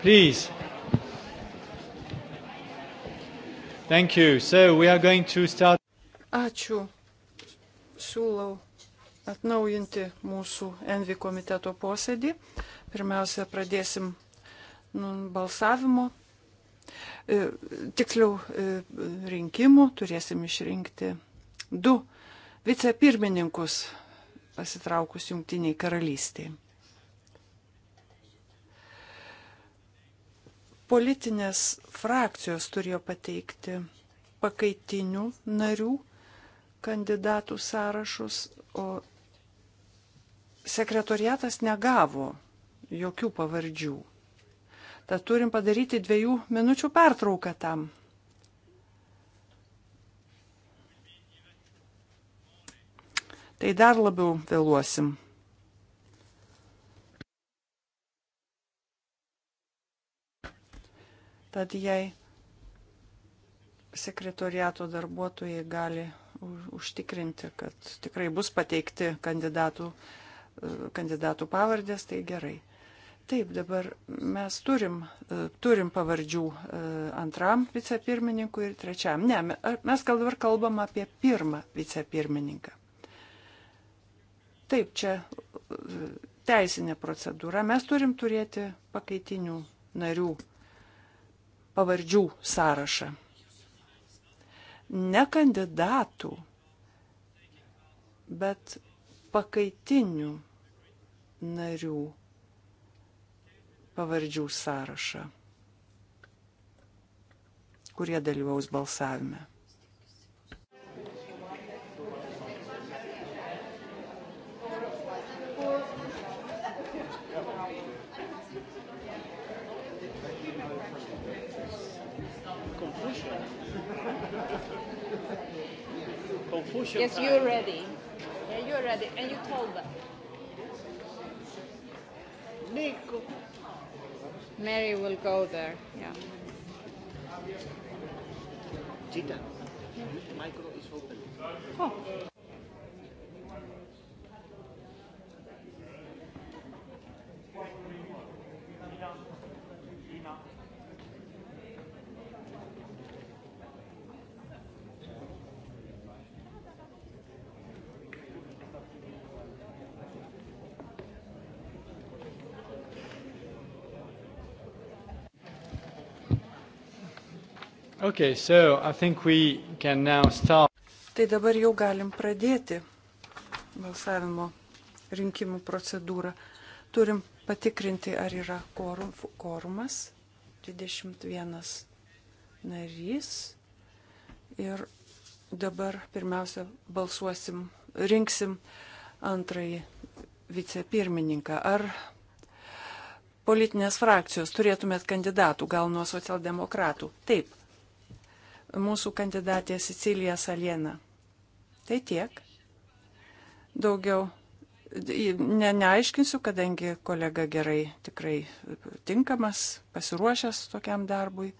Please. Thank you. So we are going to start. Ačiū. Siūlau atnaujinti mūsų Envi komiteto posėdį. Pirmiausia, pradėsim nu, balsavimo. E, tiksliau, e, rinkimų turėsim išrinkti du vicepirmininkus pasitraukus Junktiniai karalystiai. politinės frakcijos turėjo pateikti pakaitinių narių kandidatų sąrašus, o sekretoriatas negavo jokių pavardžių. Tad turim padaryti dviejų minučių pertrauką tam. Tai dar labiau vėluosim. Tad jei sekretoriato darbuotojai gali užtikrinti, kad tikrai bus pateikti kandidatų, e, kandidatų pavardės, tai gerai. Taip, dabar mes turim, e, turim pavardžių e, antram vicepirmininkui ir trečiam. Ne, mes gal dabar kalbam apie pirmą vicepirmininką. Taip, čia teisinė procedūra. Mes turim turėti pakaitinių narių pavardžių sąrašą. Ne kandidatų, bet pakaitinių narių pavardžių sąrašą, kurie dalyvaus balsavime. push your Yes, time. you're ready. Yeah, you're ready. And you told them. Nico. Mary will go there. Yeah. Gita, mm-hmm. micro is open. Oh. Okay, so I think we can now start. Tai dabar jau galim pradėti balsavimo rinkimų procedūrą. Turim patikrinti, ar yra korum, korumas. 21 narys. Ir dabar pirmiausia balsuosim, rinksim antrąjį vicepirmininką. Ar politinės frakcijos turėtumėt kandidatų, gal nuo socialdemokratų? Taip mūsų kandidatė Sicilija Saliena. Tai tiek. Daugiau ne, neaiškinsiu, kadangi kolega gerai, tikrai tinkamas, pasiruošęs tokiam darbui.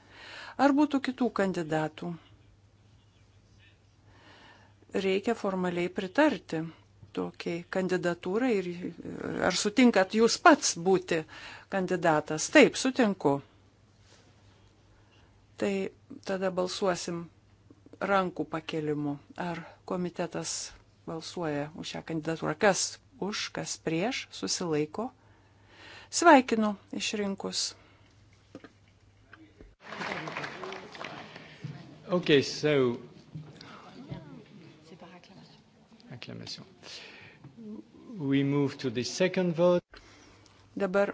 Ar būtų kitų kandidatų? Reikia formaliai pritarti tokiai kandidatūrai ir ar sutinkat jūs pats būti kandidatas? Taip, sutinku. Tai tada balsuosim rankų pakelimu. Ar komitetas balsuoja už šią kandidatūrą? Kas už, kas prieš, susilaiko? Sveikinu išrinkus. Okay, so acclamation. We move to the second vote. Dabar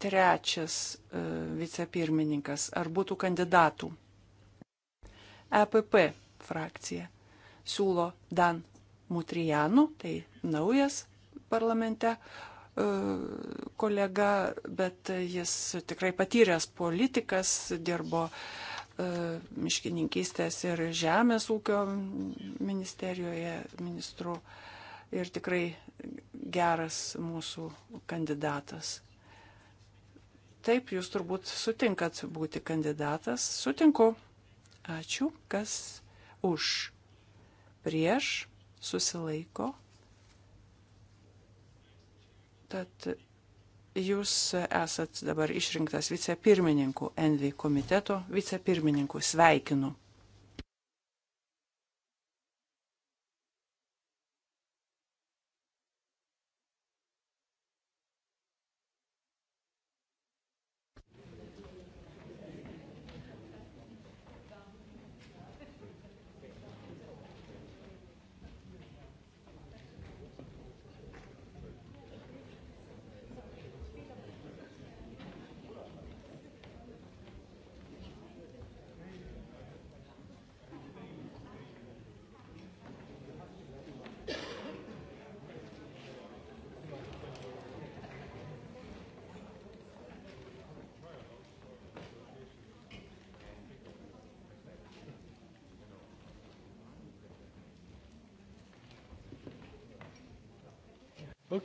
trečias e, vicepirmininkas. Ar būtų kandidatų? EPP frakcija siūlo Dan Mutrijanų, tai naujas parlamente e, kolega, bet jis tikrai patyręs politikas, dirbo e, miškininkystės ir žemės ūkio ministerijoje ministru ir tikrai geras mūsų kandidatas. Taip, jūs turbūt sutinkat būti kandidatas. Sutinku. Ačiū. Kas už? Prieš susilaiko. Tad jūs esat dabar išrinktas vicepirmininku, Envy komiteto vicepirmininku. Sveikinu.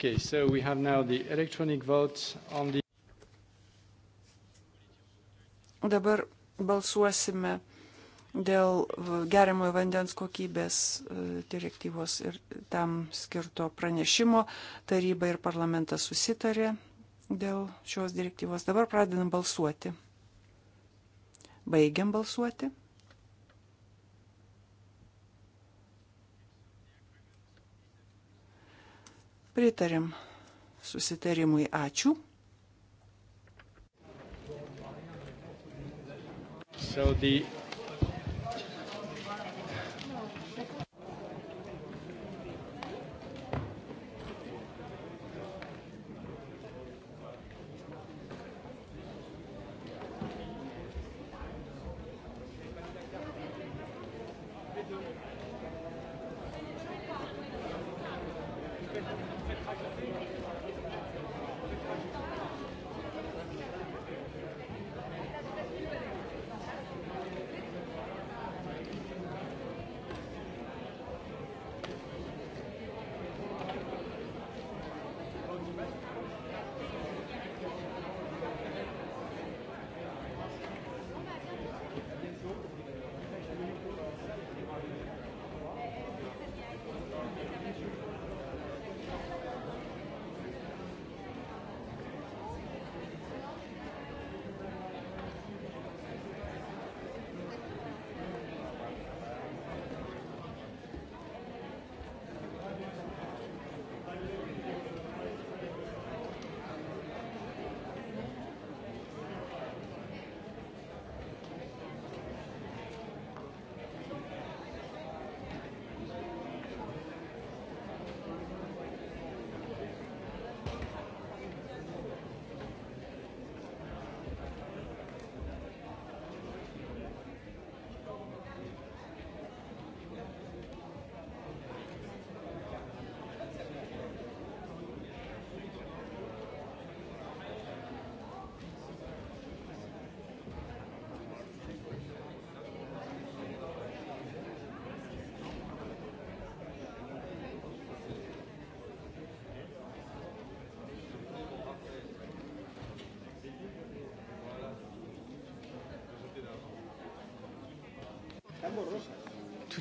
Okay, so we have now the electronic vote on the. Dabar balsuosime dėl geriamojo vandens kokybės e, direktyvos ir tam skirto pranešimo. Taryba ir parlamentas susitarė dėl šios direktyvos. Dabar pradedam balsuoti. Baigiam balsuoti. Pritarėm susitarimui. Ačiū. So the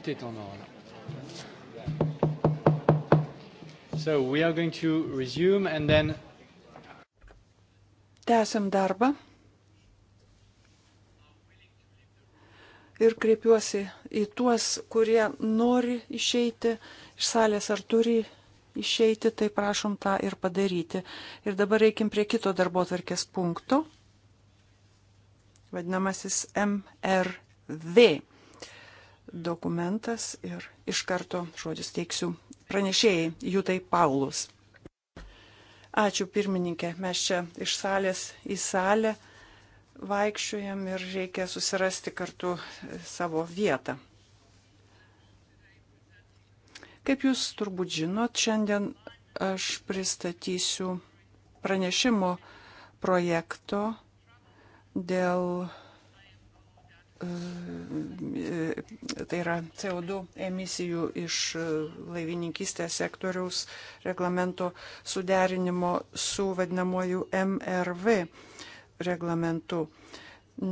était en ordre. So we are going to resume and then. Tęsiam darbą. Ir kreipiuosi į tuos, kurie nori išeiti iš salės ar turi išeiti, tai prašom tą ir padaryti. Ir dabar reikim prie kito darbo tvarkės punkto, vadinamasis MRV dokumentas ir iš karto žodžius teiksiu pranešėjai Jutai Paulus. Ačiū pirmininkė, mes čia iš salės į salę vaikščiojam ir reikia susirasti kartu savo vietą. Kaip jūs turbūt žinot, šiandien aš pristatysiu pranešimo projekto dėl E, tai yra CO2 emisijų iš laivininkystės sektoriaus reglamento suderinimo su vadinamoju MRV reglamentu,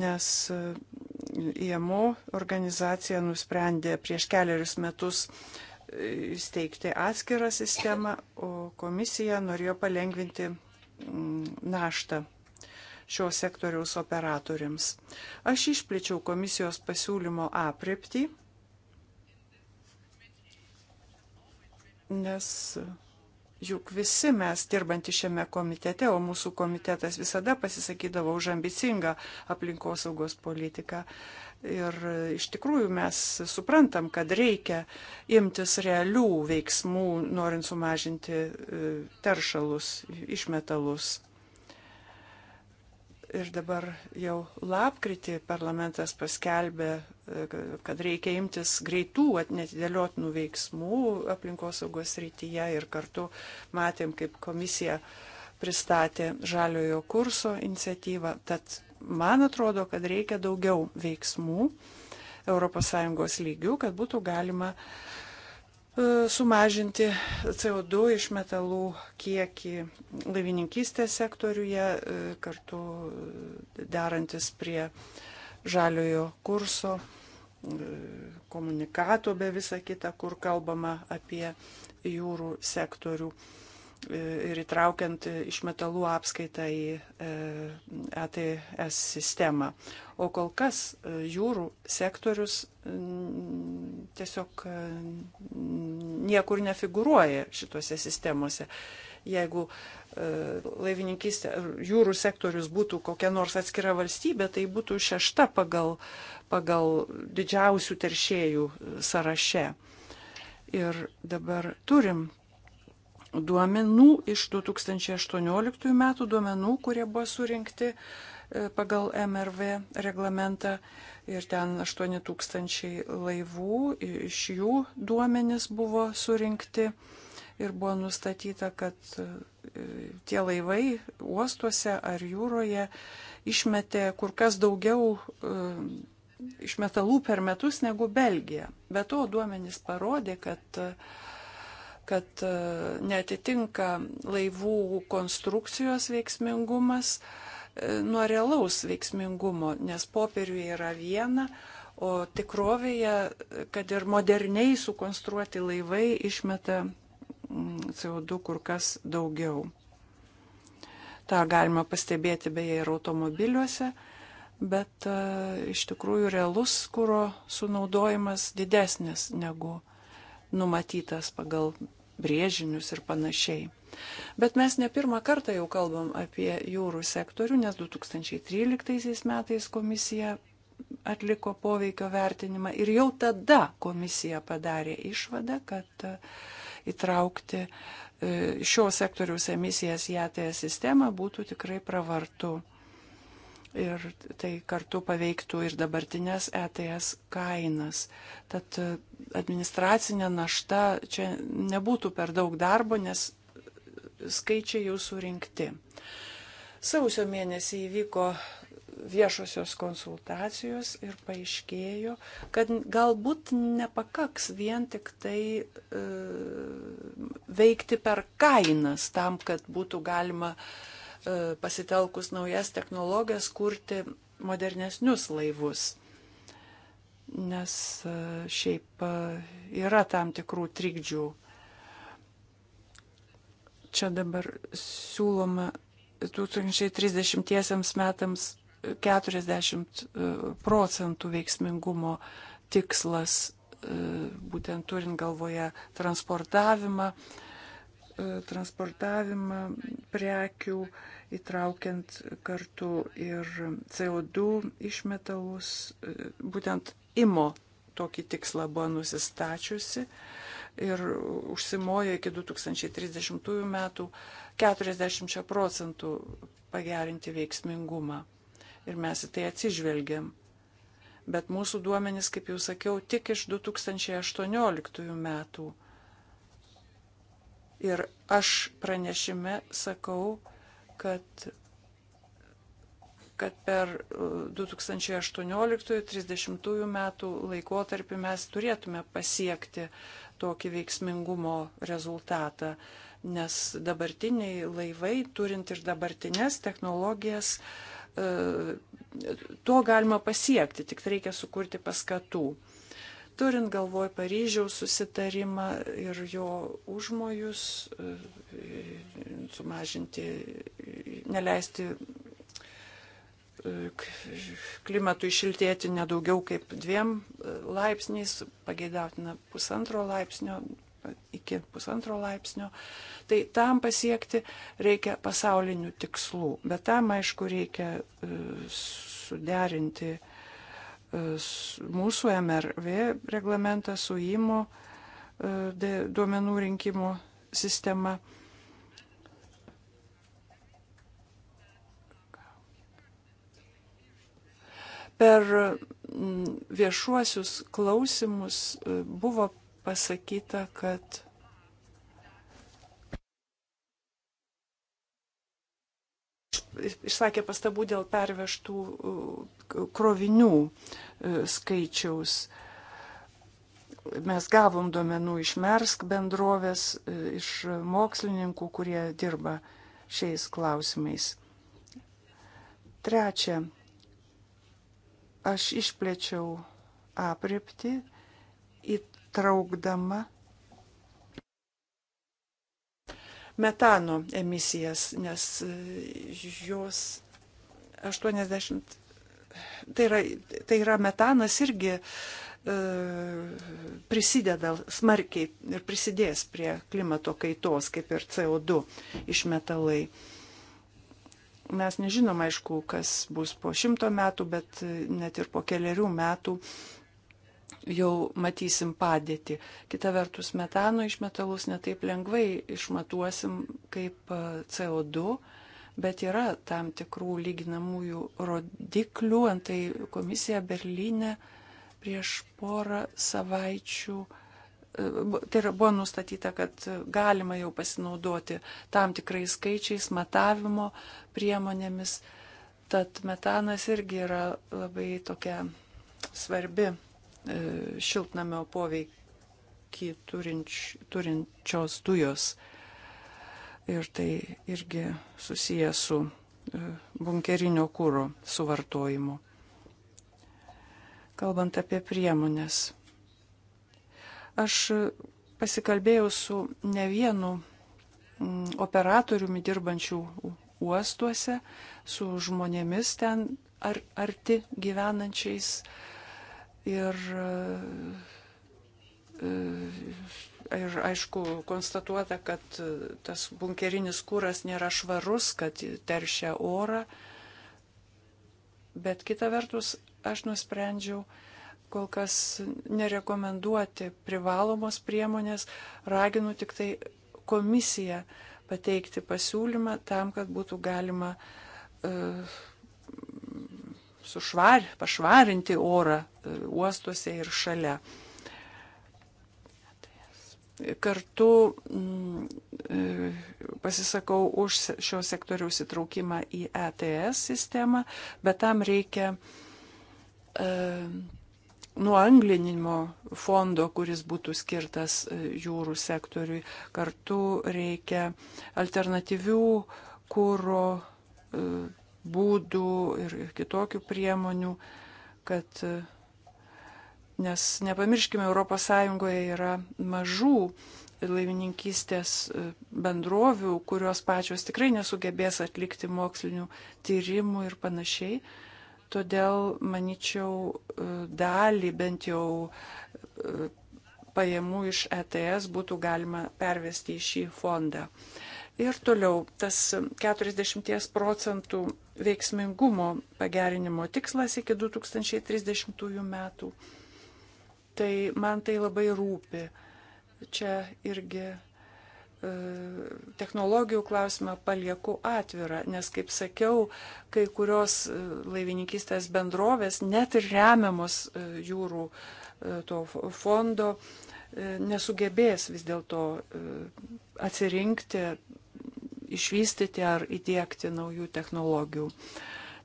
nes e, IMO organizacija nusprendė prieš keliarius metus e, įsteigti atskirą sistemą, o komisija norėjo palengvinti naštą šio sektoriaus operatoriams. Aš išplėčiau komisijos pasiūlymo aprepti, nes juk visi mes dirbantys šiame komitete, o mūsų komitetas visada pasisakydavo už ambicingą aplinkosaugos politiką. Ir iš tikrųjų mes suprantam, kad reikia imtis realių veiksmų, norint sumažinti e, teršalus, išmetalus. Ir dabar jau lapkritį parlamentas paskelbė, e, kad reikia imtis greitų netidėliotinų veiksmų aplinkosaugos rytyje ir kartu matėm, kaip komisija pristatė žaliojo kurso iniciatyvą. Tad man atrodo, kad reikia daugiau veiksmų ES lygių, kad būtų galima uh, E, sumažinti CO2 iš metalų kiekį laivininkystės sektoriuje, e, kartu derantis prie žaliojo kurso, e, komunikato be visą kitą, kur kalbama apie jūrų sektorių ir įtraukiant išmetalų apskaitą į e, ATS sistemą. O kol kas e, jūrų sektorius tiesiog e, niekur nefiguruoja šituose sistemuose. Jeigu laivininkistė, jūrų sektorius būtų kokia nors atskira valstybė, tai būtų šešta pagal, pagal didžiausių teršėjų sąraše. Ir dabar turim duomenų iš 2018 metų duomenų, kurie buvo surinkti e, pagal MRV reglamentą ir ten 8000 laivų, iš jų duomenys buvo surinkti ir buvo nustatyta, kad e, tie laivai uostuose ar jūroje išmetė kur kas daugiau e, išmetalų per metus negu Belgija. Be to duomenys parodė, kad uh, kad e, netitinka laivų konstrukcijos veiksmingumas e, nuo realaus veiksmingumo, nes popieriuje yra viena, o tikrovėje, kad ir moderniai sukonstruoti laivai išmeta mm, CO2 kur kas daugiau. Ta galima pastebėti beje ir automobiliuose, bet e, iš tikrųjų realus kūro sunaudojimas didesnis negu numatytas pagal brėžinius ir panašiai. Bet mes ne pirmą kartą jau kalbam apie jūrų sektorių, nes 2013 metais komisija atliko poveikio vertinimą ir jau tada komisija padarė išvadą, kad e, įtraukti e, šio sektoriaus emisijas į ATS sistemą būtų tikrai pravartu ir tai kartu paveiktų ir dabartinės ETS kainas. Tad administracinė našta čia nebūtų per daug darbo, nes skaičiai jau surinkti. Sausio mėnesį įvyko viešosios konsultacijos ir paaiškėjo, kad galbūt nepakaks vien tik tai e, veikti per kainas tam, kad būtų galima e, E, pasitelkus naujas technologijas kurti modernesnius laivus. Nes e, šiaip e, yra tam tikrų trikdžių. Čia dabar siūloma 2030 metams 40 procentų veiksmingumo tikslas, būtent turint galvoje transportavimą, E, transportavimą prekių, įtraukiant kartu ir CO2 išmetalus. E, būtent IMO tokį tikslą buvo nusistačiusi ir užsimojo iki 2030 metų 40 procentų pagerinti veiksmingumą. Ir mes į tai atsižvelgiam. Bet mūsų duomenys, kaip jau sakiau, tik iš 2018 metų Ir aš pranešime sakau, kad kad per 2018-2030 uh, metų laikotarpį mes turėtume pasiekti tokį veiksmingumo rezultatą, nes dabartiniai laivai, turint ir dabartinės technologijas, uh, to galima pasiekti, tik reikia sukurti paskatų. Turint galvoj Paryžiaus susitarimą ir jo užmojus e, sumažinti, neleisti e, klimatui šiltėti nedaugiau kaip dviem e, laipsniais, pageidautina pusantro laipsnio iki pusantro laipsnio. Tai tam pasiekti reikia pasaulinių tikslų, bet tam aišku reikia suderinti mūsų MRV reglamentą su įmo e, duomenų rinkimo sistema. Per viešuosius klausimus e, buvo pasakyta, kad išsakė pastabų dėl pervežtų uh, krovinių uh, skaičiaus. Mes gavom duomenų iš Mersk bendrovės, uh, iš mokslininkų, kurie dirba šiais klausimais. Trečia, aš išplėčiau apripti įtraukdama metano emisijas, nes e, jos 80. Tai yra, tai yra metanas irgi e, prisideda smarkiai ir prisidės prie klimato kaitos, kaip ir CO2 išmetalai. Mes nežinom, aišku, kas bus po šimto metų, bet e, net ir po keliarių metų jau matysim padėtį. Kita vertus, metano išmetalus netaip lengvai išmatuosim kaip e, CO2, bet yra tam tikrų lyginamųjų rodiklių. Antai komisija Berlyne prieš porą savaičių e, tai yra, buvo nustatyta, kad galima jau pasinaudoti tam tikrais skaičiais, matavimo priemonėmis. Tad metanas irgi yra labai tokia svarbi E, šiltnamio poveikį turinč, turinčios dujos. Ir tai irgi susiję su e, bunkerinio kūro suvartojimu. Kalbant apie priemonės. Aš pasikalbėjau su ne vienu mm, operatoriumi dirbančių uostuose, su žmonėmis ten ar, arti gyvenančiais uh, ir, e, e, ir aišku, konstatuota, kad tas bunkerinis kūras nėra švarus, kad teršia orą. Bet kita vertus, aš nusprendžiau kol kas nerekomenduoti privalomos priemonės, raginu tik tai komisiją pateikti pasiūlymą tam, kad būtų galima uh, sušvar, pašvarinti orą e, uostuose ir šalia. Kartu m, mm, e, pasisakau už šio sektoriaus įtraukimą į ETS sistemą, bet tam reikia e, nuanglinimo fondo, kuris būtų skirtas e, jūrų sektoriui. Kartu reikia alternatyvių kūro būdų ir, ir kitokių priemonių, kad nes nepamirškime, ES yra mažų laivininkystės e, bendrovių, kurios pačios tikrai nesugebės atlikti mokslinių tyrimų ir panašiai. Todėl, manyčiau, e, dalį bent jau e, pajamų iš ETS būtų galima pervesti į šį fondą. Uh, Ir toliau tas 40 procentų veiksmingumo pagerinimo tikslas iki 2030 metų. Tai man tai labai rūpi. Čia irgi e, technologijų klausimą palieku atvirą, nes, kaip sakiau, kai kurios e, laivininkystės bendrovės, net ir remiamos e, jūrų e, to fondo, nesugebės vis dėlto atsirinkti išvystyti ar įdėkti naujų technologijų.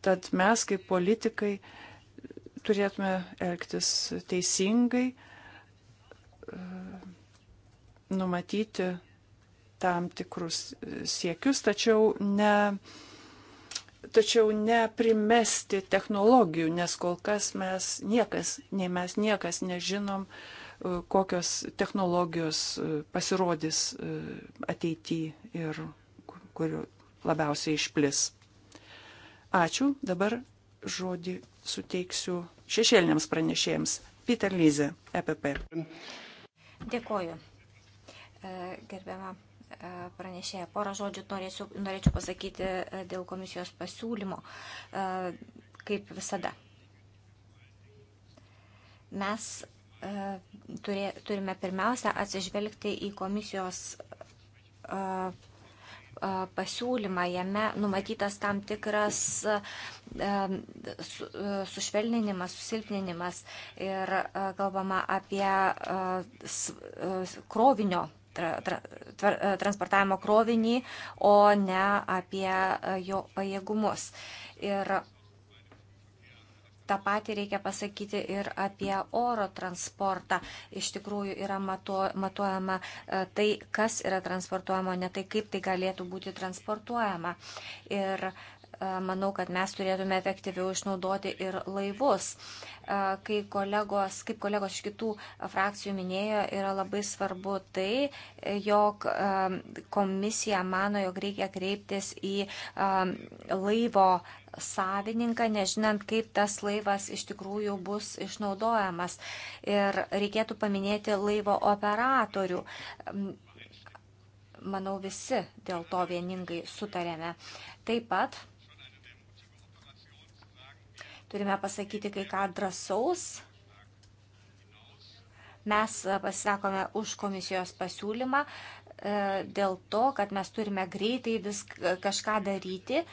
Tad mes kaip politikai turėtume elgtis teisingai, e, numatyti tam tikrus siekius, tačiau ne, tačiau neprimesti technologijų, nes kol kas mes niekas, nei mes niekas nežinom, e, kokios technologijos e, pasirodys ateityje ir kur labiausiai išplis. Ačiū, dabar žodį suteiksiu šešėliniams pranešėjams. Peter Lyze, EPP. Dėkoju. E, gerbiama e, pranešėja, porą žodžių norėsiu, norėčiau pasakyti e, dėl komisijos pasiūlymo, kaip visada. Mes turė, turime pirmiausia atsižvelgti į komisijos pasiūlymą. Jame numatytas tam tikras sušvelninimas, susilpninimas ir kalbama apie krovinio transportavimo krovinį, o ne apie jo pajėgumus. Ir tą patį reikia pasakyti ir apie oro transportą. Iš tikrųjų yra matu, matuojama e, tai, kas yra transportuojama, ne tai, kaip tai galėtų būti transportuojama. Ir E, manau, kad mes turėtume efektyviau išnaudoti ir laivus. E, kai kolegos, kaip kolegos iš kitų frakcijų minėjo, yra labai svarbu tai, jog e, komisija mano, jog reikia kreiptis į laivo savininką, nežinant, kaip tas laivas iš tikrųjų bus išnaudojamas. Ir reikėtų paminėti laivo operatorių manau, visi dėl to vieningai sutarėme. Taip pat turime pasakyti kai ką drąsaus. Mes e, pasisakome už komisijos pasiūlymą e, dėl to, kad mes turime greitai vis e, kažką daryti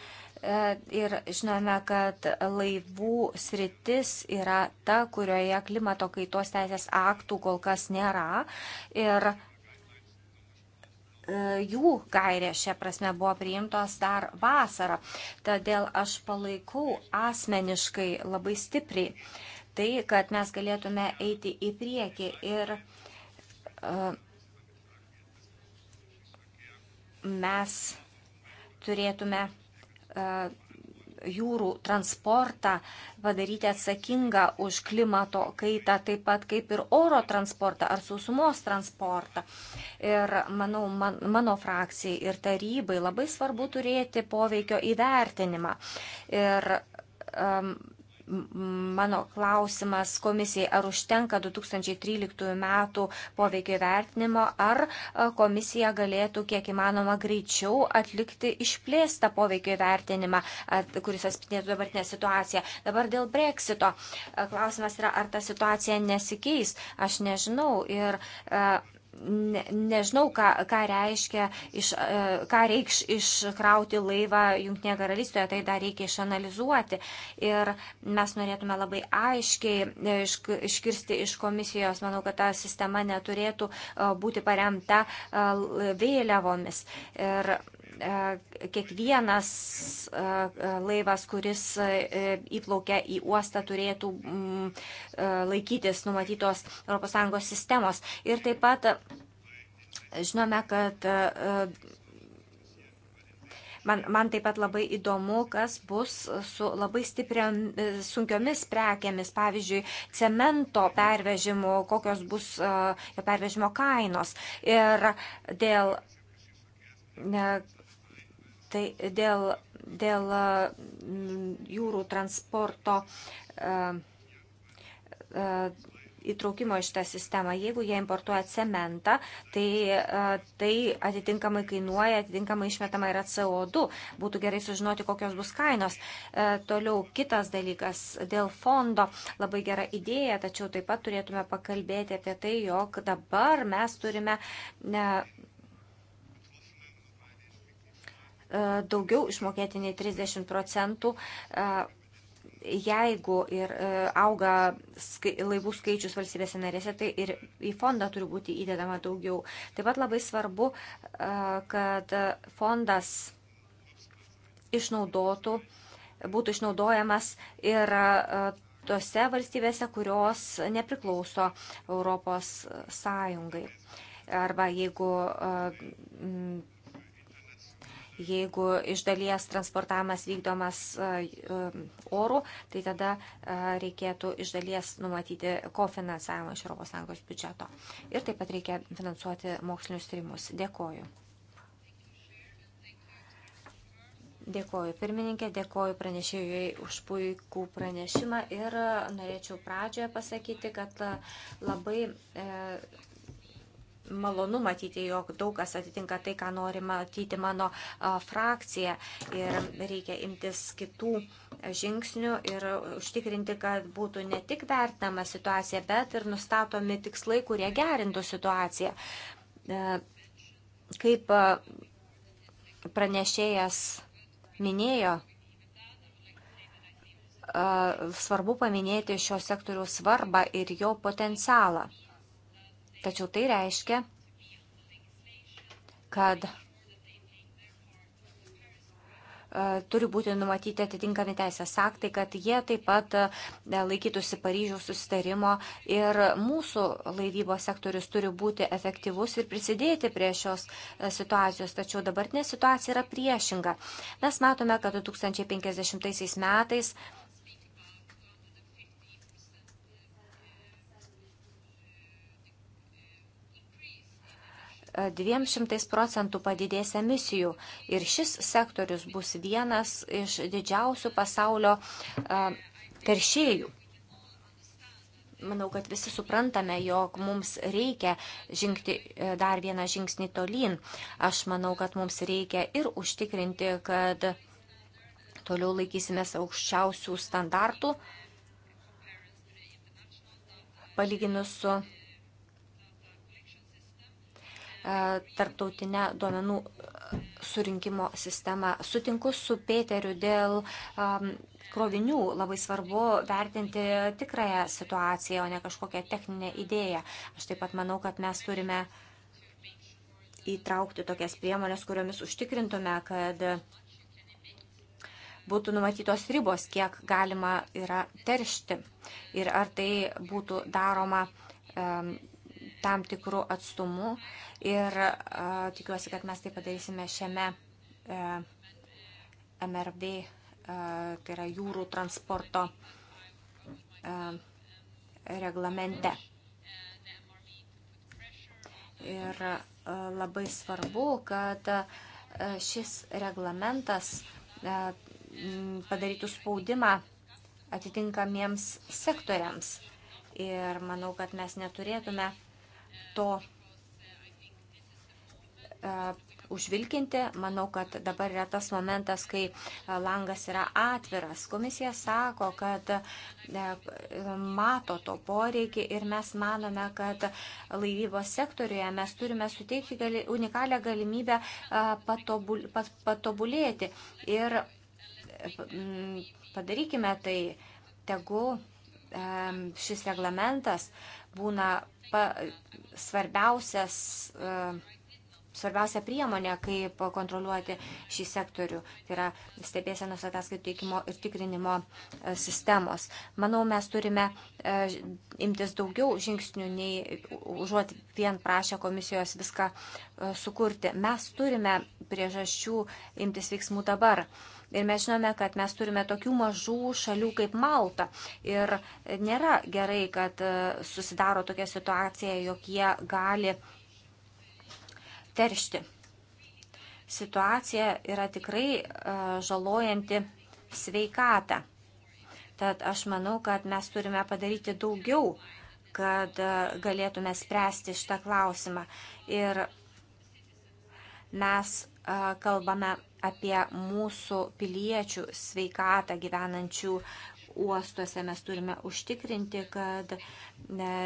ir žinome, kad laivų sritis yra ta, kurioje klimato kaitos teisės aktų kol kas nėra. Ir E, jų gairės šią prasme buvo priimtos dar vasarą. Todėl aš palaikau asmeniškai labai stipriai tai, kad mes galėtume eiti į priekį ir e, mes turėtume e, jūrų transportą padaryti atsakingą už klimato kaitą, taip pat kaip ir oro transportą ar sausumos transportą. Ir manau, man, mano frakcijai ir tarybai labai svarbu turėti poveikio įvertinimą. Ir um, Mano klausimas komisijai, ar užtenka 2013 metų poveikio vertinimo, ar e, komisija galėtų kiek įmanoma greičiau atlikti išplėstą poveikio vertinimą, kuris atspindėtų dabartinę situaciją. Dabar dėl Brexito. E, klausimas yra, ar ta situacija nesikeis. Aš nežinau. Ir, uh, ne, nežinau, ką, ką reiškia, iš, e, ką reikš iškrauti laivą Junktinėje karalystėje, tai dar reikia išanalizuoti. Ir mes norėtume labai aiškiai e, iškirsti iš komisijos, manau, kad ta sistema neturėtų e, būti paremta vėliavomis. Ir E, kiekvienas e, e, laivas, kuris įplaukia į uostą, turėtų mm, laikytis numatytos ES sistemos. Ir taip pat žinome, kad man, man taip pat labai įdomu, kas bus su labai stipriam, sunkiomis prekėmis, pavyzdžiui, cemento pervežimu, kokios bus jo pervežimo kainos. Ir dėl tai dėl, dėl mm, jūrų transporto e, e, įtraukimo į šitą sistemą. Jeigu jie importuoja cementą, tai e, tai atitinkamai kainuoja, atitinkamai išmetama yra CO2. Būtų gerai sužinoti, kokios bus kainos. Toliau kitas dalykas dėl fondo. Labai gera idėja, tačiau taip pat turėtume pakalbėti apie tai, jog dabar mes turime. Ne, E, daugiau išmokėti nei 30 procentų e, jeigu ir e, auga laivų skaičius valstybėse narėse, tai ir į fondą turi būti įdedama daugiau. Taip pat labai svarbu, kad fondas išnaudotų, būtų išnaudojamas ir tose valstybėse, kurios nepriklauso Europos Sąjungai. Arba jeigu jeigu iš dalies transportavimas vykdomas e, e, orų, tai tada e, reikėtų iš dalies numatyti kofinansavimą iš ES biudžeto. Ir taip pat reikia finansuoti mokslinius tyrimus. Dėkoju. Dėkoju pirmininkė, dėkoju pranešėjai už puikų pranešimą ir norėčiau pradžioje pasakyti, kad labai e, malonu matyti, jog daug kas atitinka tai, ką nori matyti mano frakcija ir reikia imtis kitų žingsnių ir užtikrinti, kad būtų ne tik vertinama situacija, bet ir nustatomi tikslai, kurie gerintų situaciją. E, kaip pranešėjas minėjo, svarbu paminėti šio sektoriaus svarbą ir jo potencialą. Tačiau tai reiškia, kad e, turi būti numatyti atitinkami teisės aktai, kad jie taip pat e, laikytųsi Paryžiaus susitarimo ir mūsų laivybos sektorius turi būti efektyvus ir prisidėti prie šios e, situacijos. Tačiau dabartinė situacija yra priešinga. Mes matome, kad 2050 metais 200 procentų padidės emisijų ir šis sektorius bus vienas iš didžiausių pasaulio teršėjų. Manau, kad visi suprantame, jog mums reikia žingti e, dar vieną žingsnį tolyn. Aš manau, kad mums reikia ir užtikrinti, kad toliau laikysimės aukščiausių standartų palyginus su E, tarptautinę duomenų e, surinkimo sistemą. Sutinku su Peteriu dėl um, krovinių. Labai svarbu vertinti tikrąją situaciją, o ne kažkokią techninę idėją. Aš taip pat manau, kad mes turime įtraukti tokias priemonės, kuriomis užtikrintume, kad būtų numatytos ribos, kiek galima yra teršti ir ar tai būtų daroma um, tam tikrų atstumų ir a, tikiuosi, kad mes tai padarysime šiame a, e, MRV, a, tai yra jūrų transporto a, reglamente. Ir a, labai svarbu, kad a, šis reglamentas a, padarytų spaudimą atitinkamiems sektoriams. Ir manau, kad mes neturėtume a, to e, užvilkinti. Manau, kad dabar yra tas momentas, kai e, langas yra atviras. Komisija sako, kad e, mato to poreikį ir mes manome, kad laivybos sektoriuje mes turime suteikti gali, unikalią galimybę patobul, pat, patobulėti. Ir padarykime tai, tegu šis reglamentas būna pa, svarbiausias, e, svarbiausia priemonė, kaip kontroliuoti šį sektorių, tai yra stebėsenos ataskaitų teikimo ir tikrinimo e, sistemos. Manau, mes turime e, imtis daugiau žingsnių, nei užuot vien prašę komisijos viską sukurti. Mes turime priežasčių imtis veiksmų dabar. Ir mes žinome, kad mes turime tokių mažų šalių kaip Malta. Ir nėra gerai, kad e, susidaro tokia situacija, jog jie gali teršti. Situacija yra tikrai e, žalojanti sveikatą. Tad aš manau, kad mes turime padaryti daugiau, kad e, galėtume spręsti šitą klausimą. Ir mes kalbame apie mūsų piliečių sveikatą gyvenančių uostuose. Mes turime užtikrinti, kad ne,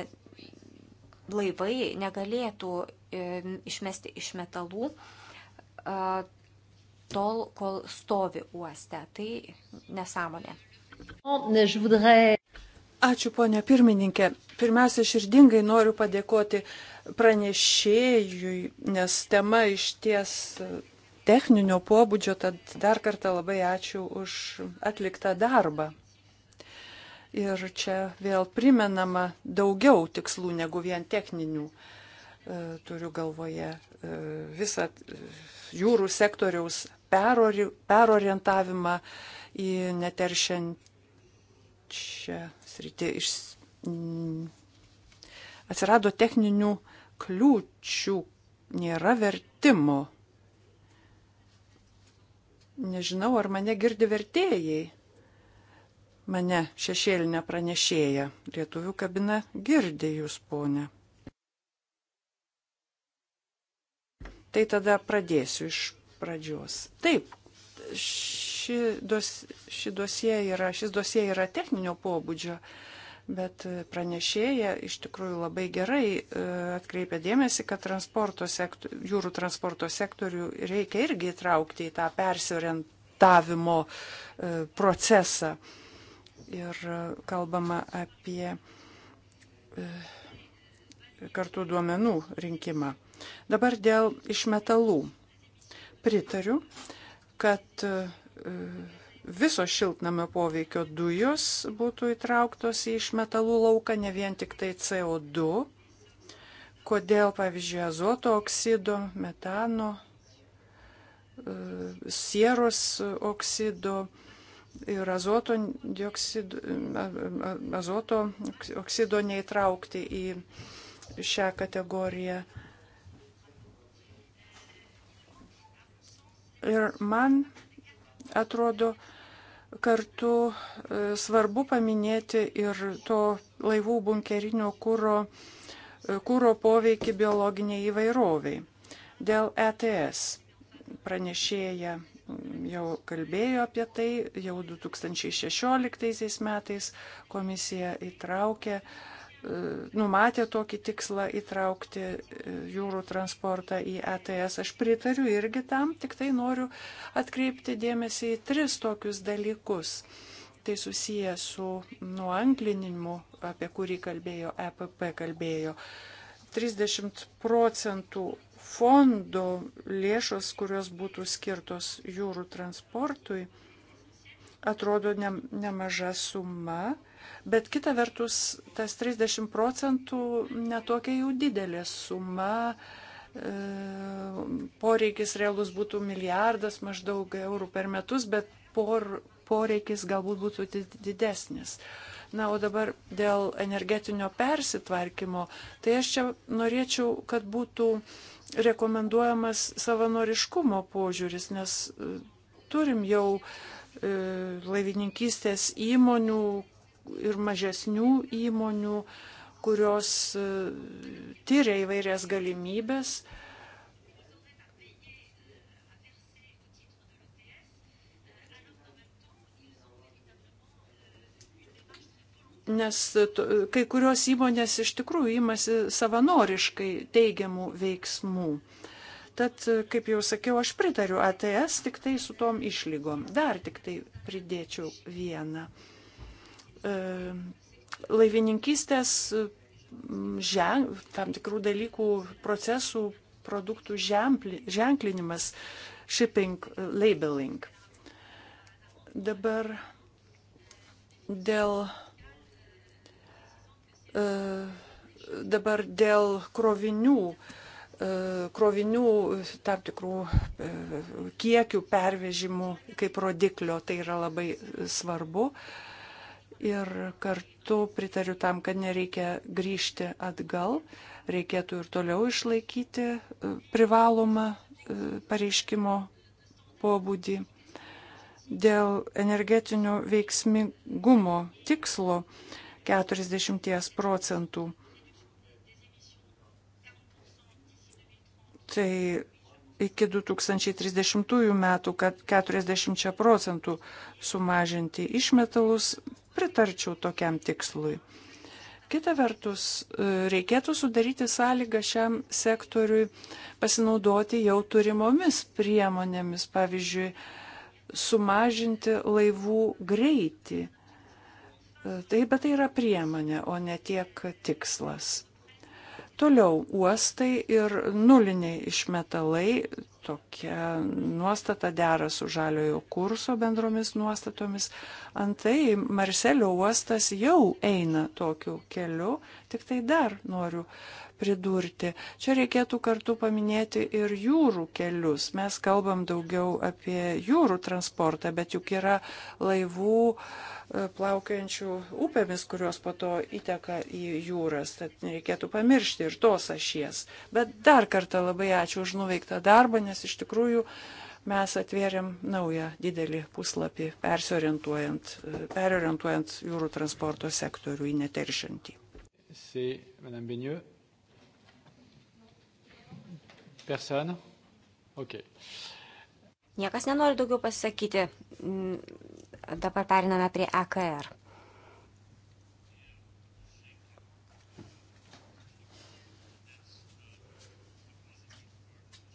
laivai negalėtų e, išmesti iš metalų e, tol, kol stovi uoste. Tai nesąmonė. Ačiū, ponia pirmininkė. Pirmiausia, širdingai noriu padėkoti pranešėjui, nes tema iš ties techninio pobūdžio, tad dar kartą labai ačiū už atliktą darbą. Ir čia vėl primenama daugiau tikslų negu vien techninių. E, turiu galvoje e, visą e, jūrų sektoriaus perorientavimą į neteršiančią sritį. Iš, mm, atsirado techninių kliūčių, nėra vertimo Nežinau, ar mane girdi vertėjai. Mane šešėlinę pranešėją. Lietuvių kabina girdi jūs, ponė. Tai tada pradėsiu iš pradžios. Taip, ši, dos, ši dosie yra, šis dosie yra techninio pobūdžio. Uh, Bet pranešėja iš tikrųjų labai gerai e, atkreipia dėmesį, kad transporto sektor, jūrų transporto sektorių reikia irgi įtraukti į tą persiorientavimo e, procesą. Ir e, kalbama apie kartų duomenų rinkimą. Dabar dėl išmetalų. Pritariu, kad visos šiltnamio poveikio dujos būtų įtrauktos į išmetalų lauką, ne vien tik tai CO2. Kodėl, pavyzdžiui, azoto oksido, metano, e, sieros oksido ir azoto, dioksido, azoto oksido neįtraukti į šią kategoriją. Ir man atrodo, Kartu e, svarbu paminėti ir to laivų bunkerinio kūro, e, kūro poveikį biologiniai įvairoviai. Dėl ETS pranešėja mm, jau kalbėjo apie tai, jau 2016 metais komisija įtraukė E, numatė tokį tikslą įtraukti e, jūrų transportą į ETS. Aš pritariu irgi tam, tik tai noriu atkreipti dėmesį į tris tokius dalykus. Tai susiję su nuanglinimu, apie kurį kalbėjo EPP, kalbėjo 30 procentų fondų lėšos, kurios būtų skirtos jūrų transportui, atrodo ne, nemaža suma, Bet kita vertus, tas 30 procentų netokia jau didelė suma. E, poreikis realus būtų milijardas maždaug eurų per metus, bet por, poreikis galbūt būtų didesnis. Na, o dabar dėl energetinio persitvarkymo, tai aš čia norėčiau, kad būtų rekomenduojamas savanoriškumo požiūris, nes e, turim jau e, laivininkystės įmonių, ir mažesnių įmonių, kurios e, tyria įvairias galimybės. Nes kai kurios įmonės iš tikrųjų imasi savanoriškai teigiamų veiksmų. Tad, kaip jau sakiau, aš pritariu ATS tik tai su tom išlygom. Dar tik tai pridėčiau vieną. Uh, E, laivininkystės e, žen, tam tikrų dalykų, procesų, produktų ženkli, ženklinimas, shipping, e, labeling. Dabar dėl, dabar dėl krovinių, krovinių tam tikrų kiekių pervežimų kaip rodiklio, tai yra labai svarbu ir kartu pritariu tam, kad nereikia grįžti atgal, reikėtų ir toliau išlaikyti e, privalomą e, pareiškimo pobūdį. Dėl energetinio veiksmingumo tikslo 40 procentų. Tai iki 2030 metų, kad 40 procentų sumažinti išmetalus pritarčiau tokiam tikslui. Kita vertus, e, reikėtų sudaryti sąlygą šiam sektoriui pasinaudoti jau turimomis priemonėmis, pavyzdžiui, sumažinti laivų greitį. E, tai, bet tai yra priemonė, o ne tiek tikslas. Toliau uostai ir nuliniai išmetalai. Tokia nuostata dera su žaliojo kurso bendromis nuostatomis. Antai Marselio uostas jau eina tokiu keliu, tik tai dar noriu pridurti. Čia reikėtų kartu paminėti ir jūrų kelius. Mes kalbam daugiau apie jūrų transportą, bet juk yra laivų. Uh, E, plaukiančių upėmis, kurios po to įteka į jūras. Tad nereikėtų pamiršti ir tos ašies. Bet dar kartą labai ačiū už nuveiktą darbą, nes iš tikrųjų mes atvėrėm naują didelį puslapį, persiorientuojant, e, perorientuojant jūrų transporto sektorių į neteršintį. Personne? Okay. Niekas nenori daugiau pasakyti. Mm, Dabar periname prie EKR.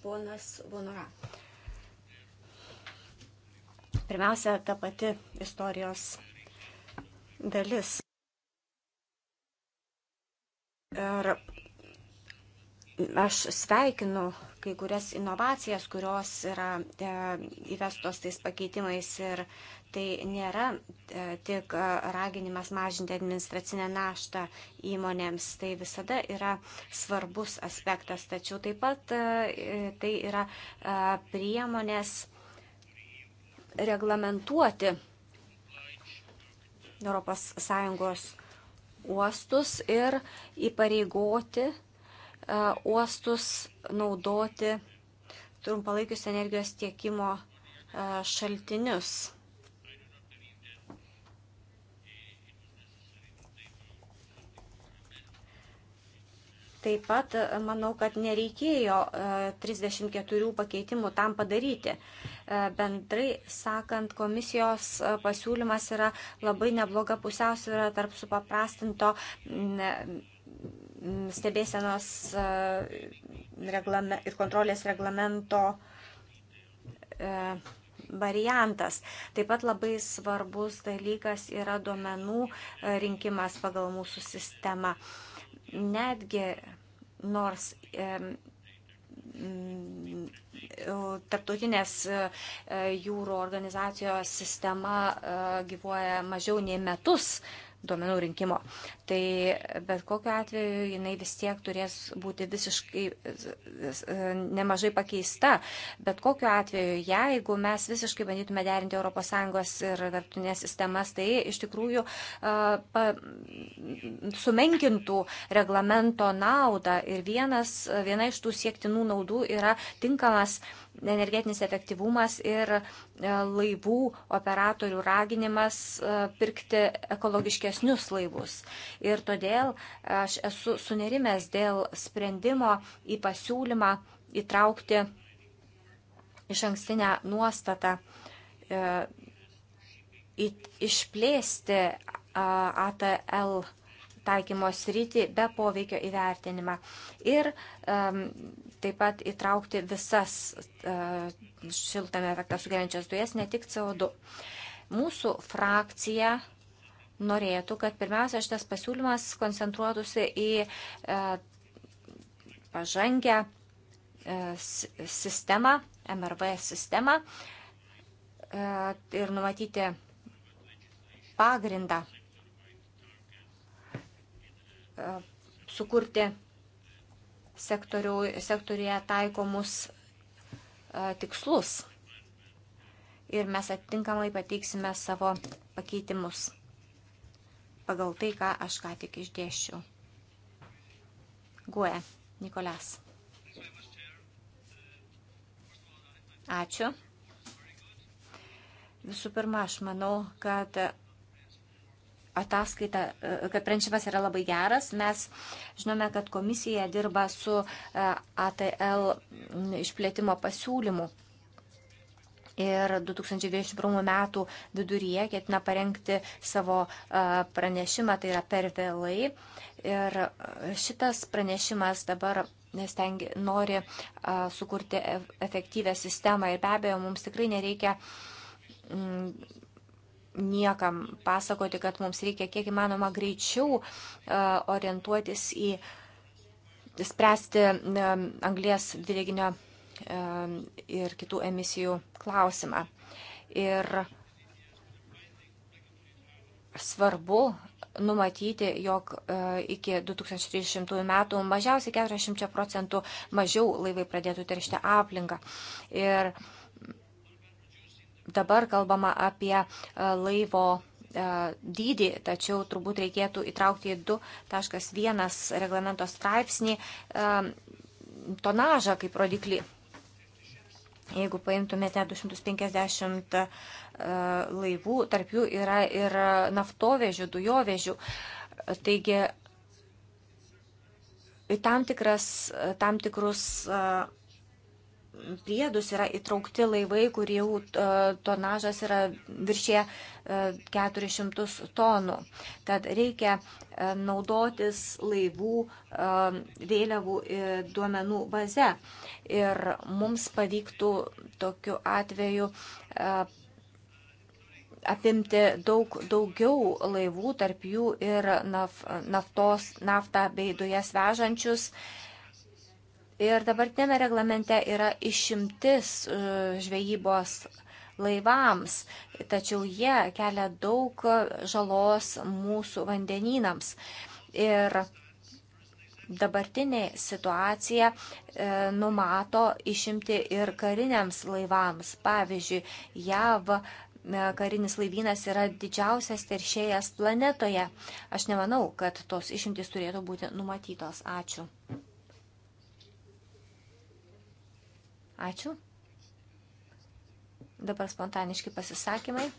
Ponas Vonora. Pirmiausia, ta pati istorijos dalis. Ir aš sveikinu kai kurias inovacijas, kurios yra e, įvestos tais pakeitimais ir Tai nėra e, tik e, raginimas mažinti administracinę naštą įmonėms, tai visada yra svarbus aspektas, tačiau taip pat e, tai yra priemonės reglamentuoti ES uostus ir įpareigoti uostus naudoti trumpalaikius energijos tiekimo šaltinius. Taip pat e, manau, kad nereikėjo 34 e, pakeitimų tam padaryti. E, bendrai sakant, komisijos pasiūlymas yra labai nebloga pusiausvyrą tarp supaprastinto stebėsenos ir kontrolės reglamento variantas. Taip pat labai svarbus dalykas yra duomenų rinkimas pagal mūsų sistemą netgi nors tarptautinės e, e, jūrų organizacijos sistema e, gyvuoja mažiau nei metus, duomenų rinkimo. Tai bet kokiu atveju jinai vis tiek turės būti visiškai nemažai pakeista. Bet kokiu atveju, jeigu mes visiškai bandytume derinti ES ir tarptautinės sistemas, tai iš tikrųjų pa, sumenkintų reglamento naudą. Ir vienas, viena iš tų siektinų naudų yra tinkamas uh, energetinis efektyvumas ir e, laivų operatorių raginimas e, pirkti ekologiškesnius laivus. Ir todėl aš esu sunerimęs dėl sprendimo į pasiūlymą įtraukti iš ankstinę nuostatą e, išplėsti ATL taikymo sritį be poveikio įvertinimą. Ir um, taip pat įtraukti visas uh, šiltame efektą sugeriančias dujas, ne tik CO2. Mūsų frakcija norėtų, kad pirmiausia šitas pasiūlymas koncentruotųsi į uh, pažangę uh, sistemą, MRV sistemą uh, ir numatyti pagrindą sukurti sektoriuje taikomus e, tikslus. Ir mes atitinkamai pateiksime savo pakeitimus pagal tai, ką aš ką tik išdėščiau. Guė, Nikolas. Ačiū. Visų pirma, aš manau, kad ataskaita, e, kad pranešimas yra labai geras. Mes žinome, kad komisija dirba su e, ATL išplėtimo pasiūlymu. Ir 2021 metų viduryje ketina parengti savo e, pranešimą, tai yra per vėlai. Ir šitas pranešimas dabar stengi, nori sukurti efektyvę sistemą ir be abejo mums tikrai nereikia niekam pasakoti, kad mums reikia kiek įmanoma greičiau e, orientuotis į spręsti e, anglės dvideginio e, ir kitų emisijų klausimą. Ir svarbu numatyti, jog iki 2030 metų mažiausiai 40 procentų mažiau laivai pradėtų teršti aplinką. Ir dabar kalbama apie e, laivo e, dydį, tačiau turbūt reikėtų įtraukti į 2.1 reglamento straipsnį e, tonažą kaip rodiklį. Jeigu paimtumėte 250 laivų, tarp jų yra ir naftovežių, dujovežių. Taigi, tam, tikras, tam tikrus priedus yra įtraukti laivai, kurių e, tonažas yra viršė 400 e, tonų. Tad reikia e, naudotis laivų vėliavų duomenų baze. Ir mums pavyktų tokiu atveju apimti daug daugiau laivų, tarp jų ir naf, naftos, naftą bei dujas vežančius Ir dabartinėme reglamente yra išimtis e, žvejybos laivams, tačiau jie kelia daug žalos mūsų vandenynams. Ir dabartinė situacija e, numato išimti ir kariniams laivams. Pavyzdžiui, JAV e, karinis laivynas yra didžiausias teršėjas planetoje. Aš nemanau, kad tos išimtis turėtų būti numatytos. Ačiū. Ačiū. Dabar spontaniški pasisakymai.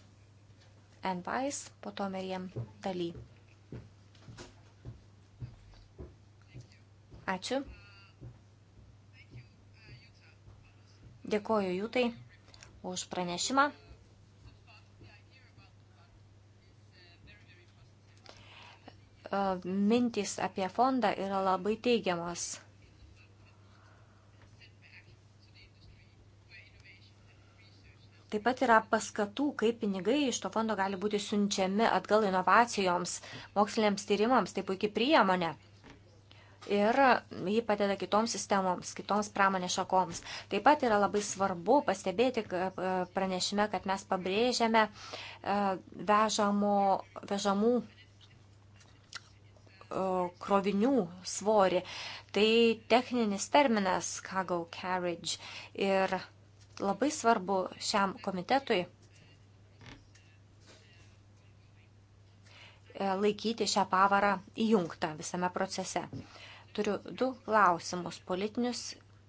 Envais, po to Meriem Daly. Ačiū. Dėkoju Jūtai už pranešimą. Mintys apie fondą yra labai teigiamas. Taip pat yra paskatų, kaip pinigai iš to fondo gali būti siunčiami atgal inovacijoms, moksliniams tyrimams, tai puikiai priemonė. Ir jį padeda kitoms sistemoms, kitoms pramonės šakoms. Taip pat yra labai svarbu pastebėti e, pranešime, kad mes pabrėžiame e, vežamų, vežamų krovinių svorį. Tai techninis terminas cargo carriage. Ir Labai svarbu šiam komitetui e, laikyti šią pavarą įjungtą visame procese. Turiu du klausimus - politinius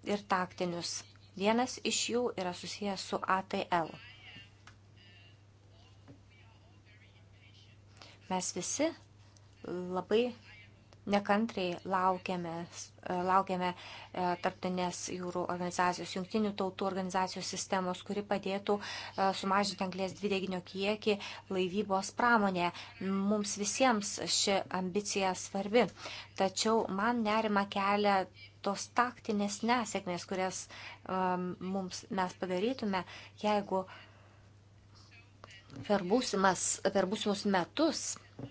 ir taktinius. Vienas iš jų yra susijęs su ATL. Mes visi labai nekantriai laukiame, laukiame e, tarptautinės jūrų organizacijos, jungtinių tautų organizacijos sistemos, kuri padėtų e, sumažinti anglės dvideginio kiekį laivybos pramonėje. Mums visiems ši ambicija svarbi, tačiau man nerima kelia tos taktinės nesėkmės, kurias um, mums, mes padarytume, jeigu per, būsimas, per būsimus metus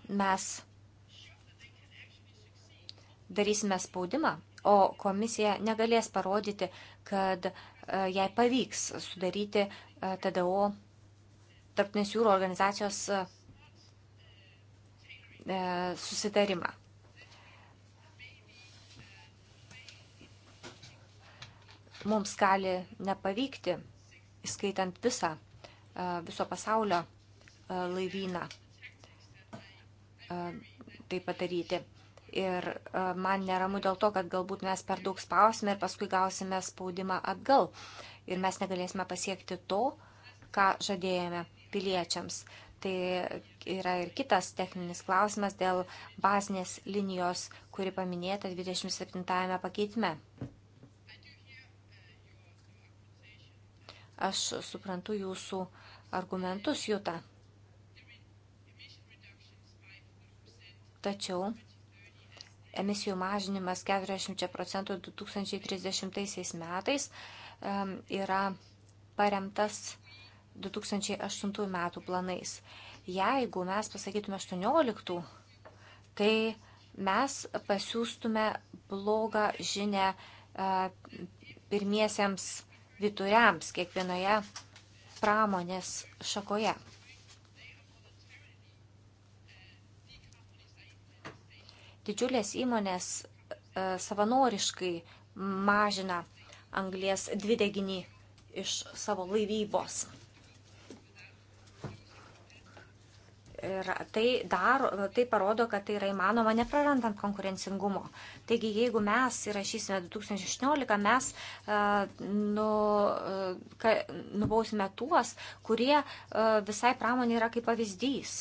mes darysime spaudimą, o komisija negalės parodyti, kad e, jai pavyks sudaryti e, TDO tarptinės jūrų organizacijos e, susitarimą. Mums gali nepavykti, įskaitant visą, viso pasaulio laivyną, tai padaryti. Ir e, man neramu dėl to, kad galbūt mes per daug spausime ir paskui gausime spaudimą atgal. Ir mes negalėsime pasiekti to, ką žadėjome piliečiams. Tai yra ir kitas techninis klausimas dėl bazinės linijos, kuri paminėta 27 pakeitime. Aš suprantu jūsų argumentus, Juta. Tačiau emisijų mažinimas 40 procentų 2030 metais yra paremtas 2008 metų planais. Jeigu mes pasakytume 18, tai mes pasiūstume blogą žinę e, pirmiesiems vituriams kiekvienoje pramonės šakoje. Didžiulės įmonės e, savanoriškai mažina anglės dvideginį iš savo laivybos. Ir tai, daro, tai parodo, kad tai yra įmanoma neprarandant konkurencingumo. Taigi, jeigu mes įrašysime 2016, mes uh, nu, e, ka, nubausime tuos, kurie uh, visai pramonė yra kaip pavyzdys.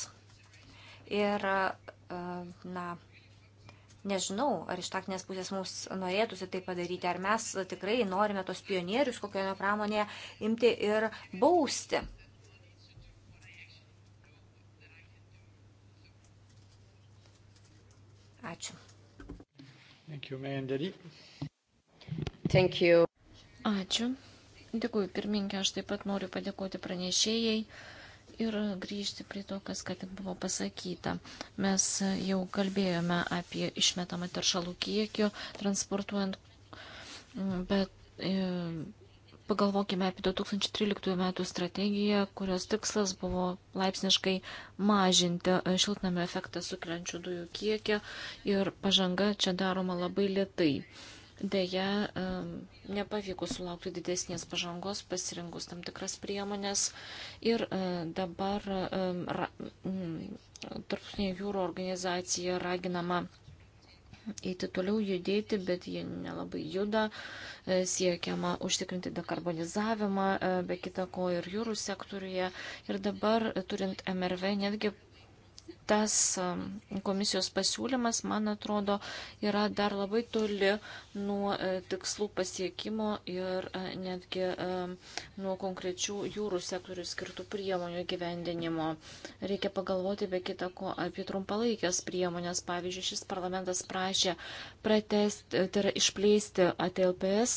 Ir, uh, na, uh, Nežinau, ar iš taktinės pusės mums norėtųsi tai padaryti, ar mes tikrai norime tos pionierius kokioje pramonėje imti ir bausti. Ačiū. Thank you, Mandeli. Thank you. Ačiū. Dėkuoju, pirmininkė, aš taip pat noriu padėkoti pranešėjai ir grįžti prie to, kas ką tik buvo pasakyta. Mes jau kalbėjome apie išmetamą teršalų kiekio transportuojant, bet e, pagalvokime apie 2013 metų strategiją, kurios tikslas buvo laipsniškai mažinti šiltnamio efektą sukeliančių dujų kiekį ir pažanga čia daroma labai lietai. Deja, nepavyko sulaukti didesnės pažangos, pasirinkus tam tikras priemonės. Ir e, dabar Tarptautinė jūro organizacija raginama eiti toliau judėti, bet jie nelabai juda, e, siekiama užtikrinti dekarbonizavimą, e, be kita ko ir jūrų sektoriuje. Ir dabar, turint MRV, netgi tas um, komisijos pasiūlymas, man atrodo, yra dar labai toli nuo e, tikslų pasiekimo ir e, netgi e, nuo konkrečių jūrų sektorių skirtų priemonių gyvendinimo. Reikia pagalvoti be kita ko apie trumpalaikės priemonės. Pavyzdžiui, šis parlamentas prašė pratesti, tai yra išplėsti ATLPS,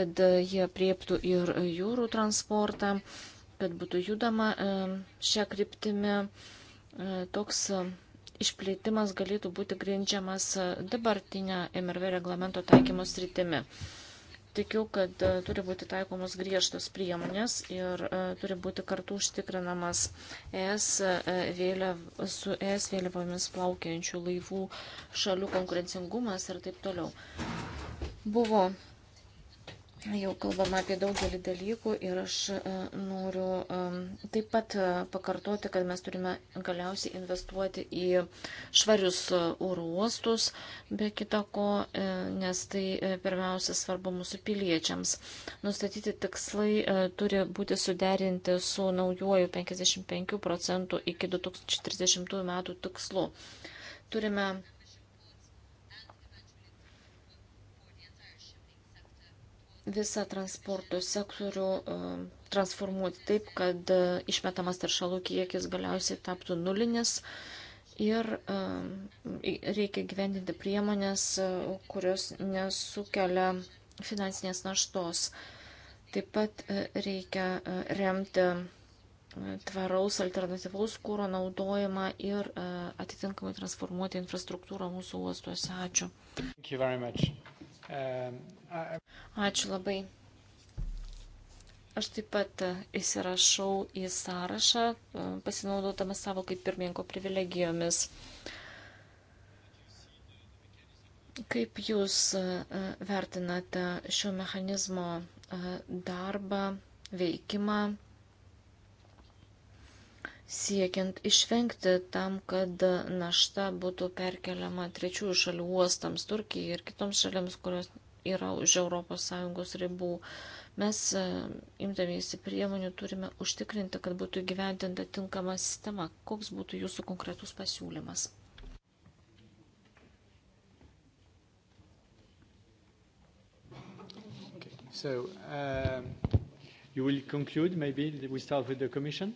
kad jie prieptų ir jūrų transportą, kad būtų judama šią kryptimį E, toks e, išplėtimas galėtų būti grindžiamas e, dabartinę MRV reglamento taikymo sritimi. Tikiu, kad turi būti taikomos griežtos priemonės ir turi būti kartu užtikrinamas ES vėliav, su ES vėliavomis plaukiančių laivų šalių konkurencingumas ir taip toliau. Buvo Jau kalbama apie daugelį dalykų ir aš e, noriu e, taip pat e, pakartoti, kad mes turime galiausiai investuoti į švarius oro uostus, be kitako, nes tai pirmiausia svarbu mūsų piliečiams. Nustatyti tikslai turi būti suderinti su naujuoju 55 procentų iki 2030 metų tikslu. Turime visą transporto sektorių e, transformuoti taip, kad e, išmetamas taršalų kiekis galiausiai taptų nulinis ir e, reikia gyvendinti priemonės, kurios nesukelia finansinės naštos. Taip pat reikia remti tvaraus alternatyvaus kūro naudojimą ir atitinkamai transformuoti infrastruktūrą mūsų uostuose. Ačiū. Um, Ačiū labai. Aš taip pat e, įsirašau į sąrašą, e, pasinaudodama savo kaip pirmininko privilegijomis. Kaip Jūs e, vertinate šio mechanizmo darbą, veikimą, siekiant išvengti tam, kad našta būtų perkeliama trečiųjų šalių uostams, Turkijai ir kitoms šalims, kurios yra už ES ribų. Mes, e, imdamiesi priemonių, turime užtikrinti, kad būtų įgyvendinta tinkama sistema. Koks būtų jūsų konkretus pasiūlymas? Okay. So, um, you will conclude, maybe we start with the Commission.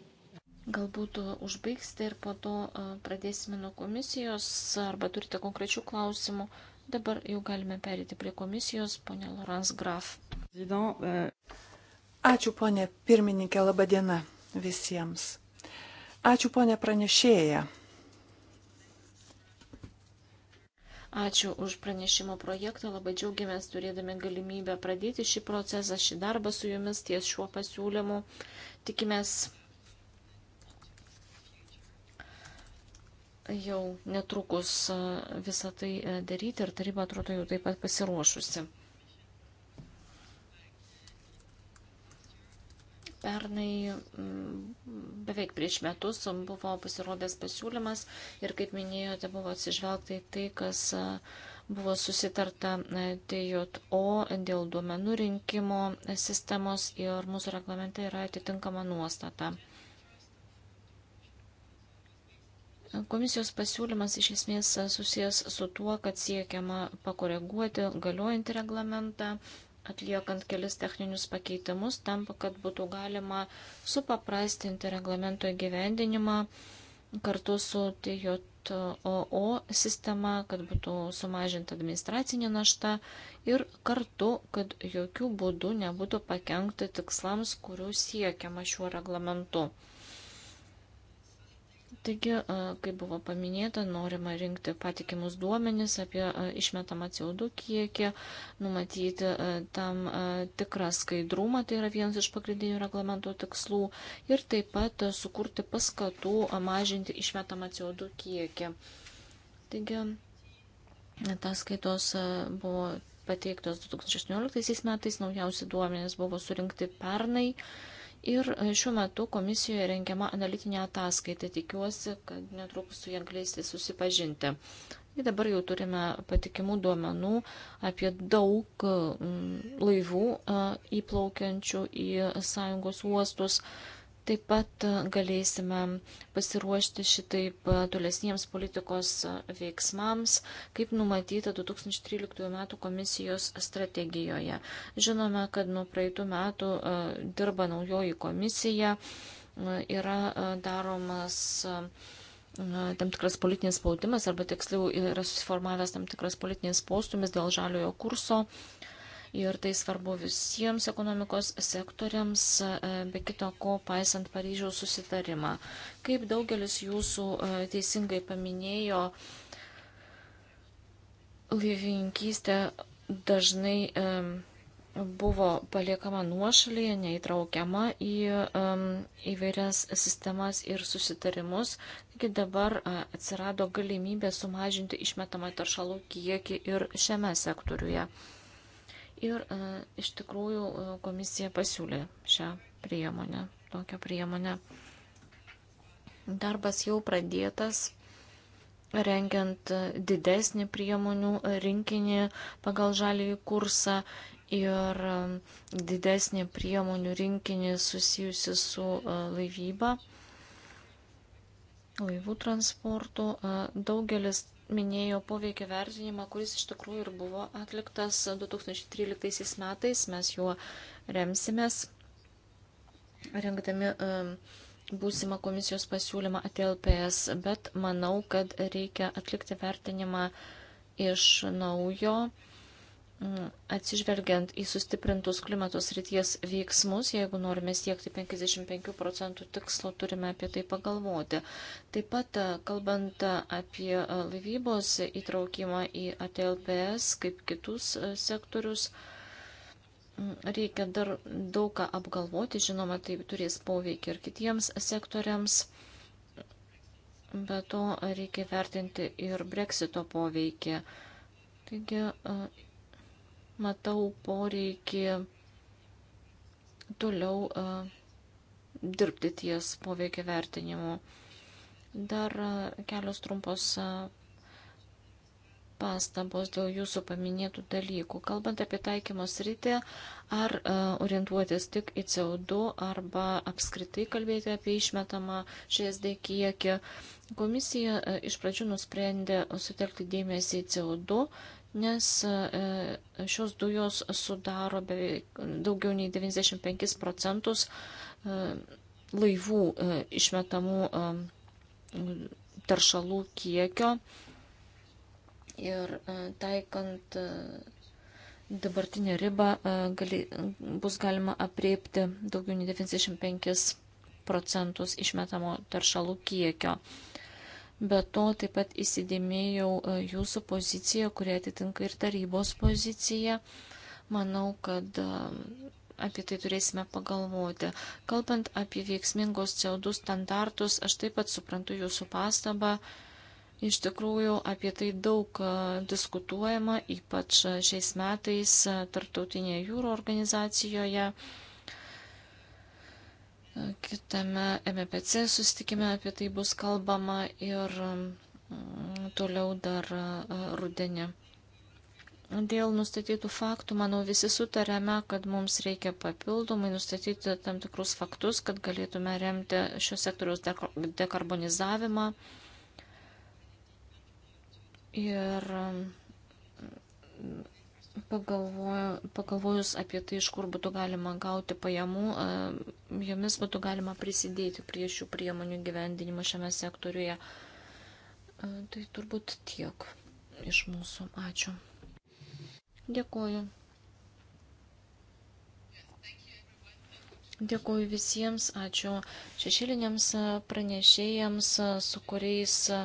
Galbūt užbaigsite ir po to e, pradėsime nuo komisijos, arba turite konkrečių klausimų. Uh, Dabar jau galime perėti prie komisijos, ponė Laurence Graf. Ačiū, ponė pirmininkė, laba diena visiems. Ačiū, ponė pranešėja. Ačiū už pranešimo projektą, labai džiaugiamės turėdami galimybę pradėti šį procesą, šį darbą su jumis ties šiuo pasiūlymu. Tikimės jau netrukus visą tai daryti ir taryba atrodo jau taip pat pasiruošusi. Pernai beveik prieš metus buvo pasirodęs pasiūlymas ir, kaip minėjote, buvo atsižvelgta į tai, kas buvo susitarta TJO dėl duomenų rinkimo sistemos ir mūsų reglamente yra atitinkama nuostata. Komisijos pasiūlymas iš esmės susijęs su tuo, kad siekiama pakoreguoti galiojantį reglamentą, atliekant kelis techninius pakeitimus, tam, kad būtų galima supaprastinti reglamento įgyvendinimą kartu su TJOO sistema, kad būtų sumažinta administracinė našta ir kartu, kad jokių būdų nebūtų pakengta tikslams, kurių siekiama šiuo reglamentu. Taigi, kaip buvo paminėta, norima rinkti patikimus duomenis apie išmetamą CO2 kiekį, numatyti tam tikrą skaidrumą, tai yra vienas iš pagrindinių reglamento tikslų, ir taip pat sukurti paskatų mažinti išmetamą CO2 kiekį. Taigi, tas skaitos buvo pateiktos 2018 metais, naujausi duomenys buvo surinkti pernai. Ir e, šiuo metu komisijoje rengiama analitinė ataskaita. Tikiuosi, kad netrukus su jie galėsite susipažinti. Ir tai dabar jau turime patikimų duomenų apie daug laivų įplaukiančių į sąjungos uostus. Taip pat e, galėsime pasiruošti šitaip e, tolesniems politikos e, veiksmams, kaip numatyta 2013 m. komisijos strategijoje. Žinome, kad nuo praeitų metų dirba naujoji komisija, yra daromas tam tikras politinis spaudimas, arba tiksliau yra susiformavęs tam tikras politinis postumis dėl žaliojo kurso ir tai svarbu visiems ekonomikos sektoriams, e, be kito ko, paisant Paryžiaus susitarimą. Kaip daugelis jūsų e, teisingai paminėjo, laivininkystė dažnai buvo paliekama nuošalyje, neįtraukiama į įvairias sistemas ir susitarimus. Taigi dabar e, atsirado galimybė sumažinti išmetamą taršalų kiekį ir šiame sektoriuje. Ir e, iš tikrųjų e, komisija pasiūlė šią priemonę, tokią priemonę. Darbas jau pradėtas, rengiant e, didesnį priemonių rinkinį pagal žalį kursą ir didesnį priemonių rinkinį susijusi su laivyba, laivų transportu. Daugelis minėjo poveikio vertinimą, kuris iš tikrųjų ir buvo atliktas 2013 metais. Mes juo remsimės, rengdami um, būsimą komisijos pasiūlymą ATLPS, bet manau, kad reikia atlikti vertinimą iš naujo Atsižvelgiant į sustiprintus klimatos ryties veiksmus, jeigu norime siekti 55 procentų tikslo, turime apie tai pagalvoti. Taip pat, e, kalbant apie e, laivybos įtraukimą į ATLPS kaip kitus e, sektorius, reikia dar daug ką apgalvoti, žinoma, tai turės poveikį ir kitiems sektoriams. Be to reikia vertinti ir breksito poveikį. Taigi matau poreikį toliau uh, dirbti ties poveikio vertinimu. Dar uh, kelios trumpos uh, pastabos dėl jūsų paminėtų dalykų. Kalbant apie taikymo sritį, ar orientuotis tik į CO2, arba apskritai kalbėti apie išmetamą ŠSD kiekį, komisija iš pradžių nusprendė sutelkti dėmesį į CO2 nes e, šios dujos sudaro beveik daugiau nei 95 procentus e, laivų e, išmetamų taršalų kiekio ir taikant dabartinę ribą gali, bus galima apriepti daugiau nei 95 procentus išmetamo taršalų kiekio. Be to taip pat įsidėmėjau e, jūsų poziciją, kurie atitinka ir tarybos poziciją. Manau, kad e, apie tai turėsime pagalvoti. Kalbant apie veiksmingos CO2 standartus, aš taip pat suprantu jūsų pastabą. Iš tikrųjų, apie tai daug e, diskutuojama, ypač šiais metais Tartautinėje jūro organizacijoje. Kitame MPC sustikime apie tai bus kalbama ir mm, toliau dar e, rudenį. Dėl nustatytų faktų, manau, visi sutarėme, kad mums reikia papildomai nustatyti tam tikrus faktus, kad galėtume remti šio sektoriaus dekarbonizavimą. Ir Pagalvoju, pagalvojus apie tai, iš kur būtų galima gauti pajamų, e, jomis būtų galima prisidėti prie šių priemonių gyvendinimo šiame sektoriuje. E, tai turbūt tiek iš mūsų. Ačiū. Dėkuoju. Dėkuoju visiems, ačiū šešėliniams e, pranešėjams, e, su kuriais e,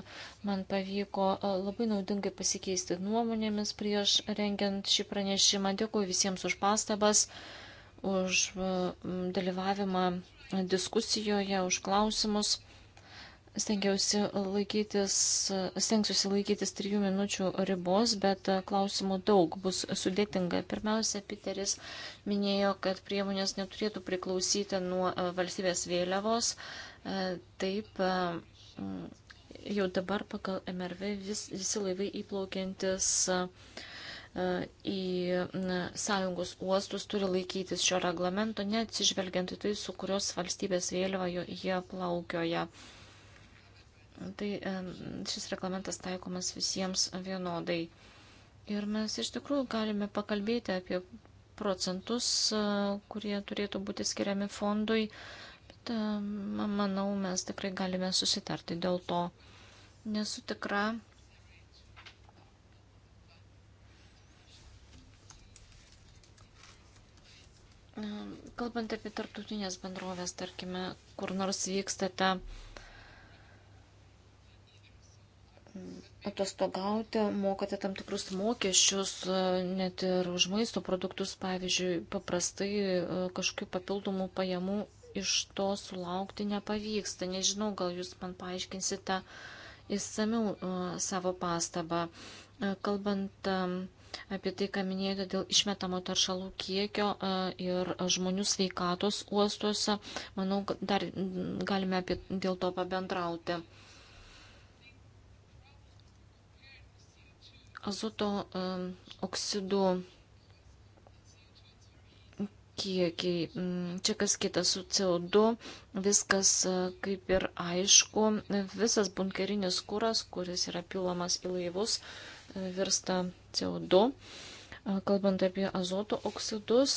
man pavyko labai naudingai pasikeisti nuomonėmis prieš rengiant šį pranešimą. Dėkuoju visiems už pastabas, už dalyvavimą diskusijoje, už klausimus. Stengiausi laikytis, stengsiuosi laikytis trijų minučių ribos, bet e, klausimų daug bus sudėtinga. Pirmiausia, Piteris minėjo, kad priemonės neturėtų priklausyti nuo e, valstybės vėliavos. E, taip, jau dabar pagal MRV vis, visi laivai įplaukiantis į sąjungos uostus turi laikytis šio reglamento, neatsižvelgiant į tai, su kurios valstybės vėliava jie plaukioja. Ja Tai e, šis reglamentas taikomas visiems vienodai. Ir mes iš tikrųjų galime pakalbėti apie procentus, e, kurie turėtų būti skiriami fondui, bet e, manau, mes tikrai galime susitarti dėl to. Nesu tikra. Kalbant apie tarptautinės bendrovės, tarkime, kur nors vykstate. Ta atostogauti, mokate tam tikrus mokesčius, e, net ir už maisto produktus, pavyzdžiui, paprastai e, kažkokių papildomų pajamų iš to sulaukti nepavyksta. Nežinau, gal jūs man paaiškinsite įsamiau e, savo pastabą. Kalbant apie tai, ką minėjote dėl išmetamo taršalų kiekio ir žmonių sveikatos uostuose, manau, dar galime apie, dėl to pabendrauti. azoto oksidų kiekiai. Mm, čia kas kita su CO2, viskas e, kaip ir aišku. Visas bunkerinis kūras, kuris yra pilamas į laivus, e, virsta CO2. E, kalbant apie azoto oksidus,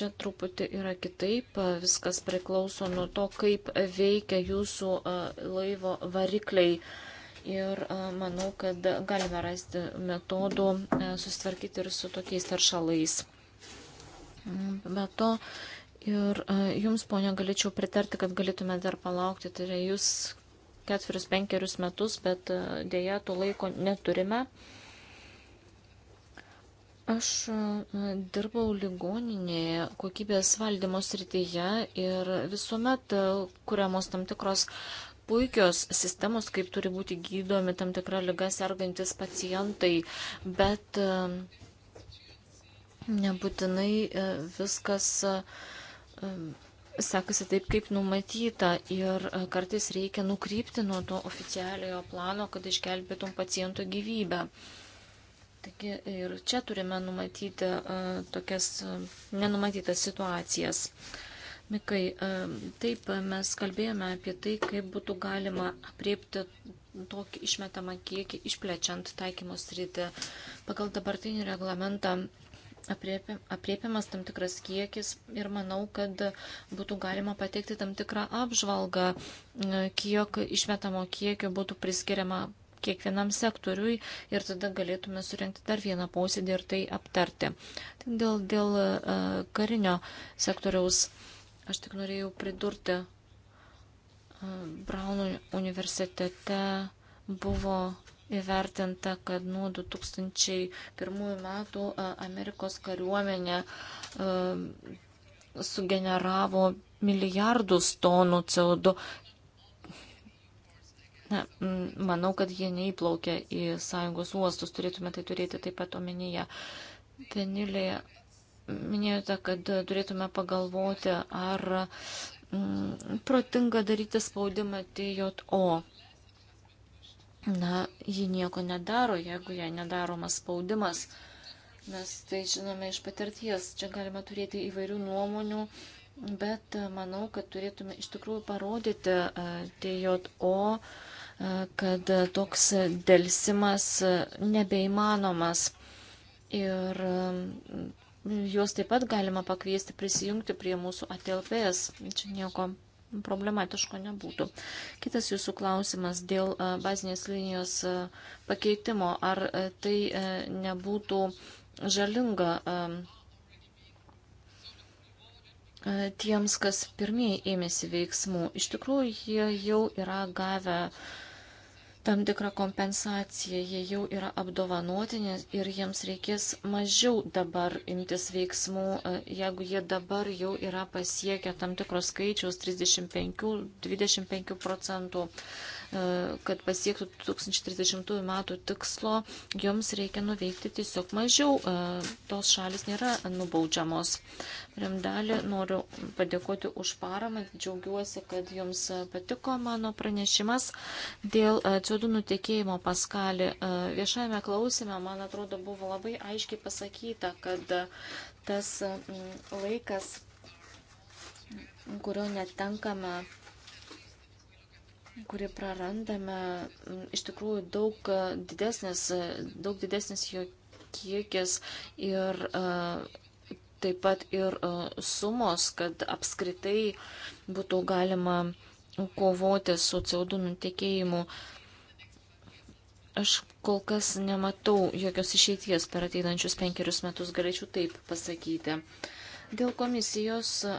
čia truputį yra kitaip. Viskas priklauso nuo to, kaip veikia jūsų laivo varikliai ir manau, kad galime rasti metodų susitvarkyti ir su tokiais taršalais. Mm, be to, ir jums, ponia, galėčiau pritarti, kad galėtume dar palaukti trejus, tai ketverius, penkerius metus, bet dėja to laiko neturime. Aš dirbau ligoninėje kokybės valdymo srityje ir visuomet kuriamos tam tikros puikios sistemos, kaip turi būti gydomi tam tikrą lygą sergantis pacientai, bet e, nebūtinai e, viskas e, sekasi taip, kaip numatyta ir kartais reikia nukrypti nuo to oficialiojo plano, kad išgelbėtum paciento gyvybę. Taigi ir čia turime numatyti tokias nenumatytas situacijas. Uh, Mikai, e, taip mes kalbėjome apie tai, kaip būtų galima apriepti tokį išmetamą kiekį, išplečiant taikymus rytį. Pagal dabartinį reglamentą apriepiamas tam tikras kiekis ir manau, kad būtų galima pateikti tam tikrą apžvalgą, e, kiek išmetamo kiekio būtų priskiriama kiekvienam sektoriui ir tada galėtume surinkti dar vieną posėdį ir tai aptarti. Dėl, dėl e, karinio sektoriaus Aš tik norėjau pridurti, e, Brauno universitete buvo įvertinta, kad nuo 2001 metų e, Amerikos kariuomenė e, sugeneravo milijardus tonų CO2. Na, manau, kad jie neįplaukia į sąjungos uostus, turėtume tai turėti taip pat omenyje. Penilė minėjote, kad turėtume pagalvoti, ar mm, protinga daryti spaudimą TJO. Na, ji nieko nedaro, jeigu jai nedaromas spaudimas. Mes tai žinome iš patirties. Čia galima turėti įvairių nuomonių, bet e, manau, kad turėtume iš tikrųjų parodyti e, TJO, e, kad toks dėlsimas nebeįmanomas. Ir juos taip pat galima pakviesti prisijungti prie mūsų atelpės. Čia nieko problematiško nebūtų. Kitas jūsų klausimas dėl bazinės linijos pakeitimo. Ar tai nebūtų žalinga tiems, kas pirmieji ėmėsi veiksmų? Iš tikrųjų, jie jau yra gavę tam tikrą kompensaciją. Jie jau yra apdovanoti ir jiems reikės mažiau dabar imtis veiksmų, e, jeigu jie dabar jau yra pasiekę tam tikros skaičiaus 35-25 procentų E, kad pasiektų 2030 metų tikslo, joms reikia nuveikti tiesiog mažiau. E, tos šalis nėra nubaudžiamos. Remdalį noriu padėkoti už paramą. Džiaugiuosi, kad jums patiko mano pranešimas dėl e, CO2 nutekėjimo paskalį. Viešajame klausime, man atrodo, buvo labai aiškiai pasakyta, kad tas laikas, kurio netenkame kurį prarandame, iš tikrųjų daug didesnis, daug didesnis jo kiekis ir taip pat ir sumos, kad apskritai būtų galima kovoti su CO2 nutekėjimu. Aš kol kas nematau jokios išeities per ateinančius penkerius metus, galėčiau taip pasakyti. Uh, Dėl komisijos e,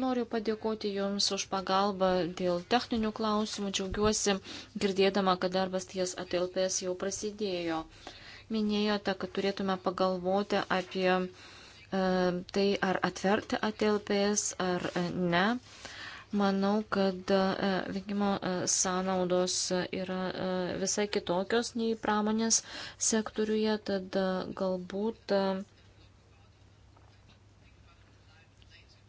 noriu padėkoti Jums už pagalbą dėl techninių klausimų. Džiaugiuosi girdėdama, kad darbas ties ATLPS jau prasidėjo. Minėjote, kad turėtume pagalvoti apie e, tai, ar atverti ATLPS ar ne. Manau, kad e, veikimo e, sąnaudos yra visai kitokios nei pramonės sektoriuje, tad galbūt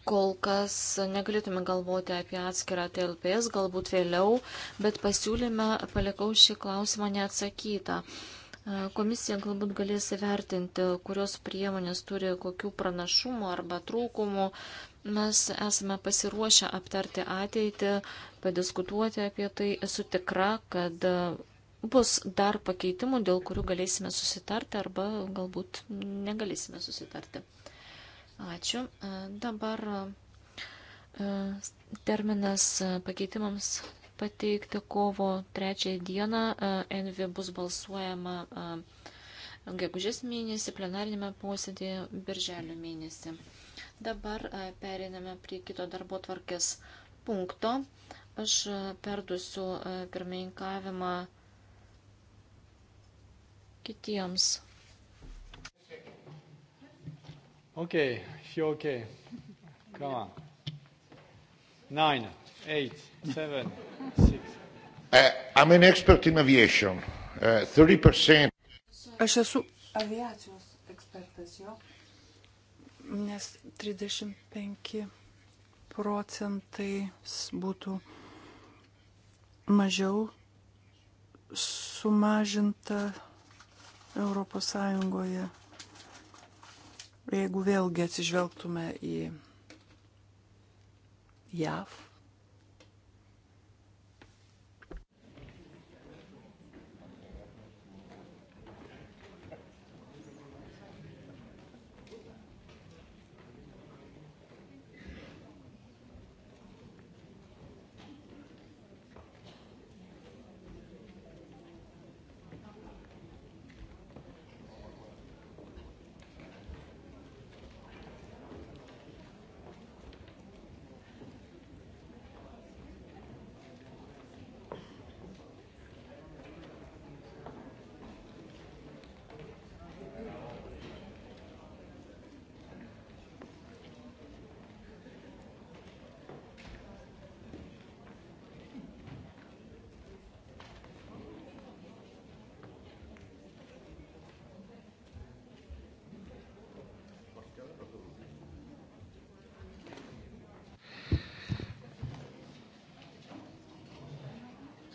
Kol kas negalėtume galvoti apie atskirą TLPS, galbūt vėliau, bet pasiūlyme palikau šį klausimą neatsakytą. Komisija galbūt galės įvertinti, kurios priemonės turi kokių pranašumų arba trūkumų. Mes esame pasiruošę aptarti ateitį, padiskutuoti apie tai. Esu tikra, kad bus dar pakeitimų, dėl kurių galėsime susitarti arba galbūt negalėsime susitarti. Ačiū. E, dabar e, terminas pakeitimams pateikti kovo trečią dieną. Envi bus balsuojama e, gegužės mėnesį, plenarinėme posėdėje, birželio mėnesį. Dabar periname prie kito darbo tvarkės punkto. Aš perdusiu pirmininkavimą kitiems Okay, you're okay. Come on. Nine, eight, seven, six. Uh, I'm an expert in aviation. Uh, eh, 30%. Aš esu aviacijos ekspertas jo, nes 35 procentai būtų mažiau sumažinta Europos Sąjungoje jeigu vėlgi atsižvelgtume į JAV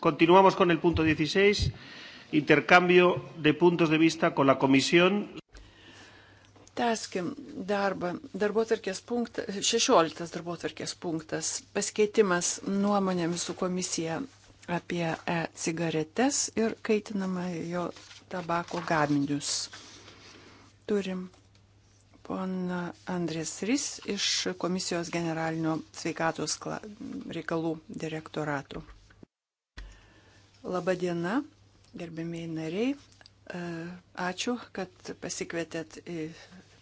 Continuamos con el punto 16, intercambio de puntos de vista con la Comisión. Teskim darbą. Darbotvarkės punktas, 16 darbotvarkės punktas, pasikeitimas nuomonėmis su komisija apie e-cigaretes ir kaitinamą jo tabako gaminius. Turim pona Andrės Rys iš Komisijos generalinio sveikatos reikalų direktoratų. Labadiena, gerbėmiai nariai. E, ačiū, kad pasikvietėt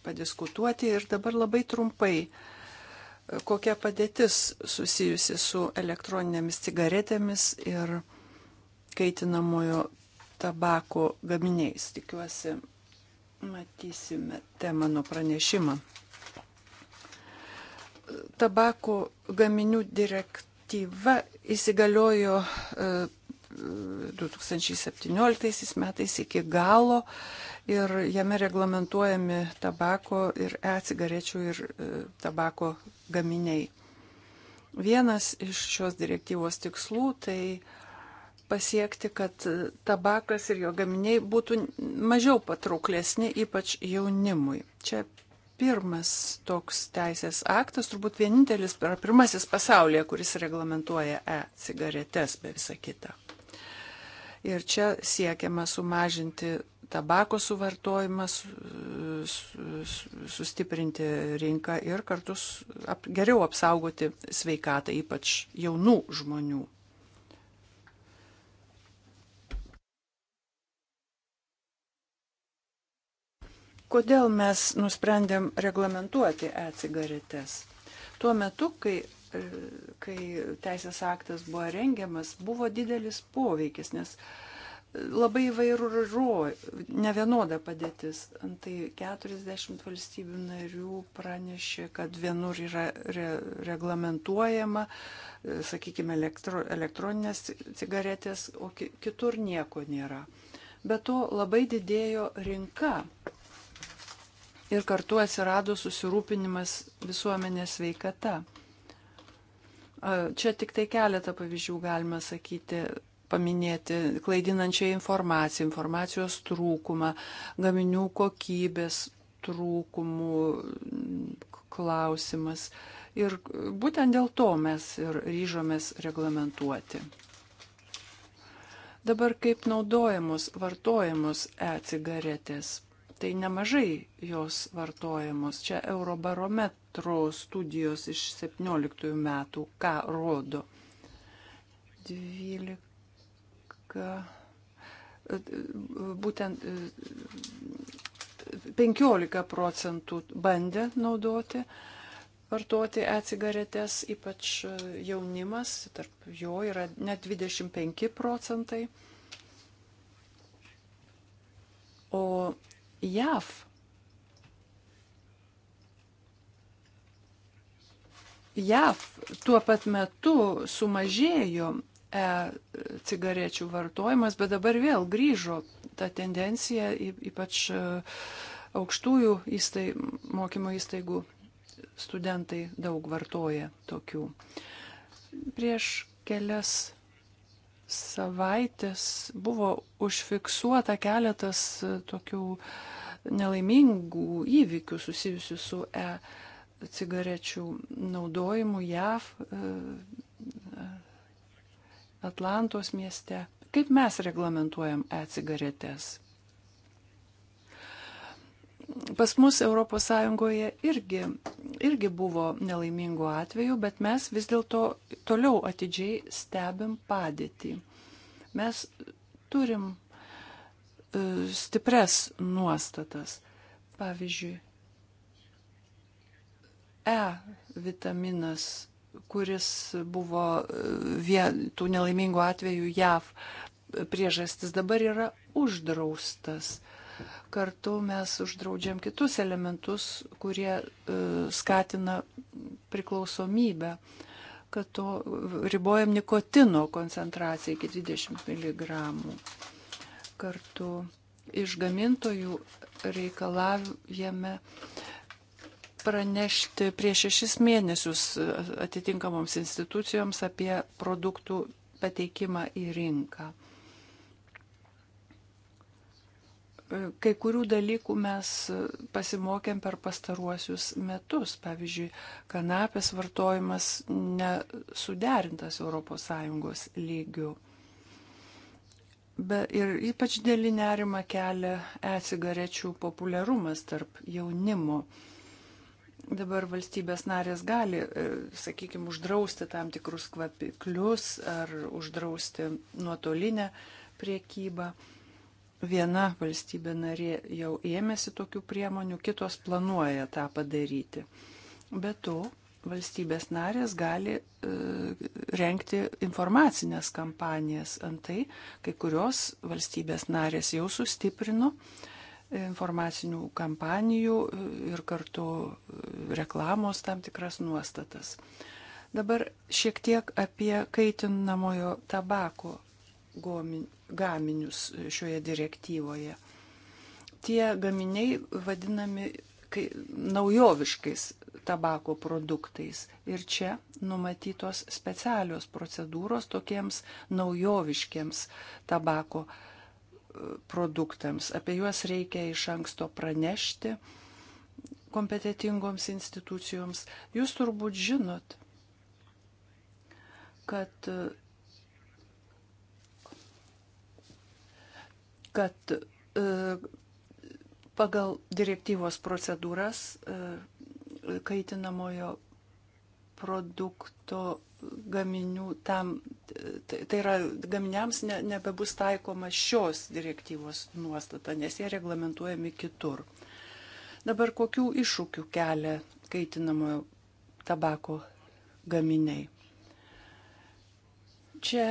padiskutuoti ir dabar labai trumpai, e, kokia padėtis susijusi su elektroninėmis cigaretėmis ir kaitinamojo tabako gaminiais. Tikiuosi, matysime te mano pranešimą. Tabako gaminių direktyva įsigaliojo e, 2017 metais iki galo ir jame reglamentuojami tabako ir e-cigarečių ir e, tabako gaminiai. Vienas iš šios direktyvos tikslų tai pasiekti, kad tabakas ir jo gaminiai būtų mažiau patrauklesni, ypač jaunimui. Čia pirmas toks teisės aktas, turbūt vienintelis, ar pirmasis pasaulyje, kuris reglamentuoja e-cigaretes be visą kitą. Ir čia siekiama sumažinti tabako suvartojimas, sustiprinti rinką ir kartu geriau apsaugoti sveikatą, ypač jaunų žmonių. Kodėl mes nusprendėm reglamentuoti e-cigaretes? Tuo metu, kai E, kai teisės aktas buvo rengiamas, buvo didelis poveikis, nes e, labai įvairų, nevienoda padėtis. Antai 40 valstybių narių pranešė, kad vienur yra re, reglamentuojama, e, sakykime, elektro, elektroninės cigaretės, o ki, kitur nieko nėra. Be to labai didėjo rinka ir kartu atsirado susirūpinimas visuomenės veikata. Čia tik tai keletą pavyzdžių galima sakyti, paminėti klaidinančią informaciją, informacijos trūkumą, gaminių kokybės trūkumų klausimas. Ir būtent dėl to mes ir ryžomės reglamentuoti. Dabar kaip naudojamos, vartojamos e-cigaretės tai nemažai jos vartojamos. Čia Eurobarometro studijos iš 17 metų, ką rodo. 12. Būtent 15 procentų bandė naudoti, vartoti e-cigaretės, ypač jaunimas, tarp jo yra net 25 procentai. O JAV. JAV tuo pat metu sumažėjo e cigarečių vartojimas, bet dabar vėl grįžo ta tendencija, ypač e, aukštųjų įstai, mokymo įstaigų studentai daug vartoja tokių. Prieš kelias savaitės buvo užfiksuota keletas tokių uh, nelaimingų įvykių susijusių su e cigarečių naudojimu JAV, e, Atlantos mieste. Kaip mes reglamentuojam e cigaretės? Pas mus ES irgi, irgi buvo nelaimingų atvejų, bet mes vis dėlto toliau atidžiai stebim padėtį. Mes turim E, stipres nuostatas. Pavyzdžiui, E vitaminas, kuris buvo e, tų nelaimingų atvejų JAV priežastis, dabar yra uždraustas kartu mes uždraudžiam kitus elementus, kurie e, skatina priklausomybę, kad to ribojam nikotino koncentraciją iki 20 mg kartu iš gamintojų reikalavime pranešti prieš šešis mėnesius atitinkamoms institucijoms apie produktų pateikimą į rinką. Kai kurių dalykų mes pasimokėm per pastaruosius metus. Pavyzdžiui, kanapės vartojimas nesuderintas ES lygių. Be, ir ypač dėlį nerimą kelia e-cigarečių populiarumas tarp jaunimo. Dabar valstybės narės gali, e, sakykime, uždrausti tam tikrus kvapiklius ar uždrausti nuotolinę priekybą. Viena valstybė narė jau ėmėsi tokių priemonių, kitos planuoja tą padaryti. Be to, valstybės narės gali e, renkti informacinės kampanijas. Antai kai kurios valstybės narės jau sustiprino informacinių kampanijų e, ir kartu e, reklamos tam tikras nuostatas. Dabar šiek tiek apie kaitinamojo tabako gaminius šioje direktyvoje. Tie gaminiai vadinami kai, naujoviškais tabako produktais. Ir čia numatytos specialios procedūros tokiems naujoviškiams tabako e, produktams. Apie juos reikia iš anksto pranešti kompetitingoms institucijoms. Jūs turbūt žinot, kad, e, kad e, pagal direktyvos procedūras kaitinamojo produkto gaminių tam, tai yra gaminiams ne, nebebus taikoma šios direktyvos nuostata, nes jie reglamentuojami kitur. Dabar kokių iššūkių kelia kaitinamojo tabako gaminiai? Čia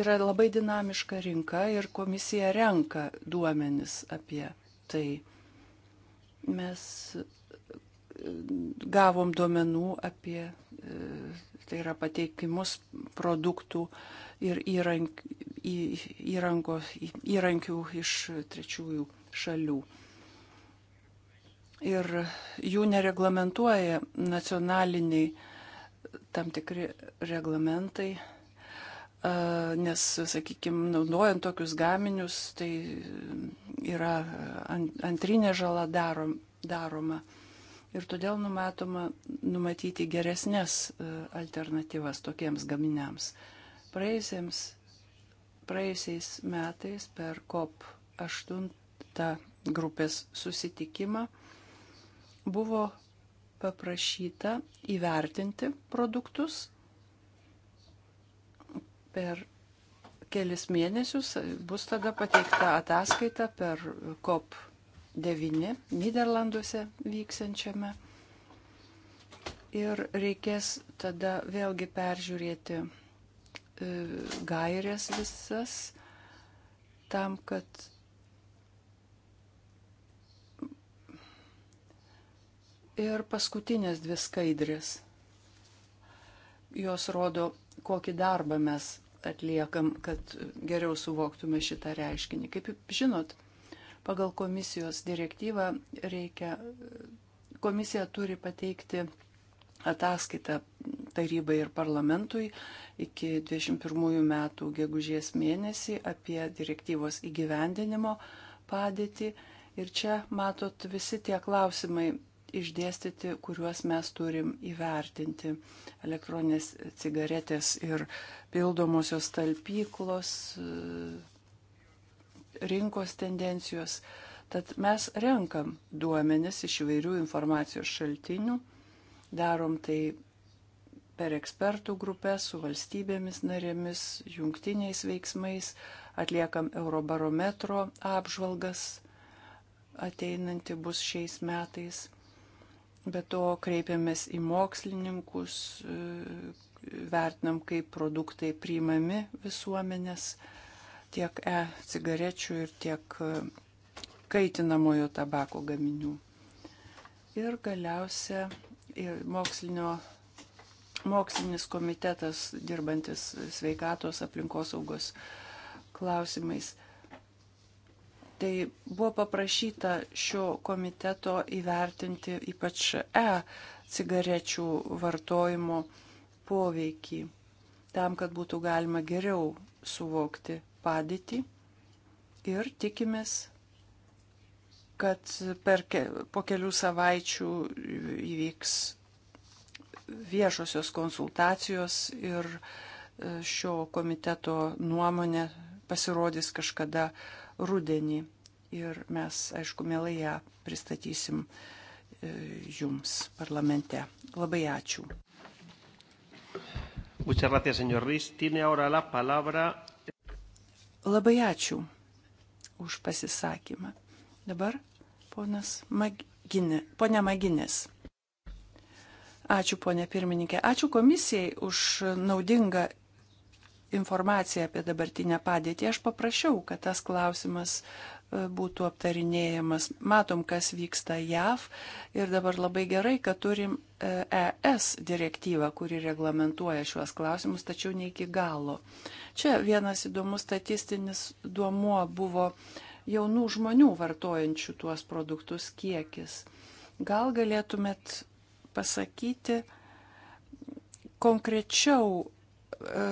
yra labai dinamiška rinka ir komisija renka duomenis apie tai. Mes gavom duomenų apie, e, tai yra pateikimus produktų ir įrank, įrango, įrankių iš trečiųjų šalių. Ir jų nereglamentuoja nacionaliniai tam tikri reglamentai, nes, sakykime, naudojant tokius gaminius, tai yra antrinė žala darom, daroma. daroma ir todėl numatoma numatyti geresnės e, alternatyvas tokiems gaminiams. Praėjusiems, praėjusiais metais per COP8 grupės susitikimą buvo paprašyta įvertinti produktus per kelis mėnesius bus tada pateikta ataskaita per COP 9 Niderlanduose vyksiančiame. Ir reikės tada vėlgi peržiūrėti e, gairės visas tam, kad ir paskutinės dvi skaidrės. Jos rodo, kokį darbą mes atliekam, kad geriau suvoktume šitą reiškinį. Kaip žinot, Pagal komisijos direktyvą reikia, komisija turi pateikti ataskaitą tarybai ir parlamentui iki 21 metų gegužės mėnesį apie direktyvos įgyvendinimo padėtį. Ir čia matot visi tie klausimai išdėstyti, kuriuos mes turim įvertinti. Elektroninės cigaretės ir pildomosios talpyklos, rinkos tendencijos. Tad mes renkam duomenis iš įvairių informacijos šaltinių, darom tai per ekspertų grupę su valstybėmis narėmis, jungtiniais veiksmais, atliekam Eurobarometro apžvalgas, ateinanti bus šiais metais. Be to kreipiamės į mokslininkus, e, vertinam, kaip produktai priimami visuomenės tiek e-cigarečių ir tiek e, kaitinamojo tabako gaminių. Ir galiausia ir mokslinio, mokslinis komitetas dirbantis sveikatos aplinkosaugos klausimais. Tai buvo paprašyta šio komiteto įvertinti ypač E cigarečių vartojimo poveikį, tam, kad būtų galima geriau suvokti padėtį ir tikimės, kad per, ke, po kelių savaičių įvyks viešosios konsultacijos ir e, šio komiteto nuomonė pasirodys kažkada rudenį. Ir mes, aišku, mielai ją pristatysim e, jums parlamente. Labai ačiū. Muchas gracias, señor Riz. Tiene ahora la palabra Labai ačiū už pasisakymą. Dabar ponas Maginė, ponia Maginės. Ačiū, ponė pirmininkė. Ačiū komisijai už naudingą informaciją apie dabartinę padėtį. Aš paprašiau, kad tas klausimas E, būtų aptarinėjamas. Matom, kas vyksta JAV ir dabar labai gerai, kad turim ES e direktyvą, kuri reglamentuoja šiuos klausimus, tačiau ne iki galo. Čia vienas įdomus statistinis duomuo buvo jaunų žmonių vartojančių tuos produktus kiekis. Gal galėtumėt pasakyti konkrečiau, e,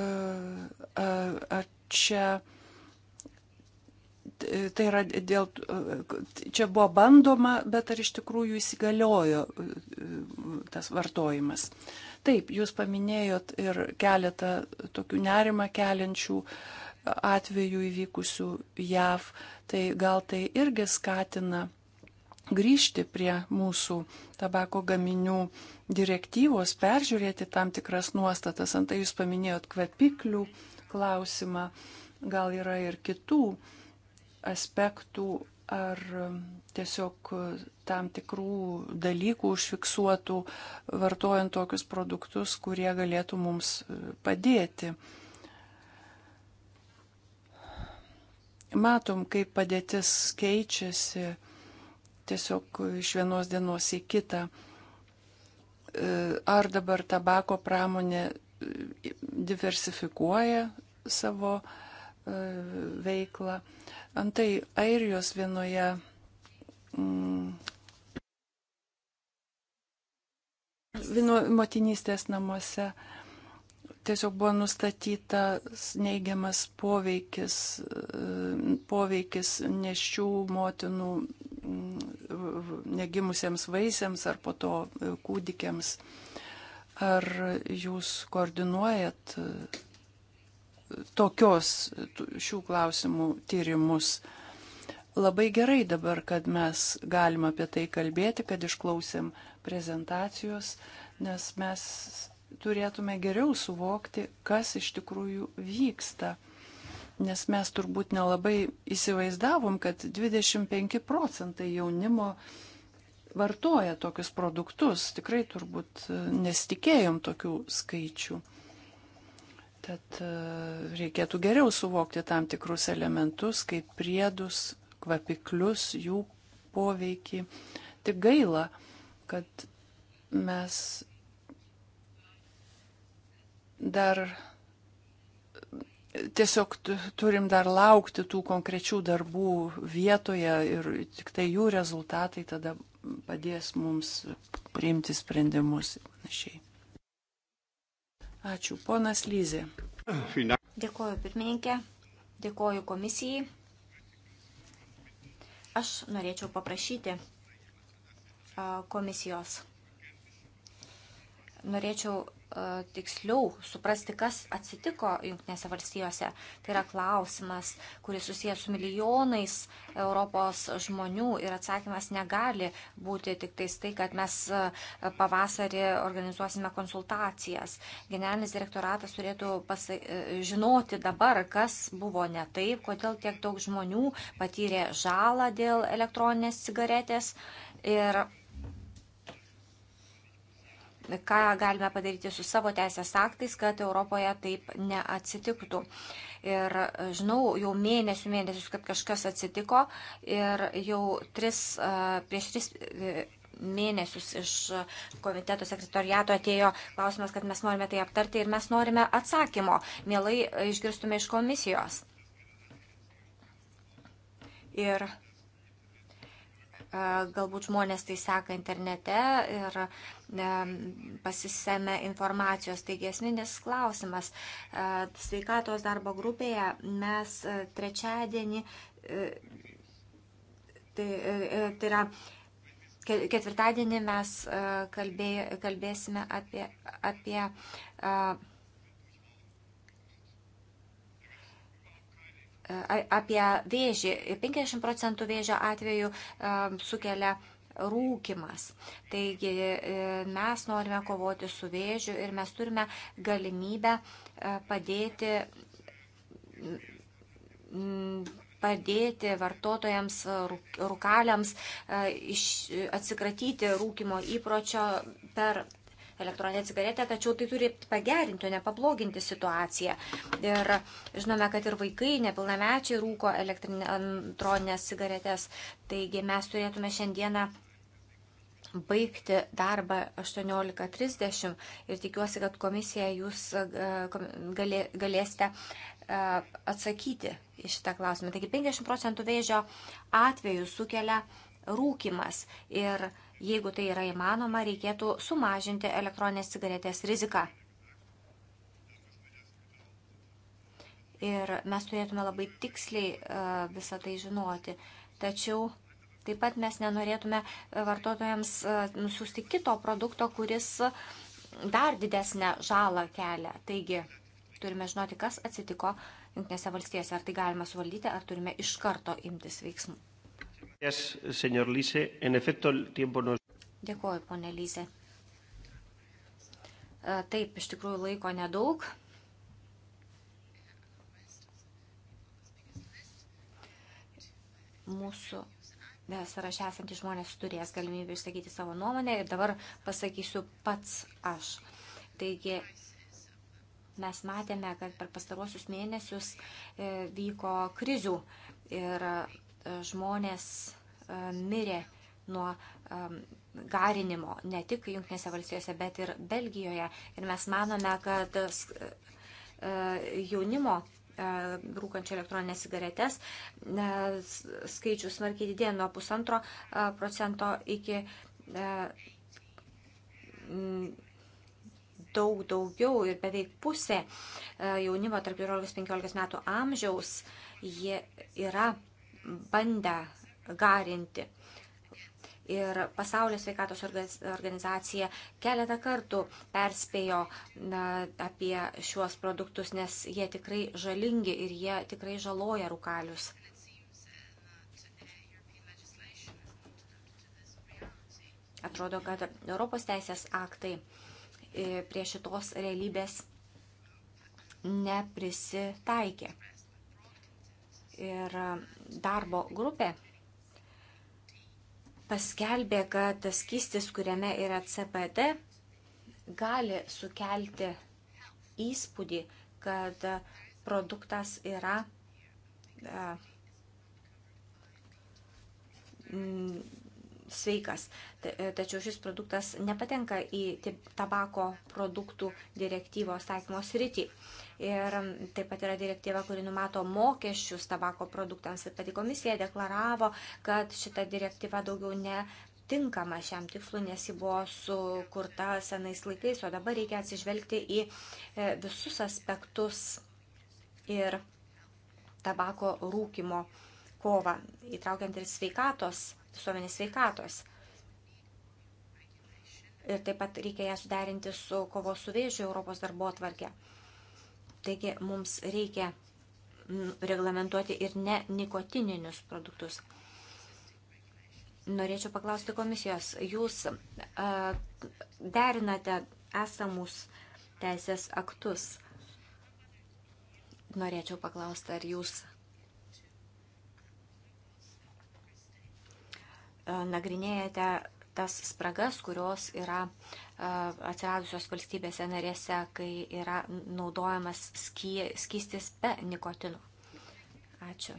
ar čia E, tai yra dėl, e, čia buvo bandoma, bet ar iš tikrųjų įsigaliojo e, tas vartojimas. Taip, jūs paminėjot ir keletą tokių nerimą keliančių atvejų įvykusių JAV, tai gal tai irgi skatina grįžti prie mūsų tabako gaminių direktyvos, peržiūrėti tam tikras nuostatas. Antai jūs paminėjot kvepiklių klausimą, gal yra ir kitų aspektų ar tiesiog tam tikrų dalykų užfiksuotų vartojant tokius produktus, kurie galėtų mums padėti. Matom, kaip padėtis keičiasi tiesiog iš vienos dienos į kitą. Ar dabar tabako pramonė diversifikuoja savo veiklą, Antai Airijos vienoje. Mm, Vienu motinystės namuose tiesiog buvo nustatytas neigiamas poveikis, e, poveikis nešių motinų mm, negimusiems vaisiams ar po to e, kūdikiams. Ar jūs koordinuojat tokios šių klausimų tyrimus. Labai gerai dabar, kad mes galim apie tai kalbėti, kad išklausėm prezentacijos, nes mes turėtume geriau suvokti, kas iš tikrųjų vyksta. Nes mes turbūt nelabai įsivaizdavom, kad 25 procentai jaunimo vartoja tokius produktus. Tikrai turbūt e, nesitikėjom tokių skaičių. Tad e, reikėtų geriau suvokti tam tikrus elementus, kaip priedus, kvapiklius, jų poveikį. Tik gaila, kad mes dar tiesiog turim dar laukti tų konkrečių darbų vietoje ir tik tai jų rezultatai tada padės mums priimti sprendimus ir panašiai. Ačiū, ponas Lyzė. Dėkoju pirmininkė, dėkoju komisijai. Aš norėčiau paprašyti komisijos norėčiau E, tiksliau suprasti, kas atsitiko Junktinėse valstijose. Tai yra klausimas, kuris susijęs su milijonais Europos žmonių ir atsakymas negali būti tik tais tai, kad mes e, pavasarį organizuosime konsultacijas. Generalinis direktoratas turėtų pasa... E, žinoti dabar, kas buvo ne taip, kodėl tiek daug žmonių patyrė žalą dėl elektroninės cigaretės. Ir ką galime padaryti su savo teisės aktais, kad Europoje taip neatsitiktų. Ir e, žinau, jau mėnesių mėnesius, kad kažkas atsitiko ir jau tris, e, prieš tris e, mėnesius iš komiteto sekretoriato atėjo klausimas, kad mes norime tai aptarti ir mes norime atsakymo. Mielai išgirstume iš komisijos. Ir E, galbūt žmonės tai seka internete ir e, pasisėmė informacijos. Taigi esminis klausimas. E, sveikatos darbo grupėje mes trečiadienį, tai, tai yra ketvirtadienį mes kalbė, kalbėsime apie, apie apie vėžį. 50 procentų vėžio atveju sukelia rūkimas. Taigi e, mes norime kovoti su vėžiu ir mes turime galimybę padėti padėti vartotojams, rūkaliams iš, atsikratyti rūkimo įpročio per elektroninę cigaretę, tačiau tai turi pagerinti, o ne pabloginti situaciją. Ir žinome, kad ir vaikai, nepilnamečiai rūko elektroninės cigaretės, taigi mes turėtume šiandieną baigti darbą 18.30 ir tikiuosi, kad komisija jūs e, galėsite e, atsakyti į šitą klausimą. Taigi 50 procentų vėžio atvejų sukelia rūkimas ir Jeigu tai yra įmanoma, reikėtų sumažinti elektroninės cigaretės riziką. Ir mes turėtume labai tiksliai e, visą tai žinoti. Tačiau taip pat mes nenorėtume e, vartotojams e, nusiųsti kito produkto, kuris dar didesnę žalą kelia. Taigi turime žinoti, kas atsitiko Junktinėse valstijose, ar tai galima suvaldyti, ar turime iš karto imtis veiksmų. Dėkuoju, ponė Lyse. Taip, iš tikrųjų laiko nedaug. Mūsų sąraše esantys žmonės turės galimybę išsakyti savo nuomonę ir dabar pasakysiu pats aš. Taigi mes matėme, kad per pastaruosius mėnesius e, vyko krizių ir E, žmonės e, mirė nuo e, garinimo, ne tik Junktinėse valstijose, bet ir Belgijoje. Ir mes manome, kad jaunimo rūkančio elektroninės cigaretės skaičius smarkiai didėjo nuo pusantro procento iki daug daugiau ir beveik pusė jaunimo tarp 14-15 metų amžiaus jie yra bandę garinti. Ir pasaulio sveikatos organizacija keletą kartų perspėjo na, apie šiuos produktus, nes jie tikrai žalingi ir jie tikrai žaloja rūkalius. Atrodo, kad Europos teisės aktai e, prie šitos realybės neprisitaikė. Ir e, darbo grupė paskelbė, kad tas kistis, kuriame yra CBD, gali sukelti įspūdį, kad produktas yra e, sveikas. Tačiau šis produktas nepatenka į tabako produktų direktyvos taikymo sritį. Ir taip pat yra direktyva, kuri numato mokesčius tabako produktams. Ir pati komisija deklaravo, kad šita direktyva daugiau ne tinkama šiam tikslu, nes ji buvo sukurta senais laikais, o dabar reikia atsižvelgti į e, visus aspektus ir tabako rūkimo kovą, įtraukiant ir sveikatos visuomenės sveikatos. Ir taip pat reikia ją suderinti su kovos su vėžiu Europos darbo atvarkė. Taigi mums reikia reglamentuoti ir ne nikotininius produktus. Norėčiau paklausti komisijos, jūs uh, derinate esamus teisės aktus. Norėčiau paklausti, ar jūs E, nagrinėjate tas spragas, kurios yra e, atsiradusios valstybėse narėse, kai yra naudojamas skystis be nikotino. Ačiū.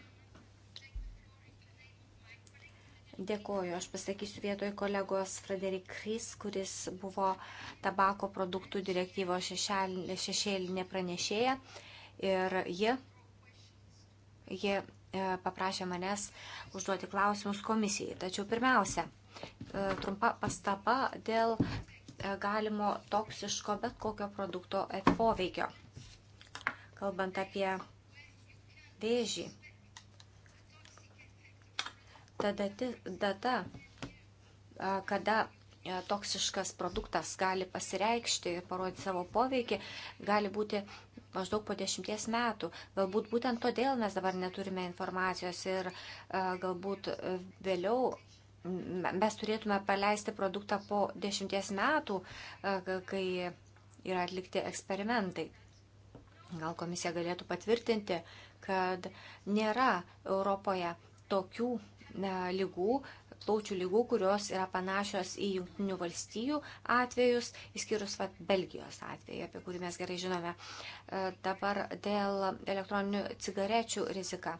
Dėkoju, aš pasakysiu vietoj kolegos Frederik Kris, kuris buvo tabako produktų direktyvos šešėlinė pranešėja ir ji, ji E, paprašė manęs užduoti klausimus komisijai. Tačiau pirmiausia, e, trumpa pastaba dėl e, galimo toksiško bet kokio produkto poveikio. Kalbant apie vėžį. Ta data, kada toksiškas produktas gali pasireikšti ir parodyti savo poveikį, gali būti maždaug po dešimties metų. Galbūt būtent todėl mes dabar neturime informacijos ir e, galbūt e, vėliau mes turėtume paleisti produktą po dešimties metų, e, kai yra atlikti eksperimentai. Gal komisija galėtų patvirtinti, kad nėra Europoje tokių lygų, plaučių lygų, kurios yra panašios į jungtinių valstijų atvejus, išskyrus vat, Belgijos atvejį, apie kurį mes gerai žinome. E, dabar dėl elektroninių cigarečių rizika.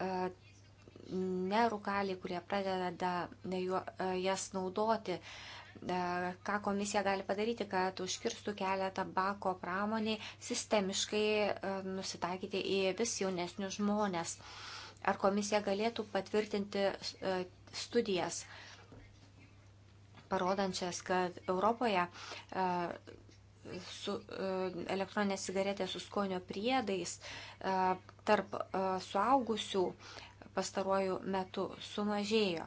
E, Nerukaliai, kurie pradeda e, jas naudoti, ką komisija gali padaryti, kad užkirstų kelią tabako pramoniai sistemiškai nusitaikyti į vis jaunesnius žmonės. Uh, Ar komisija galėtų patvirtinti e, studijas, parodančias, kad Europoje e, su e, elektroninės cigaretės su skonio priedais tarp suaugusių pastaruoju metu sumažėjo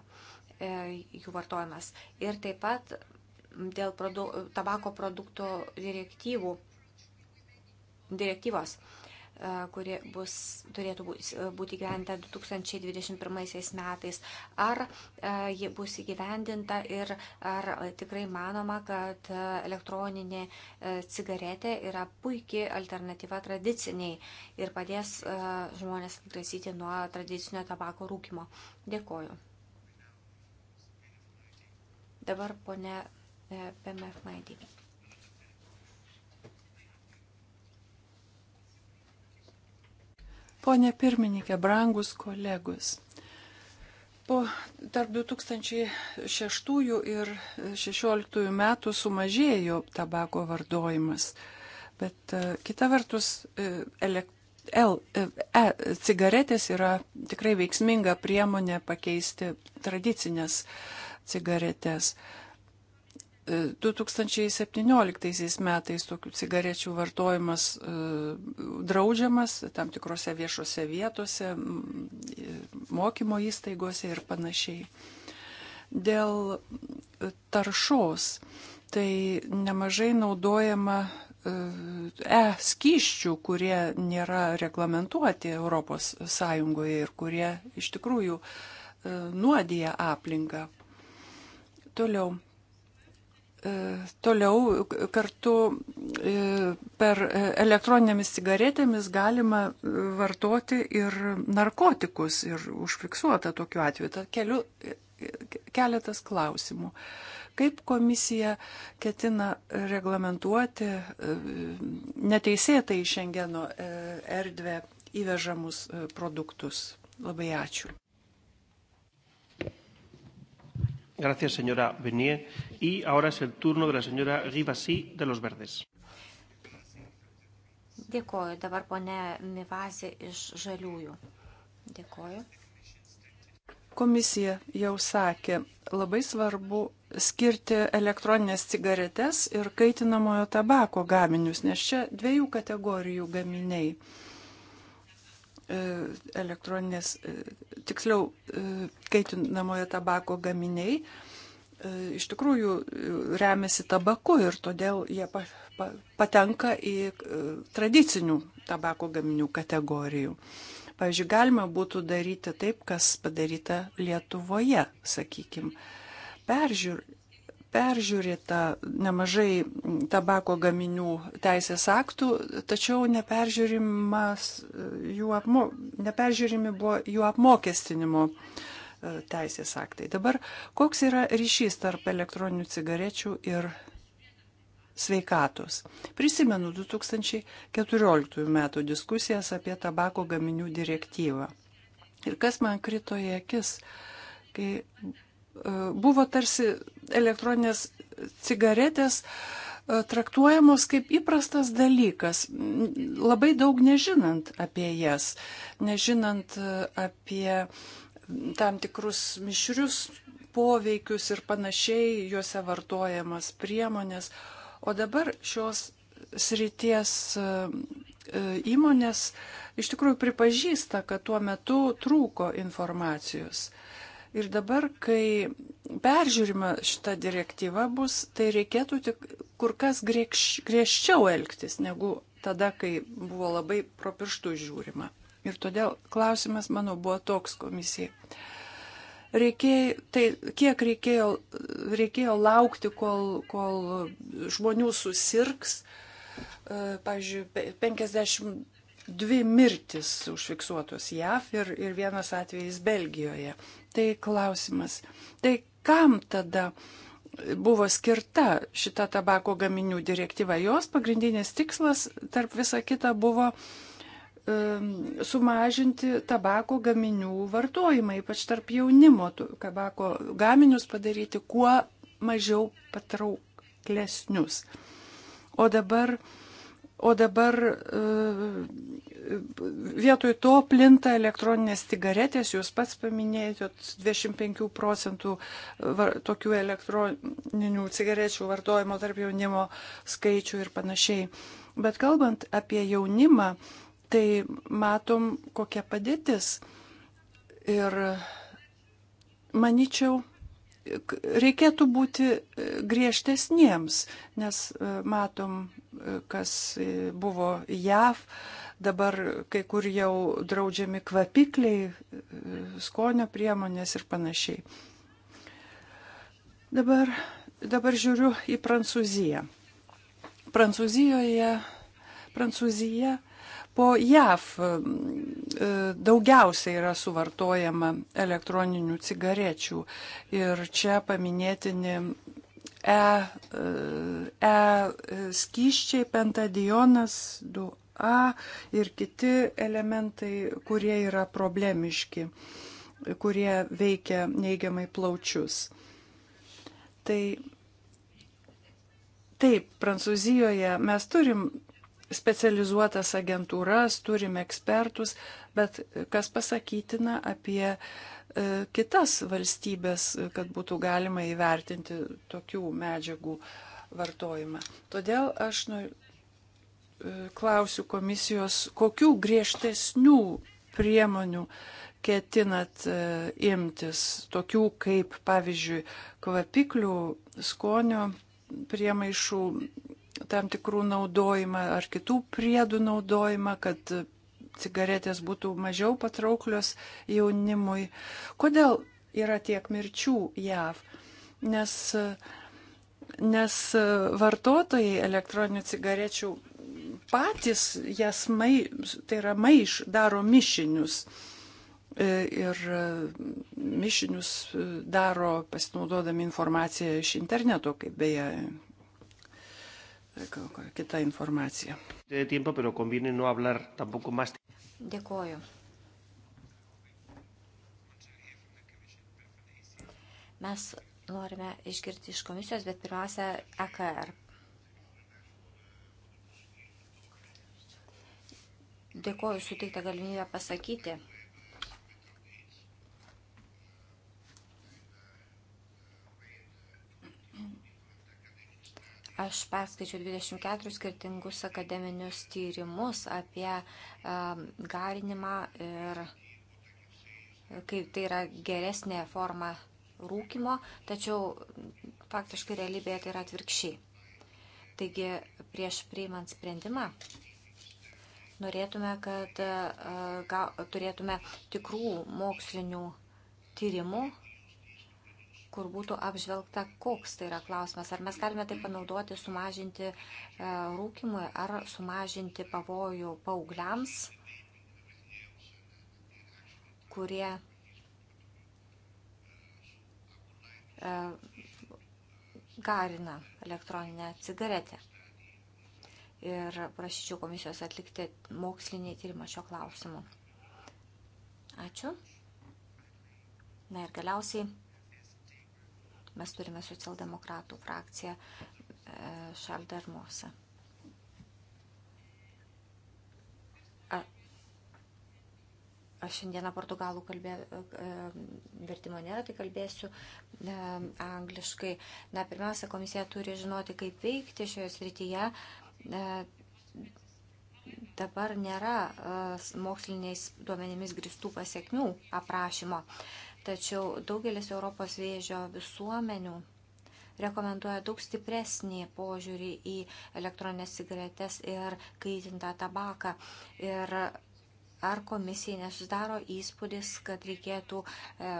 jų vartojimas. Ir taip pat dėl produ, tabako produktų direktyvų, direktyvos E, kuri bus, turėtų būti gyventa 2021 metais. Ar e, ji bus įgyvendinta ir ar tikrai manoma, kad elektroninė e, cigaretė yra puikiai alternatyva tradiciniai ir padės žmonės atgrasyti nuo tradicinio tabako rūkimo. Dėkoju. Dabar ponė PMF Maidį. Pone pirmininkė, brangus kolegus, po tarp 2006 ir 2016 metų sumažėjo tabako vartojimas, bet e, kita vertus e, elektronikos L, e, e, cigaretės yra tikrai veiksminga priemonė pakeisti tradicinės cigaretės. E, 2017 metais tokių cigarečių vartojimas e, draudžiamas tam tikrose viešose vietose, mokymo įstaigose ir panašiai. Dėl e, taršos tai nemažai naudojama e skyščių, kurie nėra reglamentuoti ES ir kurie iš tikrųjų e, nuodija aplinką. Toliau E, toliau kartu e, per e, elektroninėmis cigaretėmis galima vartoti ir narkotikus ir užfiksuota tokiu atveju. Tad keliu keletas klausimų. Kaip komisija ketina reglamentuoti neteisėtai iš Šengeno erdvę įvežamus produktus? Labai ačiū. Gracias, señora Benier. Y ahora es el turno de la señora Rivasi de los Verdes. Dėkoju. Dabar ponė Mivazė iš Žaliųjų. Dėkoju. Komisija jau sakė, labai svarbu skirti elektroninės cigaretes ir kaitinamojo tabako gaminius, nes čia dviejų kategorijų gaminiai. Uh, E, elektroninės, e, tiksliau, e, kaitinamojo tabako gaminiai iš tikrųjų remiasi tabaku ir todėl jie pa, pa, patenka į tradicinių tabako gaminių kategorijų. Pavyzdžiui, galima būtų daryti taip, kas padaryta Lietuvoje, sakykime, peržiūr, peržiūrėta nemažai tabako gaminių teisės aktų, tačiau apmo, neperžiūrimi buvo jų apmokestinimo e, teisės aktai. Dabar koks yra ryšys tarp elektroninių cigarečių ir sveikatos? Prisimenu 2014 metų diskusijas apie tabako gaminių direktyvą. Ir kas man krito į akis, kai E, buvo tarsi elektroninės cigaretės e, traktuojamos kaip įprastas dalykas, labai daug nežinant apie jas, nežinant e, apie tam tikrus mišrius poveikius ir panašiai juose vartojamas priemonės. O dabar šios srities įmonės iš tikrųjų pripažįsta, kad tuo metu trūko informacijos. Ir dabar, kai peržiūrima šita direktyva bus, tai reikėtų tik kur kas griežčiau elgtis, negu tada, kai buvo labai pro pirštų žiūrima. Ir todėl klausimas mano buvo toks komisijai. Reikėjo, tai kiek reikėjo, reikėjo laukti, kol, kol žmonių susirgs, e, pavyzdžiui, 52 mirtis užfiksuotos JAV ir, ir vienas atvejis Belgijoje. Tai klausimas. Tai kam tada buvo skirta šita tabako gaminių direktyva? Jos pagrindinis tikslas, tarp visa kita, buvo sumažinti tabako gaminių vartojimą, ypač tarp jaunimo, tabako gaminius padaryti kuo mažiau patrauklesnius. O dabar O dabar e, vietoj to plinta elektroninės cigaretės, jūs pats paminėjot, 25 procentų e, tokių elektroninių cigarečių vartojimo tarp jaunimo skaičių ir panašiai. Bet kalbant apie jaunimą, tai matom, kokia padėtis. Ir manyčiau, reikėtų būti e, griežtesniems, nes e, matom, e, kas buvo JAV, dabar kai kur jau draudžiami kvapikliai, skonio priemonės ir panašiai. Dabar, dabar žiūriu į Prancūziją. Prancūzijoje, Prancūzija po JAV e, daugiausiai yra suvartojama elektroninių cigarečių. Ir čia paminėtini E, e, e skyščiai, pentadionas 2A ir kiti elementai, kurie yra problemiški, kurie veikia neigiamai plaučius. Tai taip, Prancūzijoje mes turim specializuotas agentūras, turim ekspertus, bet kas pasakytina apie e, kitas valstybės, kad būtų galima įvertinti tokių medžiagų vartojimą. Todėl aš nu, e, klausiu komisijos, kokių griežtesnių priemonių ketinat e, imtis, tokių kaip, pavyzdžiui, kvapiklių, skonio priemaišų tam tikrų naudojimą ar kitų priedų naudojimą, kad cigaretės būtų mažiau patrauklios jaunimui. Kodėl yra tiek mirčių JAV? Nes, nes vartotojai elektroninių cigarečių patys jas, mai, tai yra maiš, daro mišinius. E, ir mišinius daro pasinaudodami informaciją iš interneto, kaip beje kita informacija. Dėkoju. Mes norime išgirti iš komisijos, bet pirmiausia, EKR. Dėkoju suteiktą galimybę pasakyti. Aš perskaičiau 24 skirtingus akademinius tyrimus apie um, garinimą ir kaip tai yra geresnė forma rūkimo, tačiau faktiškai realybėje tai yra atvirkščiai. Taigi prieš priimant sprendimą norėtume, kad uh, ga, turėtume tikrų mokslinių tyrimų kur būtų apžvelgta, koks tai yra klausimas. Ar mes galime tai panaudoti, sumažinti e, rūkimui, ar sumažinti pavojų paaugliams, kurie e, garina elektroninę cigaretę. Ir prašyčiau komisijos atlikti mokslinį tyrimą šio klausimu. Ačiū. Na ir galiausiai Mes turime socialdemokratų frakciją e, Šaldermose. Aš šiandieną portugalų kalbė, e, vertimo nėra, tai kalbėsiu e, angliškai. Na, pirmiausia, komisija turi žinoti, kaip veikti šioje srityje. E, dabar nėra e, moksliniais duomenimis gristų pasiekmių aprašymo. E, Tačiau daugelis Europos vėžio visuomenių rekomenduoja daug stipresnį požiūrį į elektroninės cigaretės ir kaitintą tabaką. Ir ar komisijai nesusidaro įspūdis, kad reikėtų e,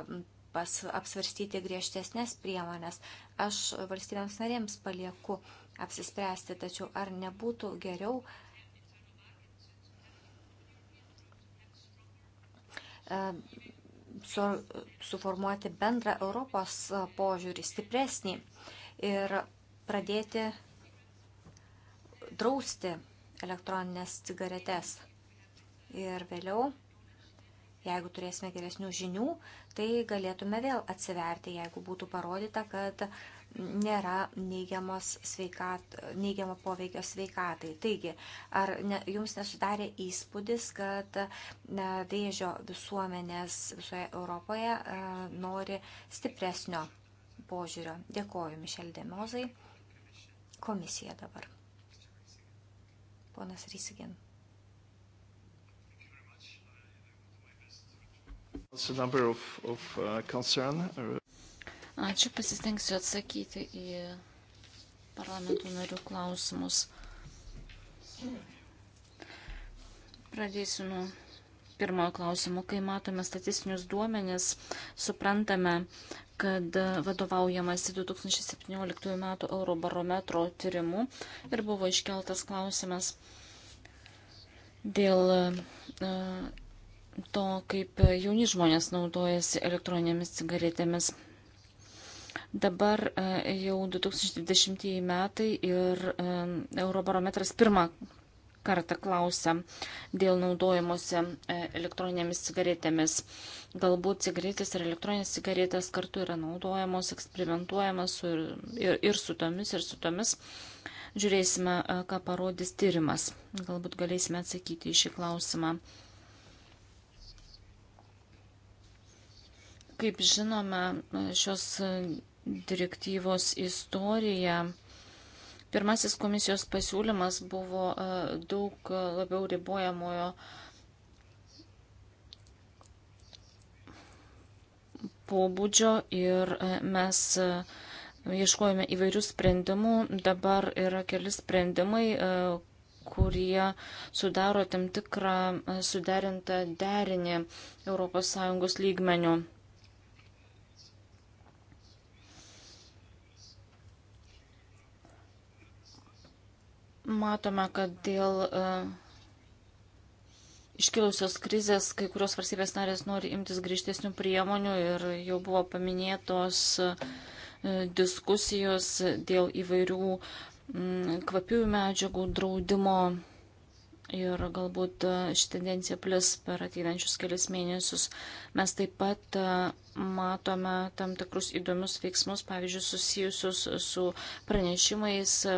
pas, apsvarstyti griežtesnės priemonės. Aš valstybėms narėms palieku apsispręsti, tačiau ar nebūtų geriau e, su, suformuoti bendrą Europos požiūrį, stipresnį ir pradėti drausti elektroninės cigaretes. Ir vėliau, jeigu turėsime geresnių žinių, tai galėtume vėl atsiverti, jeigu būtų parodyta, kad nėra sveikat, neigiamo poveikio sveikatai. Taigi, ar ne, jums nesudarė įspūdis, kad ne, vėžio visuomenės visoje Europoje e, nori stipresnio požiūrio? Dėkoju, Mišel Demozai. Komisija dabar. Ponas Rysigin. Also number of, of uh, concern. Ačiū, pasistengsiu atsakyti į parlamentų narių klausimus. Pradėsiu nuo pirmojo klausimo. Kai matome statistinius duomenis, suprantame, kad vadovaujamasi 2017 m. Eurobarometro tyrimu ir buvo iškeltas klausimas dėl e, to, kaip jauni žmonės naudojasi elektroninėmis cigaretėmis. Dabar e, jau 2020 metai ir e, Eurobarometras pirmą kartą klausia dėl naudojimuose elektroninėmis cigaretėmis. Galbūt cigaretės ir elektroninės cigaretės kartu yra naudojamos, eksperimentuojamas su, ir, ir, ir su tomis, ir su tomis. Žiūrėsime, e, ką parodys tyrimas. Galbūt galėsime atsakyti į šį klausimą. Kaip žinome, šios direktyvos istorija. Pirmasis komisijos pasiūlymas buvo e, daug labiau ribojamojo pobūdžio ir e, mes e, ieškojame įvairių sprendimų. Dabar yra keli sprendimai, kurie sudaro tam tikrą suderintą derinį ES lygmenių. Matome, kad dėl e, iškilusios krizės kai kurios valstybės narės nori imtis grįžtesnių priemonių ir jau buvo paminėtos e, diskusijos dėl įvairių kvapiųjų medžiagų draudimo ir galbūt e, ši tendencija plis per ateinančius kelias mėnesius. Mes taip pat e, matome tam tikrus įdomius veiksmus, pavyzdžiui, susijusius su pranešimais e,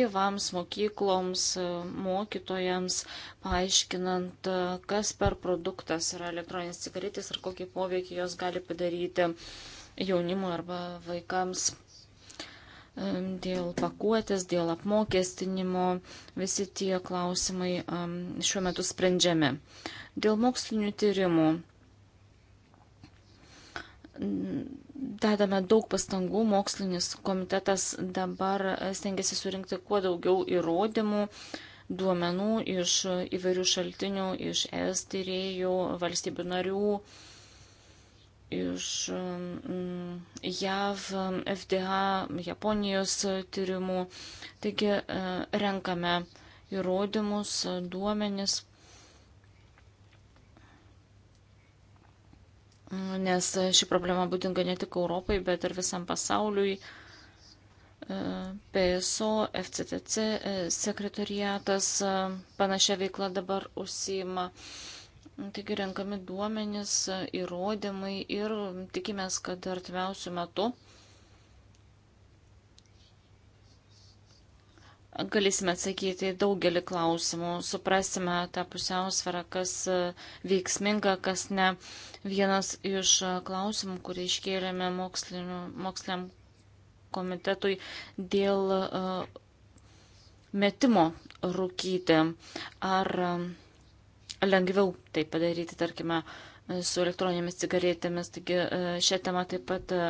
tėvams, mokykloms, mokytojams, paaiškinant, kas per produktas yra elektroninės cigaretės ir kokį poveikį jos gali padaryti jaunimui arba vaikams dėl pakuotės, dėl apmokestinimo, visi tie klausimai šiuo metu sprendžiami. Dėl mokslinių tyrimų dedame daug pastangų, mokslinis komitetas dabar stengiasi surinkti kuo daugiau įrodymų, duomenų iš įvairių šaltinių, iš es tyriejų, valstybių narių, uh, iš mm, JAV, FDA, Japonijos tyrimų. Taigi e, renkame įrodymus, duomenis, nes ši problema būdinga ne tik Europai, bet ir visam pasauliui. E, PSO, FCTC e, sekretariatas panašia veikla dabar užsima. Uh, Taigi renkami duomenys, įrodymai ir tikimės, kad artimiausių metų galėsime atsakyti daugelį klausimų, suprasime tą pusiausvėrą, kas veiksminga, kas ne. Vienas iš klausimų, kurį iškėlėme moksliniam komitetui dėl e, metimo rūkyti. Ar lengviau tai padaryti, tarkime, su elektroninėmis cigaretėmis. Taigi e, šią temą taip pat e,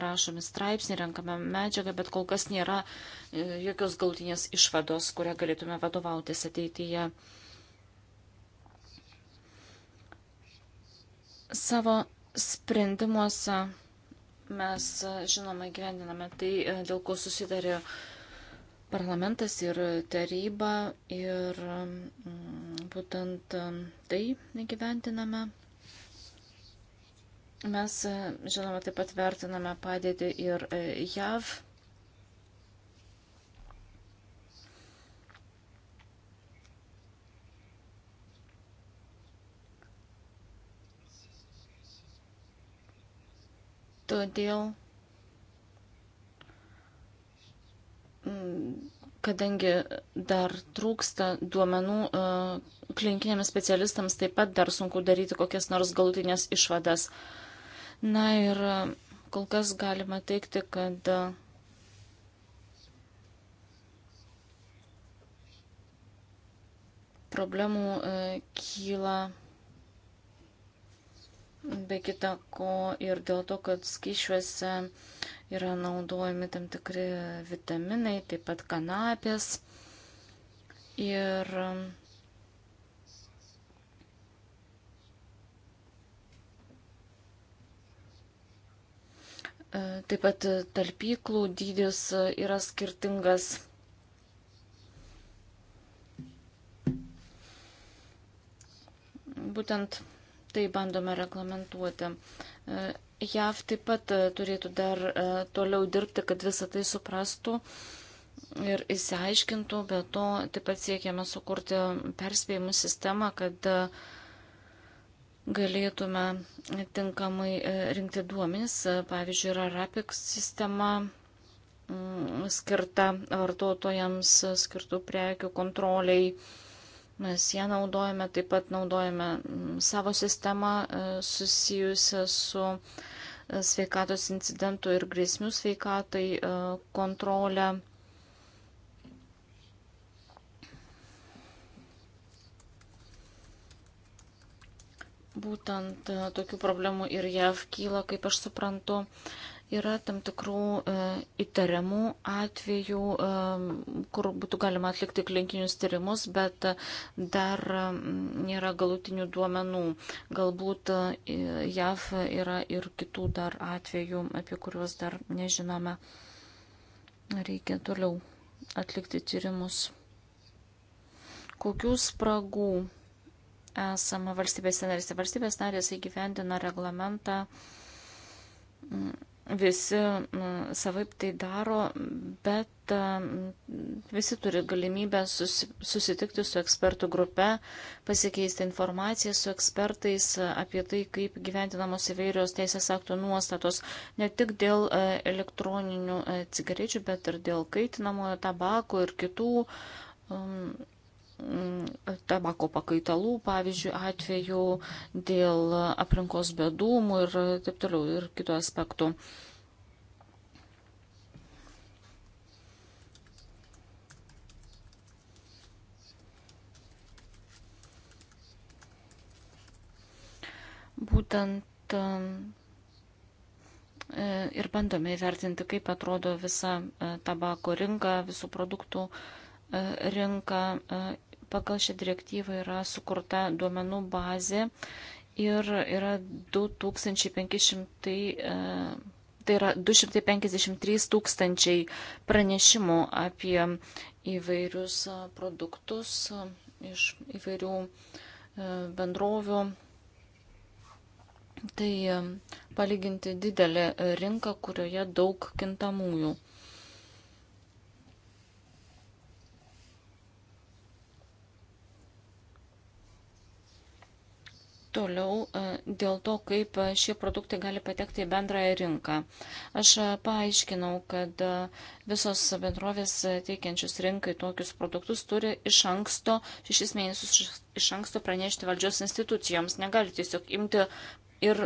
rašomi straipsnį, renkame medžiagą, bet kol kas nėra e, jokios galtinės išvados, kurią galėtume vadovautis ateityje. Savo sprendimuose mes, žinoma, gyvendiname tai, dėl ko susidarė uh, parlamentas ir taryba ir mm, būtent mm, tai negyventiname. Mes, žinoma, taip pat vertiname padėtį ir e, JAV. Todėl kadangi dar trūksta duomenų e, klinikiniams specialistams, taip pat dar sunku daryti kokias nors galutinės išvadas. Na ir e, kol kas galima teikti, kad e, problemų kyla be kita ko ir dėl to, kad skyšiuose uh, yra naudojami tam tikri vitaminai, taip pat kanapės. Ir e, Taip pat talpyklų dydis yra skirtingas. Būtent tai bandome reglamentuoti. E, JAV taip pat e, turėtų dar e, toliau dirbti, kad visą tai suprastų ir įsiaiškintų, bet to taip pat siekiame sukurti perspėjimų sistemą, kad e, galėtume tinkamai rinkti duomenys. Pavyzdžiui, yra RAPIX sistema mm, skirta vartotojams skirtų prekių kontroliai Mes ją naudojame, taip pat naudojame mm, savo sistemą e, susijusią su e, sveikatos incidentų ir grėsmių sveikatai e, kontrolę. Būtent tokių problemų ir JAV kyla, kaip aš suprantu. Yra tam tikrų e, įtariamų atvejų, e, kur būtų galima atlikti klinikinius tyrimus, bet dar mm, nėra galutinių duomenų. Galbūt e, JAV yra ir kitų dar atvejų, apie kuriuos dar nežinome. Reikia toliau atlikti tyrimus. Kokių spragų esama valstybės narėse? Valstybės narės įgyvendina reglamentą mm, visi savaip tai daro, bet visi turi galimybę susitikti su ekspertų grupe, pasikeisti informaciją su ekspertais apie tai, kaip gyventinamos įvairios teisės aktų nuostatos, ne tik dėl e, elektroninių e, cigarečių, bet ir dėl kaitinamojo tabako ir kitų Mm, tabako pakaitalų, pavyzdžiui, atveju dėl aplinkos bedūmų ir taip toliau ir kitų aspektų. Būtent e, ir bandome įvertinti, kaip atrodo visa e, tabako rinka, visų produktų e, rinka Pagal šią direktyvą yra sukurta duomenų bazė ir yra 2500, e, tai yra 253 tūkstančiai pranešimų apie įvairius e, produktus e, iš įvairių bendrovių. Tai palyginti didelė rinka, kurioje daug kintamųjų. Toliau e, dėl to, kaip e, šie produktai gali patekti į bendrąją rinką. Aš e, paaiškinau, kad visos bendrovės teikiančios rinkai tokius produktus turi iš anksto, šešis mėnesius iš anksto pranešti valdžios institucijoms. Negali tiesiog imti ir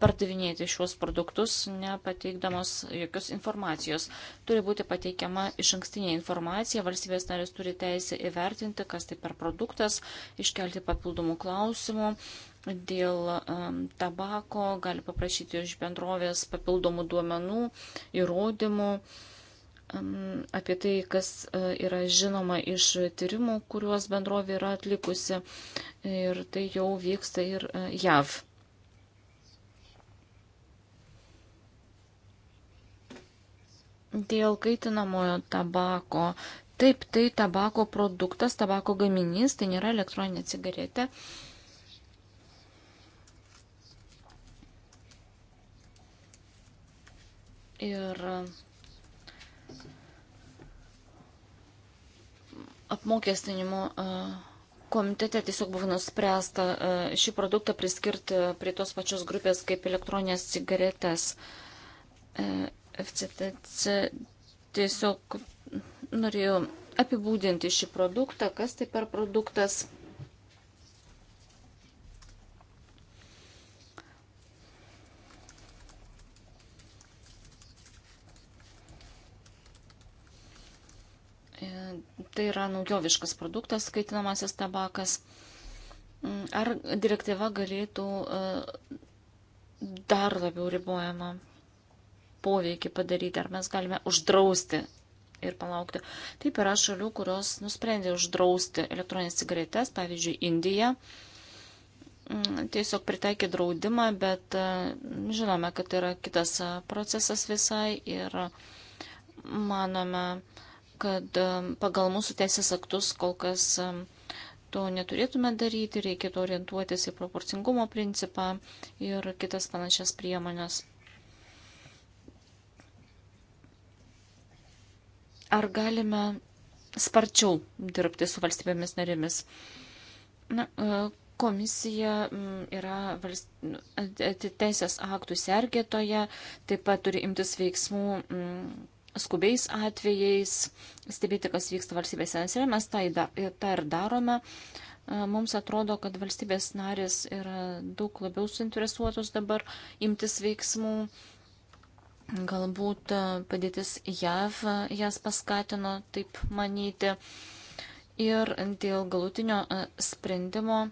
pardavinėti šiuos produktus, nepateikdamos jokios informacijos. Turi būti pateikiama iš ankstinė informacija, valstybės narės turi teisę įvertinti, kas tai per produktas, iškelti papildomų klausimų dėl um, tabako, gali paprašyti iš bendrovės papildomų duomenų, įrodymų um, apie tai, kas uh, yra žinoma iš tyrimų, kuriuos bendrovė yra atlikusi. Ir tai jau vyksta ir uh, JAV. Dėl kaitinamojo tabako. Taip, tai tabako produktas, tabako gaminys, tai nėra elektroninė cigaretė. Uh, ir apmokestinimo komitete tiesiog buvo nuspręsta šį produktą priskirti prie tos pačios grupės kaip elektroninės cigaretės. FCTC tiesiog norėjo apibūdinti šį produktą, kas tai per produktas. tai yra naujoviškas produktas, skaitinamasis tabakas. Mm, ar direktyva galėtų e, dar labiau ribojama poveikį padaryti, ar mes galime uždrausti ir palaukti. Taip yra šalių, kurios nusprendė uždrausti elektroninės cigaretės, pavyzdžiui, Indija. Mm, tiesiog pritaikė draudimą, bet e, žinome, kad tai yra kitas e, procesas visai ir manome, kad pagal mūsų teisės aktus kol kas to neturėtume daryti, reikėtų orientuotis į proporcingumo principą ir kitas panašias priemonės. Ar galime sparčiau dirbti su valstybėmis narėmis? Na, e, komisija yra valst... teisės aktų sergėtoje, taip pat turi imtis veiksmų skubiais atvejais, stebėti, kas vyksta valstybėse nes ir mes tai da, tą ir darome. E, mums atrodo, kad valstybės narės yra daug labiau suinteresuotos dabar imtis veiksmų. Galbūt e, padėtis JAV e, jas paskatino taip manyti. Ir dėl galutinio sprendimo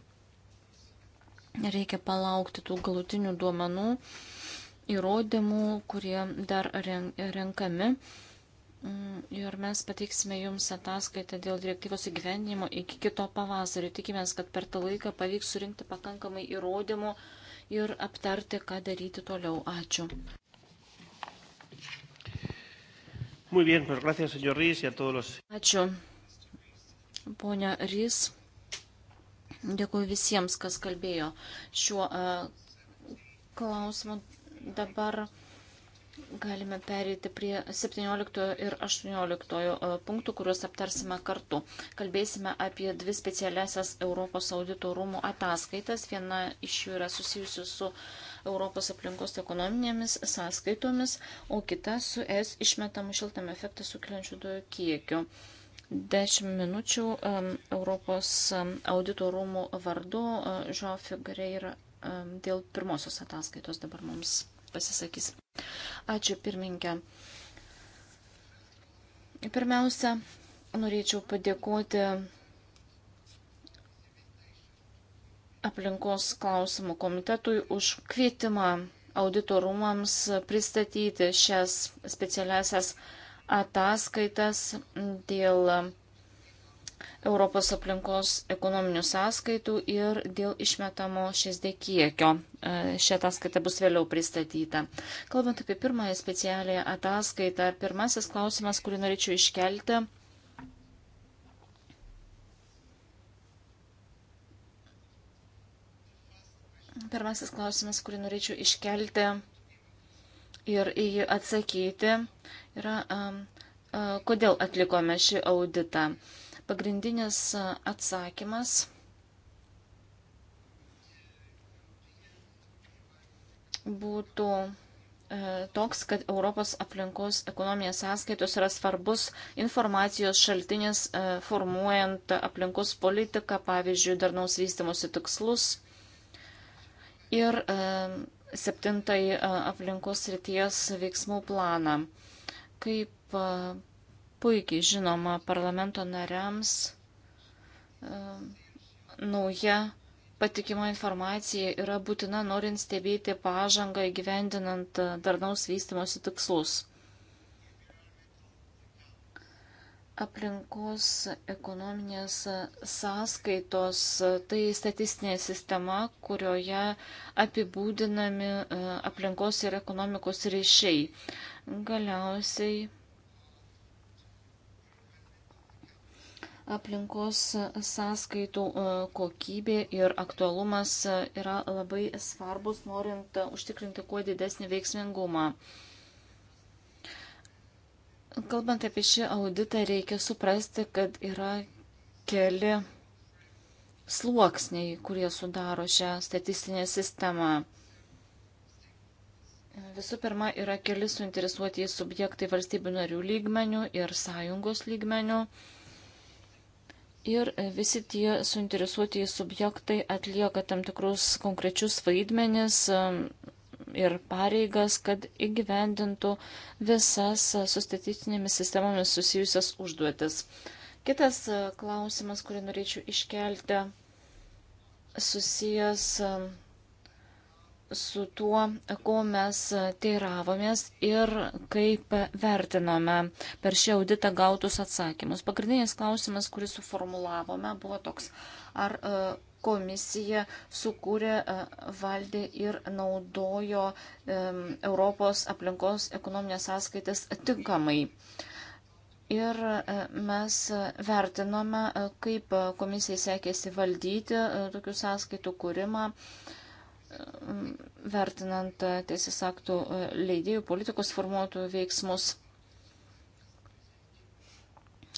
reikia palaukti tų galutinių duomenų įrodymų, kurie dar renkami. Mm, ir mes pateiksime Jums ataskaitą dėl direktyvos įgyvendinimo iki kito pavasario. Tikimės, kad per tą laiką pavyks surinkti pakankamai įrodymų ir aptarti, ką daryti toliau. Ačiū. Muy bien, pues gracias, señor Riz, y a todos los. Ačiū, ponia Riz. Dėkuoju visiems, kas kalbėjo šiuo uh, klausimu. Dabar galime perėti prie 17 ir 18 e, punktų, kuriuos aptarsime kartu. Kalbėsime apie dvi specialiasias Europos audito rūmų ataskaitas. Viena iš jų yra susijusi su Europos aplinkos ekonominėmis sąskaitomis, o kita su es išmetamų šiltam efektą sukeliančių dujų kiekiu. 10 minučių um, Europos um, audito rūmų vardu uh, Žofi Greira dėl pirmosios ataskaitos dabar mums pasisakys. Ačiū pirmininkė. Pirmiausia, norėčiau padėkoti aplinkos klausimų komitetui už kvietimą auditorumams pristatyti šias specialiasias ataskaitas dėl Europos aplinkos ekonominių sąskaitų ir dėl išmetamo šesdė kiekio. E, Šią ataskaitą bus vėliau pristatyta. Kalbant apie pirmąją specialią ataskaitą, pirmasis klausimas, kurį norėčiau iškelti. Pirmasis klausimas, kurį norėčiau iškelti ir į jį atsakyti, yra, kodėl atlikome šį auditą. Pagrindinis atsakymas būtų e, toks, kad Europos aplinkos ekonominės sąskaitos yra svarbus informacijos šaltinis e, formuojant aplinkos politiką, pavyzdžiui, darnaus vystimosi tikslus. Ir e, septintai aplinkos ryties veiksmų planą. Kaip puikiai žinoma parlamento nariams e, nauja patikima informacija yra būtina norint stebėti pažangą įgyvendinant darnaus vystimosi tikslus. Aplinkos ekonominės sąskaitos tai statistinė sistema, kurioje apibūdinami e, aplinkos ir ekonomikos ryšiai. Galiausiai aplinkos sąskaitų e, kokybė ir aktualumas e, yra labai svarbus, norint užtikrinti kuo didesnį veiksmingumą. Kalbant apie šį auditą, reikia suprasti, kad yra keli sluoksniai, kurie sudaro šią statistinę sistemą. Visų pirma, yra keli suinteresuotieji subjektai valstybių narių lygmenių ir sąjungos lygmenių. Ir e, visi tie suinteresuotieji subjektai atlieka tam tikrus konkrečius vaidmenis ir pareigas, kad įgyvendintų visas e, su statistinėmis sistemomis susijusias užduotis. Kitas e, klausimas, kurį norėčiau iškelti, susijęs su tuo, ko mes teiravomės ir kaip vertinome per šį auditą gautus atsakymus. Pagrindinis klausimas, kurį suformulavome, buvo toks, ar e, komisija sukūrė, e, valdė ir naudojo e, Europos aplinkos ekonominės sąskaitas tinkamai. Ir mes vertinome, kaip komisijai sekėsi valdyti tokių sąskaitų kūrimą, vertinant teisės aktų leidėjų, politikos formuotojų veiksmus.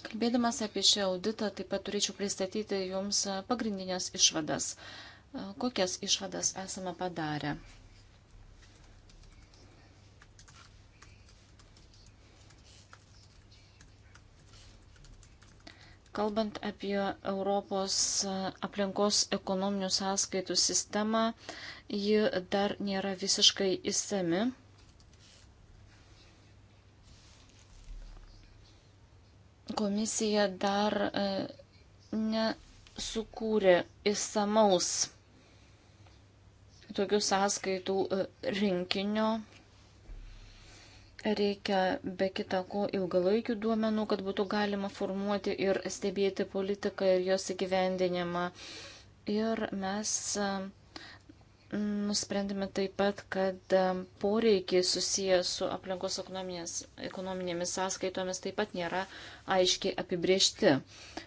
Kalbėdamas apie šį auditą, taip pat turėčiau pristatyti Jums pagrindinės išvadas. Kokias išvadas esame padarę? Kalbant apie Europos aplinkos ekonominių sąskaitų sistemą, ji dar nėra visiškai įsami. Komisija dar e, nesukūrė įsamaus tokių sąskaitų e, rinkinio Reikia be kita ko ilgalaikių duomenų, kad būtų galima formuoti ir stebėti politiką ir jos įgyvendinimą. Ir mes mm, nusprendėme taip pat, kad mm, poreikiai susijęs su aplinkos ekonominėmis sąskaitomis taip pat nėra aiškiai apibriežti.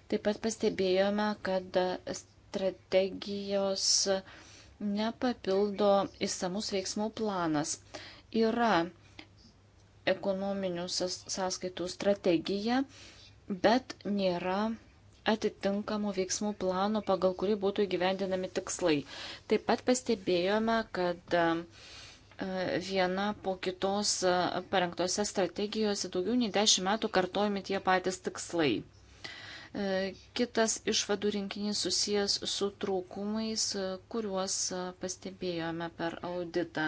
Taip pat pastebėjome, kad mm, strategijos nepapildo įsamus veiksmų planas. Yra ekonominių sąskaitų strategiją, bet nėra atitinkamų veiksmų plano, pagal kurį būtų įgyvendinami tikslai. Taip pat pastebėjome, kad viena po kitos parengtose strategijose daugiau nei dešimt metų kartojami tie patys tikslai. E, kitas išvadų rinkinys susijęs su trūkumais, kuriuos pastebėjome per auditą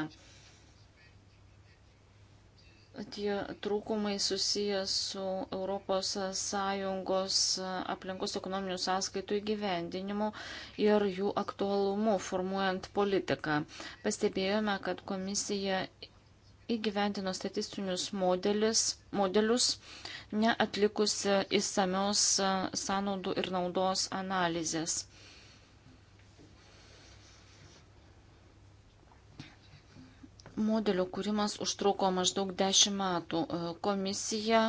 tie trūkumai susijęs su ES aplinkos ekonominių sąskaitų įgyvendinimu ir jų aktualumu formuojant politiką. Pastebėjome, kad komisija įgyvendino statistinius modelis, modelius, neatlikusi įsamios sąnaudų ir naudos analizės. modelio kūrimas užtruko maždaug 10 metų. E, komisija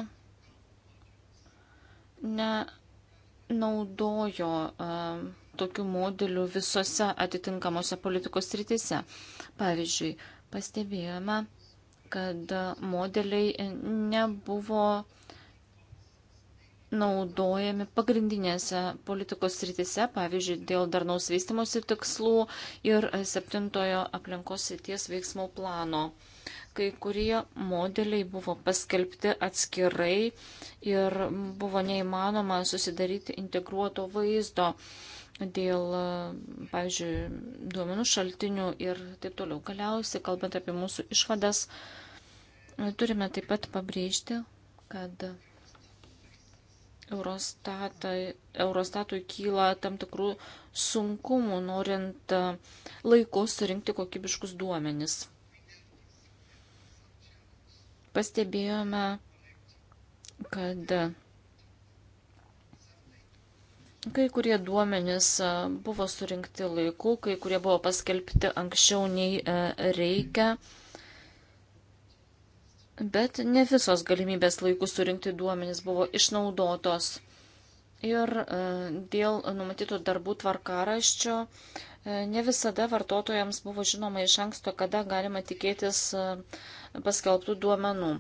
nenaudojo e, tokių modelių visose atitinkamose politikos rytise. Pavyzdžiui, pastebėjome, kad modeliai nebuvo naudojami pagrindinėse politikos sritise, pavyzdžiui, dėl darnaus vystimosi tikslų ir septintojo aplinkos srities veiksmų plano. Kai kurie modeliai buvo paskelbti atskirai ir buvo neįmanoma susidaryti integruoto vaizdo dėl, pavyzdžiui, duomenų šaltinių ir taip toliau. Galiausiai, kalbant apie mūsų išvadas, turime taip pat pabrėžti, kad Eurostatai, Eurostatui kyla tam tikrų sunkumų, norint e, laiku surinkti kokybiškus duomenis. Pastebėjome, kad kai kurie duomenys e, buvo surinkti laiku, kai kurie buvo paskelbti anksčiau nei e, reikia. Mm bet ne visos galimybės laiku surinkti duomenys buvo išnaudotos. Ir e, dėl numatytų darbų tvarkaraščio e, ne visada vartotojams buvo žinoma iš anksto, kada galima tikėtis e, paskelbtų duomenų.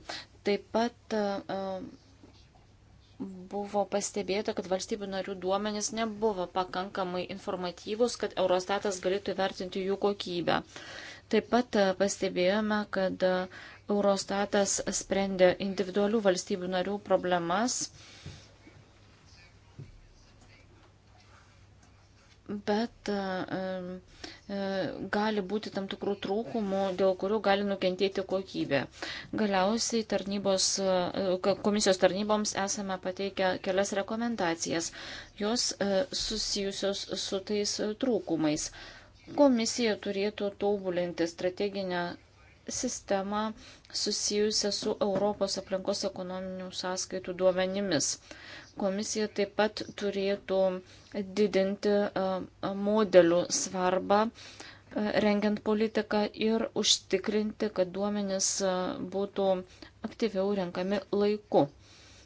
Taip pat buvo pastebėta, kad valstybių narių duomenys nebuvo pakankamai informatyvus, kad Eurostatas galėtų įvertinti jų kokybę. Taip pat pastebėjome, kad Eurostatas sprendė individualių valstybių narių problemas, bet e, e, gali būti tam tikrų trūkumų, dėl kurių gali nukentėti kokybė. Galiausiai tarnybos, e, komisijos tarnyboms esame pateikę kelias rekomendacijas, jos susijusios su tais trūkumais. Komisija turėtų tobulinti strateginę sistemą susijusią su Europos aplinkos ekonominių sąskaitų duomenimis. Komisija taip pat turėtų didinti modelių svarbą rengiant politiką ir užtikrinti, kad duomenys būtų aktyviau renkami laiku,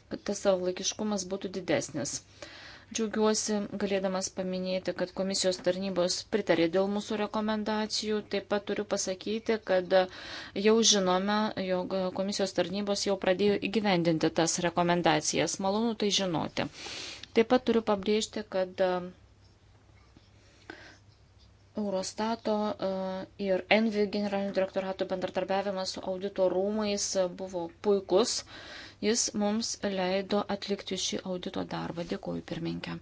kad tas savalaikiškumas būtų didesnis. Džiaugiuosi galėdamas paminėti, kad komisijos tarnybos pritarė dėl mūsų rekomendacijų. Taip pat turiu pasakyti, kad jau žinome, jog komisijos tarnybos jau pradėjo įgyvendinti tas rekomendacijas. Malonu tai žinoti. Taip pat turiu pabrėžti, kad e, Eurostato e, ir Envi generalinių direktoratų bendratarbiavimas su audito rūmais buvo puikus. Uh, Jis mums leido atlikti šį audito darbą. Dėkuoju pirmininkę.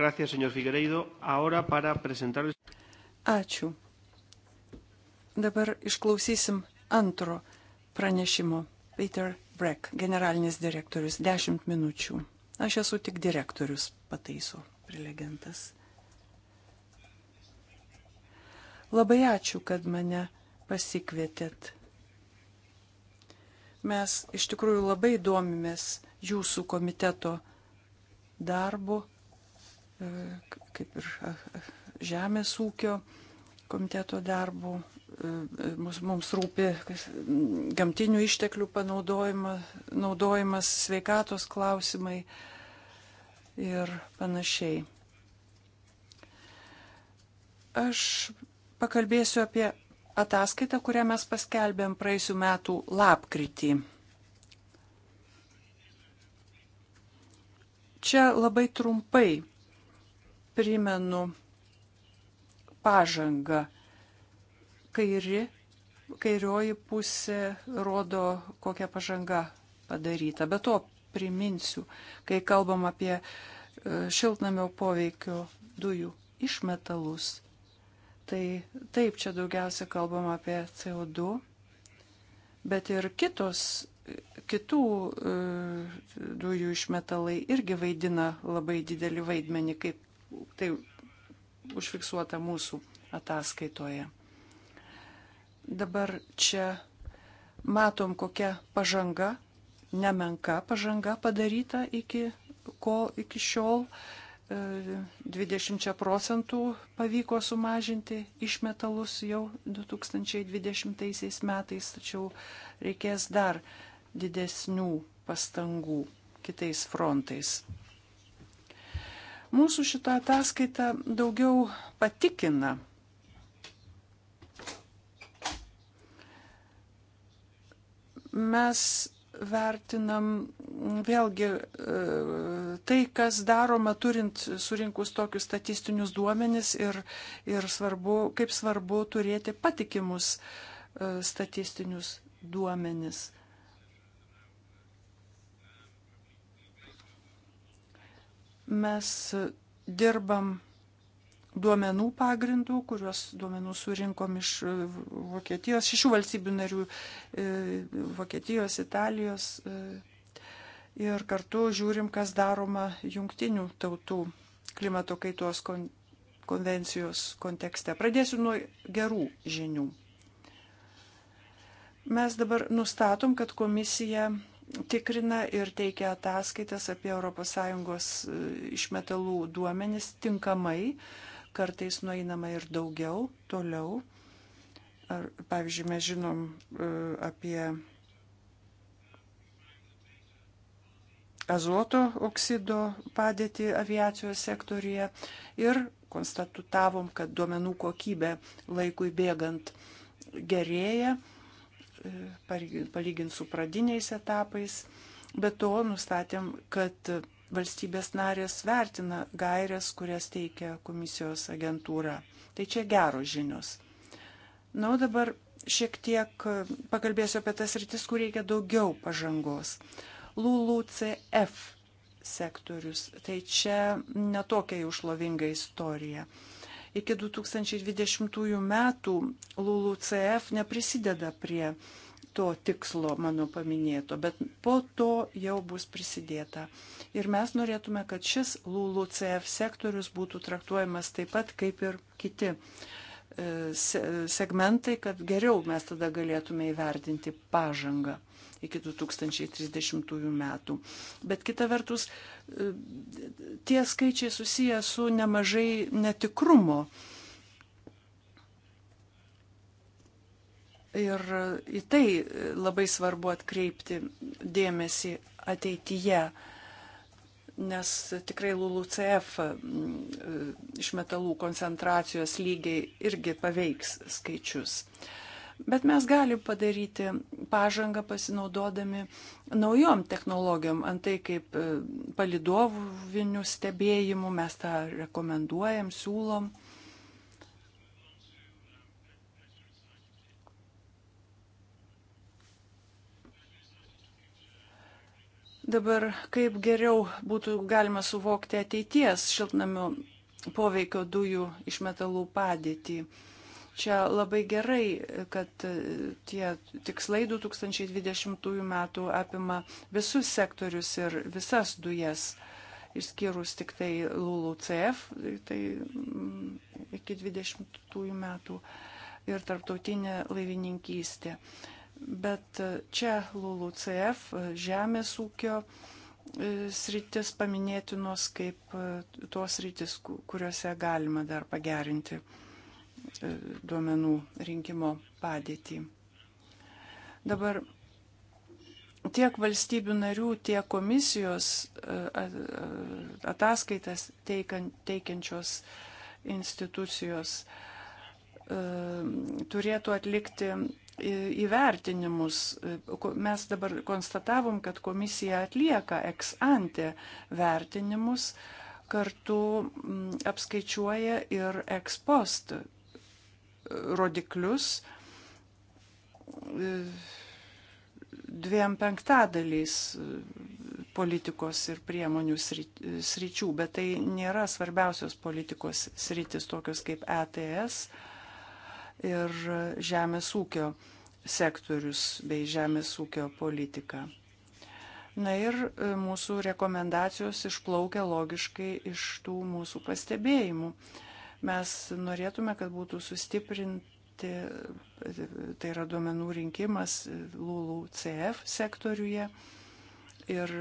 Gracias, señor Figueiredo. Ahora para presentarles. Ačiū. Dabar išklausysim antro pranešimo. Peter Breck, generalinis direktorius, 10 minučių. Aš esu tik direktorius, pataiso prelegentas. Labai ačiū, kad mane pasikvietėt. Mes iš tikrųjų labai domimės jūsų komiteto darbu, e, kaip ir e, e, žemės ūkio komiteto darbu. Mums rūpi gamtinių išteklių panaudojimas, sveikatos klausimai ir panašiai. Aš pakalbėsiu apie ataskaitą, kurią mes paskelbėm praeisių metų lapkritį. Čia labai trumpai primenu pažangą. Kairi, kairioji pusė rodo, kokia pažanga padaryta. Be to priminsiu, kai kalbam apie e, šiltnamio poveikio dujų išmetalus, Tai taip, čia daugiausia kalbama apie CO2, bet ir kitos, kitų e, dujų išmetalai irgi vaidina labai didelį vaidmenį, kaip tai užfiksuota mūsų ataskaitoje. Dabar čia matom, kokia pažanga, nemenka pažanga padaryta iki, ko iki šiol. Uh, 20 procentų pavyko sumažinti išmetalus jau 2020 metais, tačiau reikės dar didesnių pastangų kitais frontais. Mūsų šitą ataskaitą daugiau patikina. Mes vertinam vėlgi e, tai, kas daroma turint surinkus tokius statistinius duomenis ir, ir svarbu, kaip svarbu turėti patikimus e, statistinius duomenis. Mes dirbam duomenų pagrindų, kuriuos duomenų surinkom iš e, Vokietijos, šešių valstybių narių - Vokietijos, Italijos, ir kartu žiūrim, kas daroma jungtinių tautų klimato kaitos kon konvencijos kontekste. Pradėsiu nuo gerų žinių. Mes dabar nustatom, kad komisija tikrina ir teikia ataskaitas apie ES e, išmetalų duomenis tinkamai, kartais nueinama ir daugiau, toliau. Ar, pavyzdžiui, mes žinom e, apie azoto oksido padėtį aviacijos sektorija ir konstatutavom, kad duomenų kokybė laikui bėgant gerėja, e, palyginti su pradiniais etapais. Be to nustatėm, kad valstybės narės vertina gairias, kurias teikia komisijos agentūra. Tai čia geros žinios. Na, o dabar šiek tiek e, pakalbėsiu apie tas rytis, kur reikia daugiau pažangos. Uh, LULUCF sektorius. Tai čia netokia jau šlovinga istorija. Iki 2020 metų LULUCF neprisideda prie to tikslo mano paminėto, bet po to jau bus prisidėta. Ir mes norėtume, kad šis LULUCF sektorius būtų traktuojamas taip pat kaip ir kiti e, segmentai, kad geriau mes tada galėtume įvertinti pažangą iki 2030 metų. Bet kita vertus, e, tie skaičiai susiję su nemažai netikrumo. Ir į tai labai svarbu atkreipti dėmesį ateityje, nes tikrai LULUCF e, iš metalų koncentracijos lygiai irgi paveiks skaičius. Uh, Bet mes galim padaryti pažangą pasinaudodami naujom technologijom, antai kaip e, palidovinių stebėjimų, mes tą rekomenduojam, siūlom. Dabar kaip geriau būtų galima suvokti ateities šiltnamio poveikio dujų iš metalų padėtį. Čia labai gerai, kad e, tie tikslai 2020 metų apima visus sektorius ir visas dujas, išskyrus tik tai LULUCF, tai mm, iki 2020 metų ir tarptautinė laivininkystė. Bet e, čia LULUCF, e, žemės ūkio sritis paminėtinos kaip tos sritis, kuriuose galima dar pagerinti E, duomenų rinkimo padėtį. Dabar tiek valstybių narių, tiek komisijos e, ataskaitas teikiančios institucijos e, turėtų atlikti įvertinimus. Mes dabar konstatavom, kad komisija atlieka ex ante vertinimus, kartu apskaičiuoja ir ex post rodiklius dviem penktadaliais politikos ir priemonių sričių, bet tai nėra svarbiausios politikos sritis, tokios kaip ETS ir žemės ūkio sektorius bei žemės ūkio politika. Na ir e, mūsų rekomendacijos išplaukia logiškai iš tų mūsų pastebėjimų. Mes norėtume, kad būtų sustiprinti, tai yra duomenų rinkimas LULUCF sektoriuje ir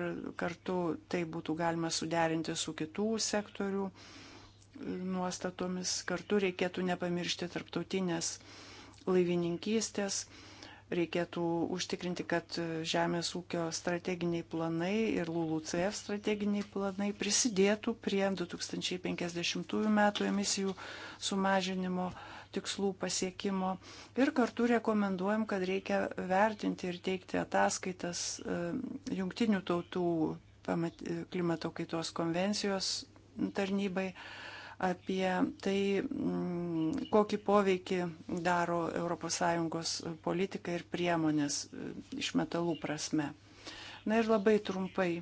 kartu tai būtų galima suderinti su kitų sektorių nuostatomis. Kartu reikėtų nepamiršti tarptautinės laivininkystės reikėtų užtikrinti, kad žemės ūkio strateginiai planai ir LULUCF strateginiai planai prisidėtų prie 2050 metų emisijų sumažinimo tikslų pasiekimo. Ir kartu rekomenduojam, kad reikia vertinti ir teikti ataskaitas e, jungtinių tautų klimato kaitos konvencijos tarnybai apie tai, mm, kokį poveikį daro ES politika ir priemonės e, iš metalų prasme. Na ir labai trumpai.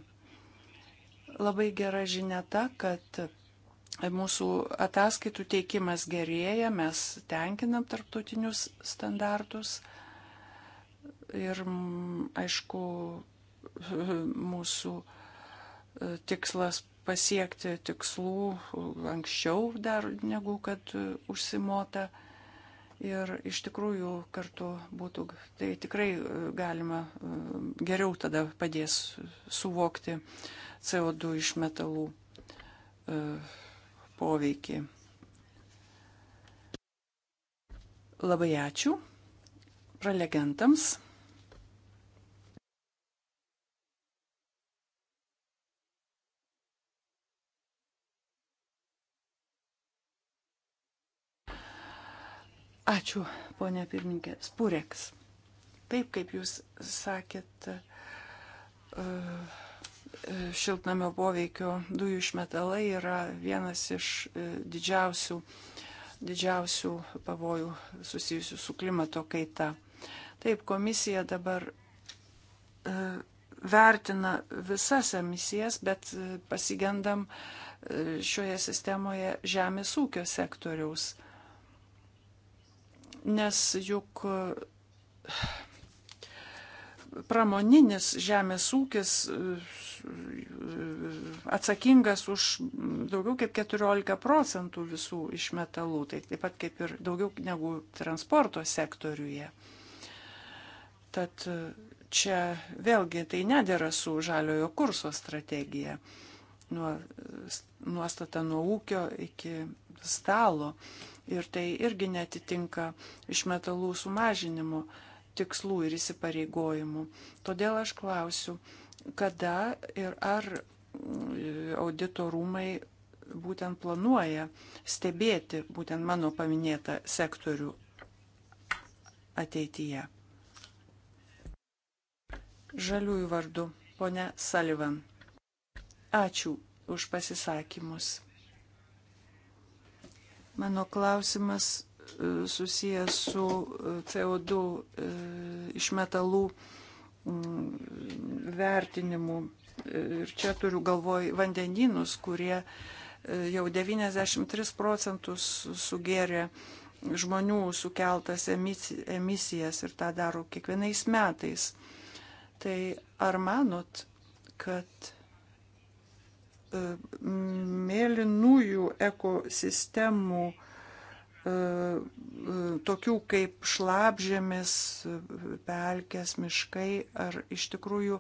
Labai gera žinia ta, kad mūsų ataskaitų teikimas gerėja, mes tenkinam tarptautinius standartus ir, aišku, mūsų e, tikslas pasiekti tikslų anksčiau dar negu kad užsimota. Ir iš tikrųjų kartu būtų, tai tikrai e, galima e, geriau tada padės suvokti CO2 iš metalų e, poveikį. Labai ačiū prelegentams. Ačiū, ponė pirmininkė. Spureks. Taip, kaip jūs sakėt, e, e, šiltnamio poveikio dujų išmetalai yra vienas iš e, didžiausių, didžiausių pavojų susijusių su klimato kaita. Taip, komisija dabar vertina visas emisijas, bet pasigendam šioje sistemoje žemės ūkio sektoriaus nes juk e, pramoninis žemės ūkis e, atsakingas už daugiau kaip 14 procentų visų išmetalų, tai taip pat kaip ir daugiau negu transporto sektoriuje. Tad e, čia vėlgi tai nedėra su žaliojo kurso strategija, nuo, nuostata nuo ūkio iki stalo ir tai irgi netitinka iš metalų sumažinimo tikslų ir įsipareigojimų. Todėl aš klausiu, kada ir ar mm, audito rūmai būtent planuoja stebėti būtent mano paminėtą sektorių ateityje. Žaliųjų vardu, ponia Sullivan. Ačiū už pasisakymus. Mano klausimas e, susijęs su e, CO2 e, iš metalų mm, vertinimu. Ir čia turiu galvoj vandeninus, kurie jau 93 procentus sugėrė žmonių sukeltas emisijas ir tą daro kiekvienais metais. Tai ar manot, kad E, mėlynųjų ekosistemų, e, e, tokių kaip šlapžėmis, pelkės, miškai, ar iš tikrųjų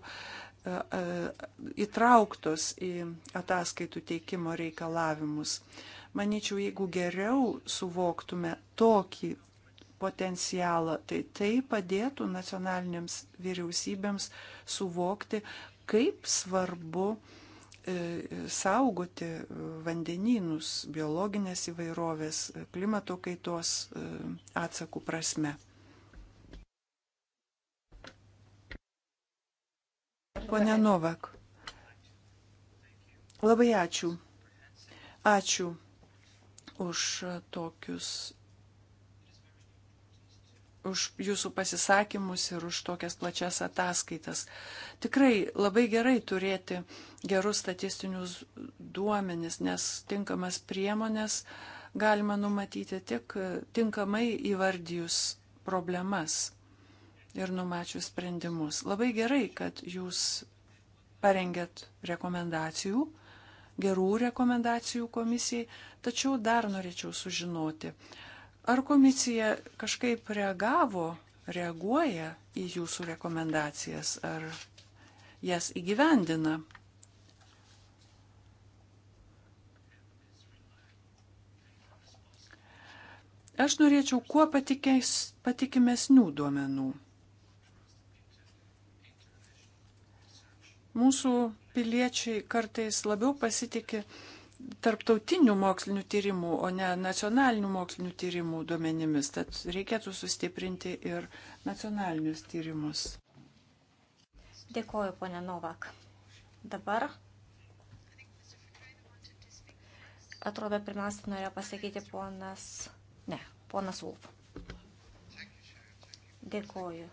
įtrauktos į ataskaitų teikimo reikalavimus. Maničiau, jeigu geriau suvoktume tokį potencialą, tai tai padėtų nacionalinėms vyriausybėms suvokti, kaip svarbu uh, E, saugoti vandenynus biologinės įvairovės, klimato kaitos e, atsakų prasme. Pone Novak, labai ačiū. Ačiū už tokius už jūsų pasisakymus ir už tokias plačias ataskaitas. Tikrai labai gerai turėti gerus statistinius duomenis, nes tinkamas priemonės galima numatyti tik tinkamai įvardijus problemas ir numačius sprendimus. Labai gerai, kad jūs parengėt rekomendacijų, gerų rekomendacijų komisijai, tačiau dar norėčiau sužinoti, Ar komisija kažkaip reagavo, reaguoja į jūsų rekomendacijas, ar jas įgyvendina? Aš norėčiau kuo patikės, patikimesnių duomenų. Mūsų piliečiai kartais labiau pasitikė tarptautinių mokslinių tyrimų, o ne nacionalinių mokslinių tyrimų duomenimis. Tad reikėtų sustiprinti ir nacionalinius tyrimus. Dėkoju, ponė Novak. Dabar. Atrodo, pirmiausia, norėjo pasakyti ponas. Ne, ponas Ulf. Dėkoju.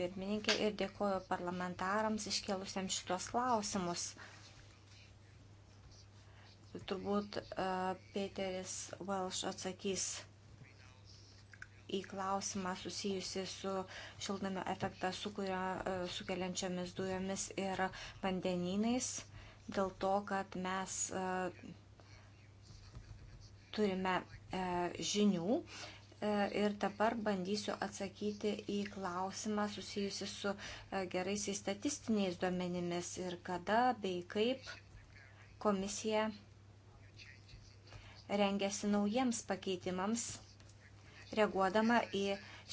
Pirmininkė ir dėkoju parlamentarams iškėlusiems šitos klausimus. Uh, Turbūt e, Peteris Welsh atsakys į klausimą susijusi su šiltnamio efektą e, sukeliančiamis dujomis ir vandenynais, dėl to, kad mes e, turime žinių ir dabar bandysiu atsakyti į klausimą susijusi su geraisiais statistiniais duomenimis ir kada bei kaip komisija rengiasi naujiems pakeitimams, reaguodama į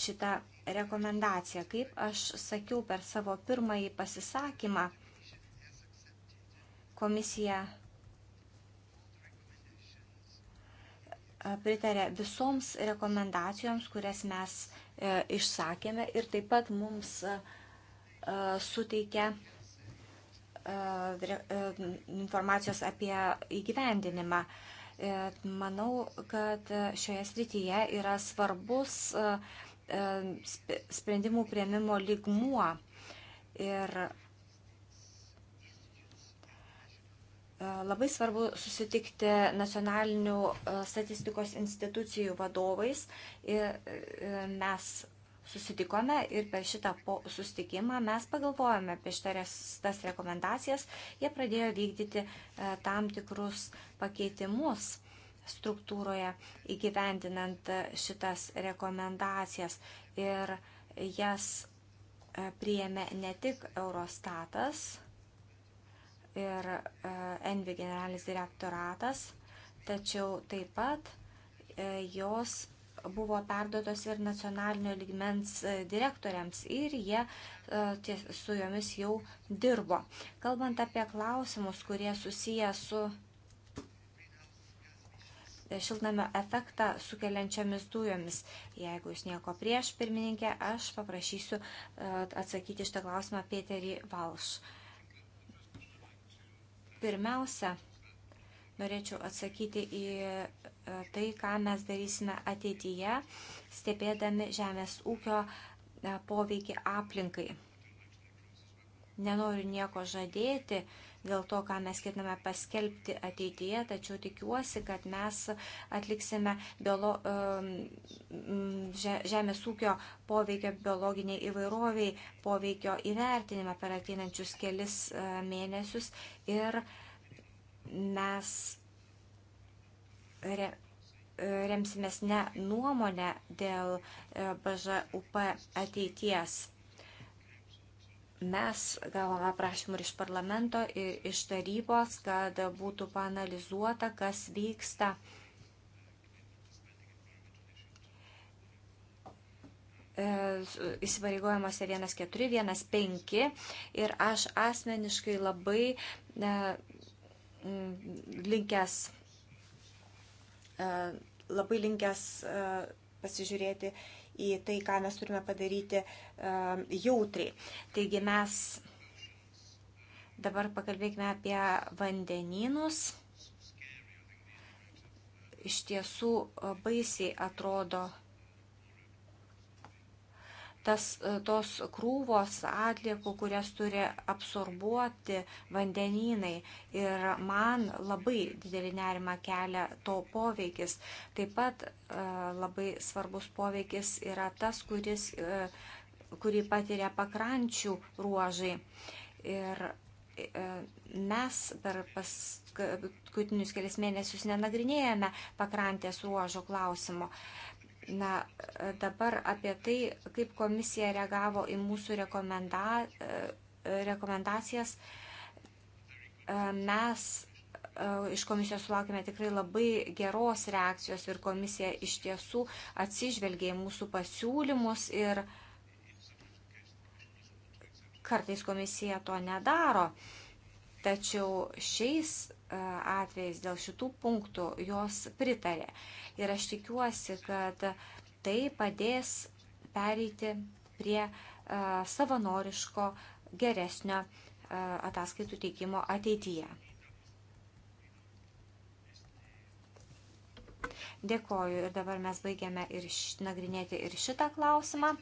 šitą rekomendaciją. Kaip aš sakiau per savo pirmąjį pasisakymą, komisija pritarė visoms rekomendacijoms, kurias mes e, išsakėme ir taip pat mums suteikė informacijos apie įgyvendinimą. E, manau, kad e, šioje srityje yra svarbus e, sprendimų prieimimo lygmuo. Ir labai svarbu susitikti nacionalinių statistikos institucijų vadovais. Ir mes susitikome ir per šitą susitikimą mes pagalvojome apie šitas rekomendacijas. Jie pradėjo vykdyti tam tikrus pakeitimus struktūroje įgyvendinant šitas rekomendacijas ir jas e, priėmė ne tik Eurostatas ir e, Envi generalinis direktoratas, tačiau taip pat e, jos buvo perduotos ir nacionalinio ligmens direktoriams ir jie ties, su jomis jau dirbo. Kalbant apie klausimus, kurie susiję su šiltnamio efektą sukeliančiamis dujomis. Jeigu jūs nieko prieš, pirmininkė, aš paprašysiu e, atsakyti šitą klausimą Peterį Valš. Pirmiausia, norėčiau atsakyti į e, tai, ką mes darysime ateityje, stebėdami žemės ūkio e, poveikį aplinkai. Nenoriu nieko žadėti, dėl to, ką mes ketiname paskelbti ateityje, tačiau tikiuosi, kad mes atliksime biolo, žemės ūkio poveikio biologiniai įvairoviai poveikio įvertinimą per ateinančius kelis e, mėnesius ir mes re, remsimės ne nuomonę dėl e, BŽUP ateities Mes gavome prašymą iš parlamento ir iš tarybos, kad būtų panalizuota, kas vyksta. įsivarygojimuose 1.4, 1.5 ir aš asmeniškai labai e, mm, linkęs, e, labai linkęs e, pasižiūrėti į tai, ką mes turime padaryti jautriai. Taigi mes dabar pakalbėkime apie vandenynus. Iš tiesų baisiai atrodo tas, e, tos krūvos atliekų, kurias turi absorbuoti vandenynai. Ir man labai didelį nerimą kelia to poveikis. Taip pat e, labai svarbus poveikis yra tas, kuris, e, kurį patiria pakrančių ruožai. Ir mes per paskutinius kelias mėnesius nenagrinėjame pakrantės ruožo klausimo. Na, dabar apie tai, kaip komisija reagavo į mūsų rekomenda, e, rekomendacijas, e, mes e, iš komisijos sulaukime tikrai labai geros reakcijos ir komisija iš tiesų atsižvelgia į mūsų pasiūlymus ir kartais komisija to nedaro. Tačiau šiais atvejais dėl šitų punktų jos pritarė. Ir aš tikiuosi, kad tai padės pereiti prie e, savanoriško geresnio e, ataskaitų teikimo ateityje. Dėkoju ir dabar mes baigiame ir nagrinėti ir šitą klausimą.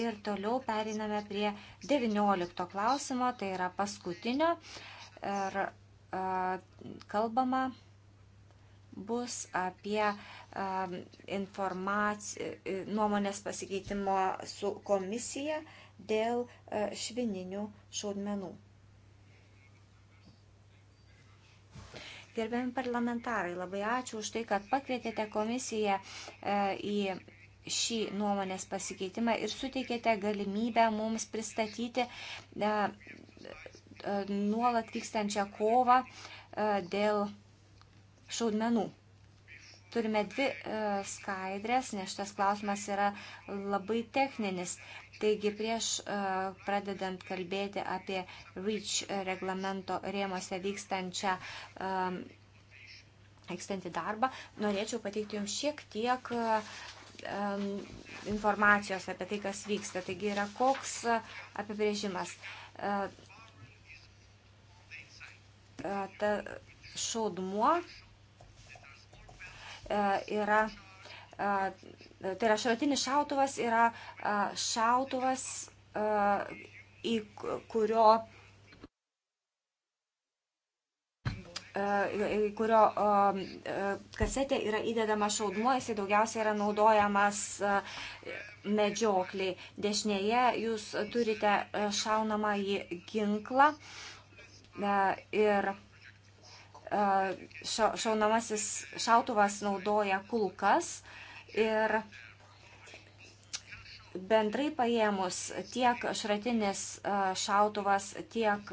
Ir toliau periname prie 19 klausimo, tai yra paskutinio. Ir kalbama bus apie nuomonės pasikeitimo su komisija dėl švininių šaudmenų. Gerbiami parlamentarai, labai ačiū už tai, kad pakvietėte komisiją į šį nuomonės pasikeitimą ir suteikėte galimybę mums pristatyti E, nuolat vykstančią kovą e, dėl šaudmenų. Turime dvi e, skaidrės, nes šitas klausimas yra labai techninis. Taigi prieš pradedant kalbėti apie REACH reglamento rėmose vykstančią vykstantį darbą, norėčiau pateikti Jums šiek tiek informacijos apie tai, kas vyksta. Taigi yra koks apibrėžimas. E, ta šaudmuo e, yra, e, tai yra šratinis šautuvas, yra šautuvas, į kurio kurio kasetė yra įdedama šaudmuo, jisai daugiausiai yra naudojamas medžiokliai. Dešinėje jūs turite šaunamą į ginklą ir e, šaunamasis šautuvas naudoja kulkas ir bendrai paėmus tiek šratinis e, šautuvas, tiek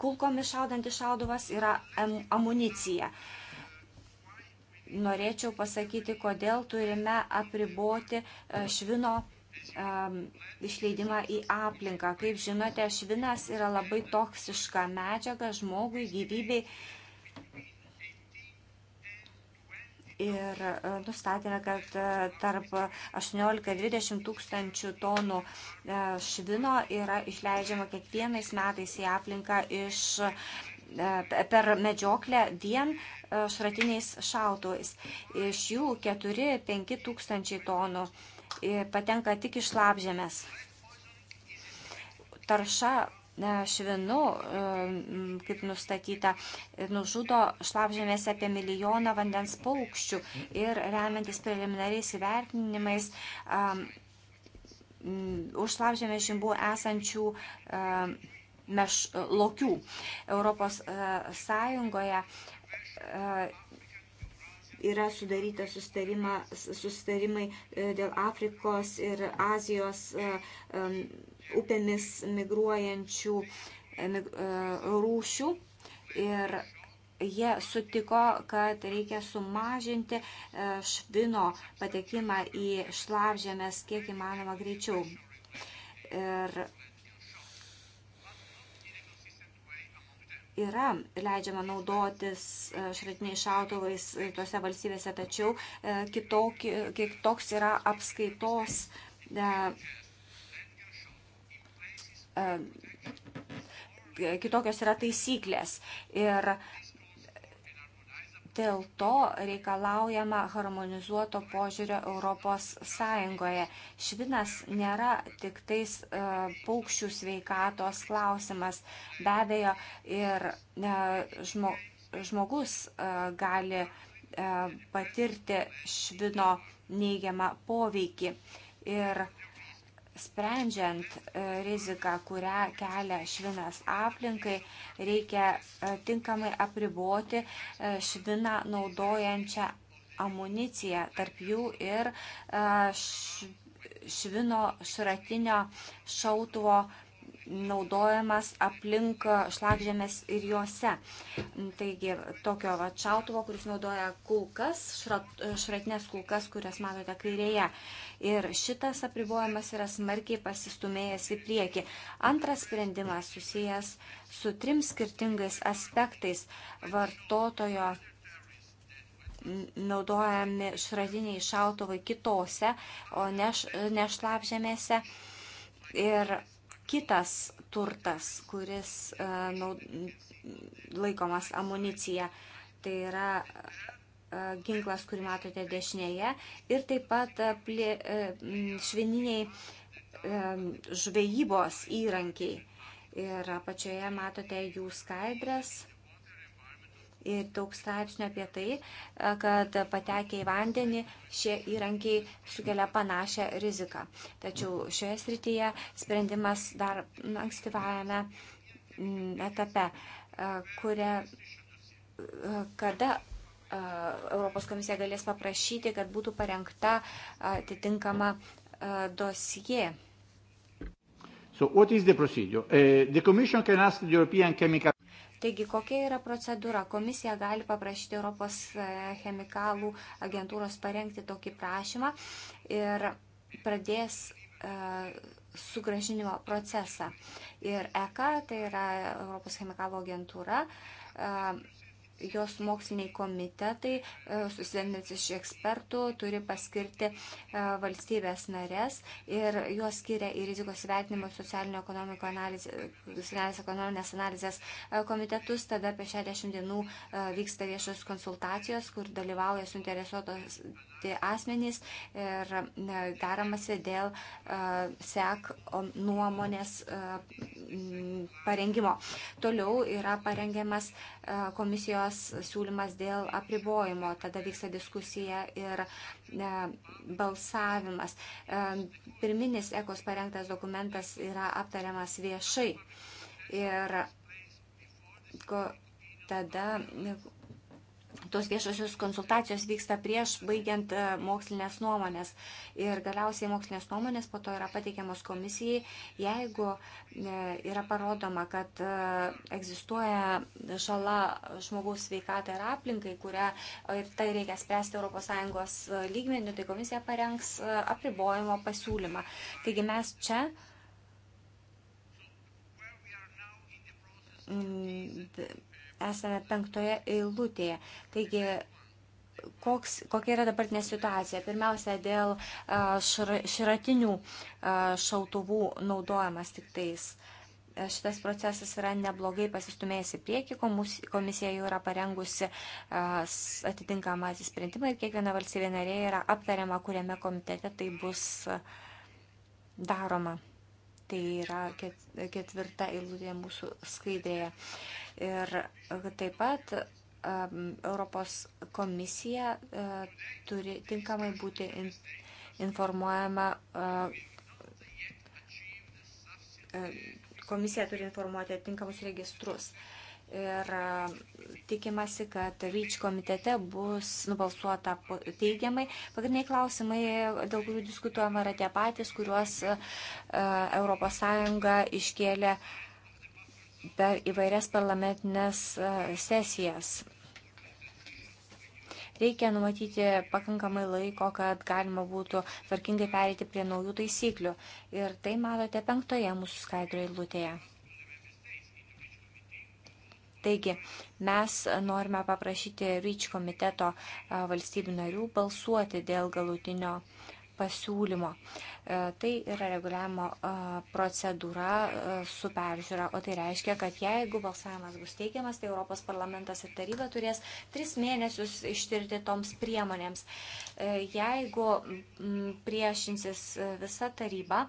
kulkomis šaudantis šauduvas yra amunicija. Norėčiau pasakyti, kodėl turime apriboti e, švino um, išleidimą į aplinką. Kaip žinote, švinas yra labai toksiška medžiaga žmogui, gyvybei. Ir uh, nustatėme, kad uh, tarp 18-20 tūkstančių tonų uh, švino yra išleidžiama kiekvienais metais į aplinką iš, per medžioklę vien šratiniais šautais. Iš jų 4-5 tūkstančiai tonų E, patenka tik iš labžėmės. Tarša e, švinu, e, kaip nustatyta, nužudo šlapžėmėse apie milijoną vandens paukščių ir remiantis preliminariais įvertinimais už šlapžėmės žimbu esančių meš, lokių. Europos Sąjungoje yra sudaryta sustarimai e, dėl Afrikos ir Azijos e, upėmis migruojančių e, rūšių. Ir jie sutiko, kad reikia sumažinti švino patekimą į šlavžėmės kiek įmanoma greičiau. Ir yra leidžiama naudotis e, šratiniais šautuvais tose valstybėse, tačiau e, kitokį, kiek toks yra apskaitos e, kitokios yra taisyklės. Ir Dėl to reikalaujama harmonizuoto požiūrio Europos Sąjungoje. Švinas nėra tik tais e, paukščių sveikatos klausimas. Be abejo, ir e, žmo, žmogus e, gali e, patirti švino neigiamą poveikį. Ir e, Sprendžiant e, riziką, kurią kelia švinas aplinkai, reikia e, tinkamai apriboti e, šviną naudojančią amuniciją, tarp jų ir švino šratinio šautuvo naudojamas aplink šlakžemės ir juose. Taigi tokio va, šautuvo, kuris naudoja kulkas, šrat, šratinės kulkas, kurias matote kairėje. Ir šitas apribojimas yra smarkiai pasistumėjęs į priekį. Antras sprendimas susijęs su trim skirtingais aspektais vartotojo naudojami šradiniai šautuvai kitose, o ne, ne šlapžemėse. Ir kitas turtas, kuris e, laikomas amunicija. Tai yra e, ginklas, kurį matote dešinėje. Ir taip pat e, plė, švininiai žvejybos įrankiai. Ir apačioje matote jų skaidrės ir daug straipsnių apie tai, e, kad patekę į vandenį šie įrankiai sukelia panašią riziką. Tačiau šioje srityje sprendimas dar ankstyvajame mm, etape, e, kuria, e, kada Europos komisija galės paprašyti, kad būtų parengta atitinkama dosie. So what is the procedure? Uh, the Commission can ask the European Chemical Taigi, kokia yra procedūra? Komisija gali paprašyti Europos e, chemikalų agentūros parengti tokį prašymą ir pradės e, sugražinimo procesą. Ir ECA, tai yra Europos chemikalų agentūra, e, jos moksliniai komitetai, e, susidendantis iš ekspertų, turi paskirti e, valstybės narės ir juos skiria į rizikos vertinimo socialinio analizės, ekonominės analizės e, komitetus. Tada apie 60 dienų vyksta viešos konsultacijos, kur dalyvauja suinteresuotos suimti asmenys ir deramasi dėl SEC nuomonės parengimo. Toliau yra parengiamas komisijos siūlymas dėl apribojimo, tada vyksta diskusija ir balsavimas. Pirminis ekos parengtas dokumentas yra aptariamas viešai. Ir tada tos viešosios konsultacijos vyksta prieš baigiant e, mokslinės nuomonės. Ir galiausiai mokslinės nuomonės po to yra pateikiamos komisijai, jeigu e, yra parodoma, kad e, egzistuoja žala žmogaus sveikatai ir aplinkai, kurią ir tai reikia spręsti ES lygmenių, tai komisija parengs apribojimo pasiūlymą. Taigi mes čia esame penktoje eilutėje. Taigi, koks, kokia yra dabartinė situacija? Pirmiausia, dėl šra, širatinių šautuvų naudojimas tik tais. Šitas procesas yra neblogai pasistumėjęs į priekį, komisija jau yra parengusi atitinkamą atsisprendimą ir kiekviena valstybė narė yra aptariama, kuriame komitete tai bus daroma. Tai yra ketvirta eilutė mūsų skaidrėje. Ir uh, taip pat um, Europos komisija uh, turi tinkamai būti informuojama uh, komisija turi informuoti atinkamus registrus. Ir tikimasi, kad REACH komitete bus nubalsuota teigiamai. Pagrindiniai klausimai, dėl kurių diskutuojama, yra tie patys, kuriuos ES iškėlė per įvairias parlamentinės e, sesijas. Reikia numatyti pakankamai laiko, kad galima būtų tvarkingai perėti prie naujų taisyklių. Ir tai matote penktoje mūsų skaidro eilutėje. Taigi, mes norime paprašyti REACH komiteto e, valstybių narių balsuoti dėl galutinio uh, pasiūlymo. E, tai yra reguliavimo e, procedūra e, su peržiūra, o tai reiškia, kad jeigu balsavimas bus teigiamas, tai Europos parlamentas ir taryba turės tris mėnesius ištirti toms priemonėms. Jeigu priešinsis visa taryba,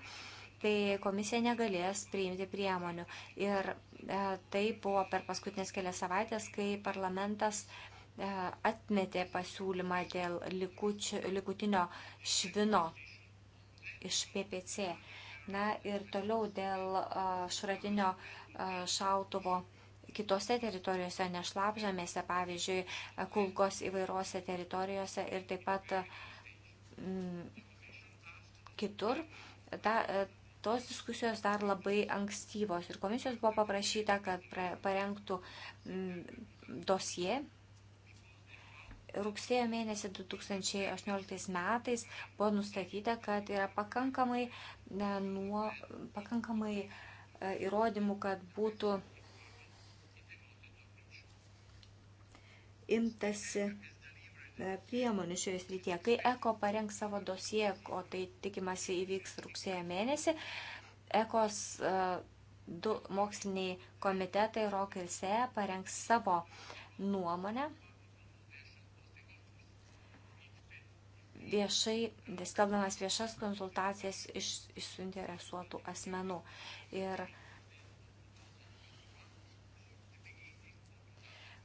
tai komisija negalės priimti priemonių. Ir e, tai buvo per paskutinės kelias savaitės, kai parlamentas e, E, atmetė pasiūlymą dėl likučio, likutinio švino iš PPC. Na ir toliau dėl e, šratinio e, šautuvo kitose teritorijose, nešlapžamėse, pavyzdžiui, kulkos įvairiose teritorijose ir taip pat mm, kitur. Ta, tos diskusijos dar labai ankstyvos ir komisijos buvo paprašyta, kad parengtų mm, dosie Rugsėjo mėnesį 2018 metais buvo nustatyta, kad yra pakankamai, nuo, pakankamai e, įrodymų, kad būtų imtasi e, priemonių šioje srityje. Kai ECO parengs savo dosiją, o tai tikimasi įvyks rugsėjo mėnesį, ECOS e, du moksliniai komitetai ROK ir SE parengs savo nuomonę viešai, skelbdamas viešas konsultacijas iš, iš suinteresuotų asmenų. Ir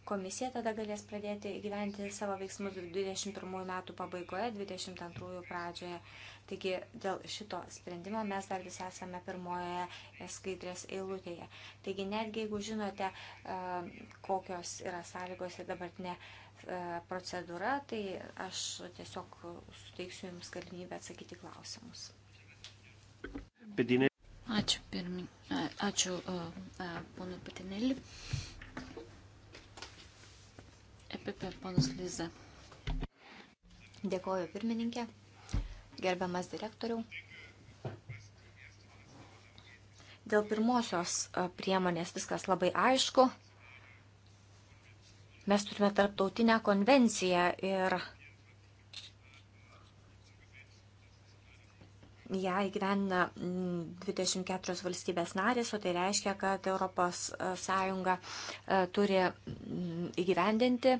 Komisija tada galės pradėti gyventi savo veiksmus 21 metų pabaigoje, 22 pradžioje. Taigi dėl šito sprendimo mes dar vis esame pirmojoje skaidrės eilutėje. Taigi netgi jeigu žinote, kokios yra sąlygos ir dabartinė ne E, procedūra, tai aš tiesiog suteiksiu Jums galimybę atsakyti klausimus. Ačiū, pirmin... Ačiū e, e, ponui Patinėlį. EPP ponas Liza. Dėkoju pirmininkė, gerbiamas direktoriau. Dėl pirmosios priemonės viskas labai aišku. Mes turime tarptautinę konvenciją ir ją ja, įgyvendina 24 mm, valstybės narės, o tai reiškia, kad ES e, e, turi mm, įgyvendinti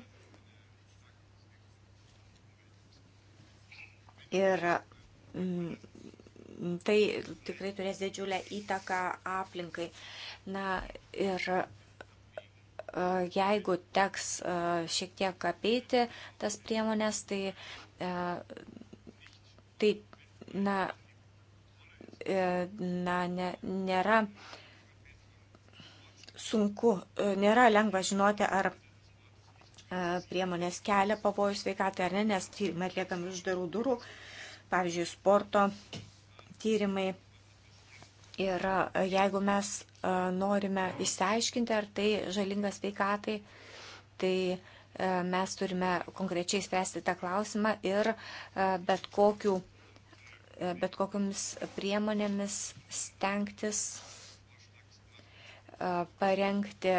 ir mm, tai tikrai turės didžiulę įtaką aplinkai. Na ir jeigu teks šiek tiek apeiti tas priemonės, tai, tai na, e, na, ne, nėra sunku, e, nėra lengva žinoti, ar e, priemonės kelia pavojus sveikatai ar ne, nes tyrimai atliekami uždarų durų, pavyzdžiui, sporto tyrimai. Ir jeigu mes E, norime išsiaiškinti, ar tai žalinga sveikatai, tai e, mes turime konkrečiai spręsti tą klausimą ir e, bet, kokiu, bet kokiamis priemonėmis stengtis parengti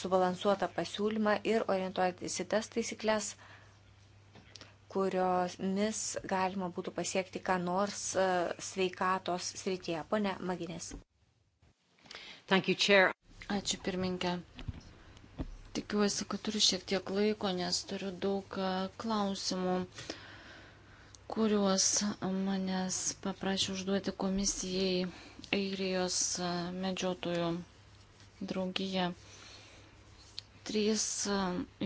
subalansuotą pasiūlymą ir orientuotis į tas taisyklės, kuriomis galima būtų pasiekti ką nors sveikatos srityje. Pone Maginės. You, Ačiū pirmininkė. Tikiuosi, kad turiu šiek tiek laiko, nes turiu daug klausimų, kuriuos manęs paprašė užduoti komisijai Airijos medžiotojų draugija. Trys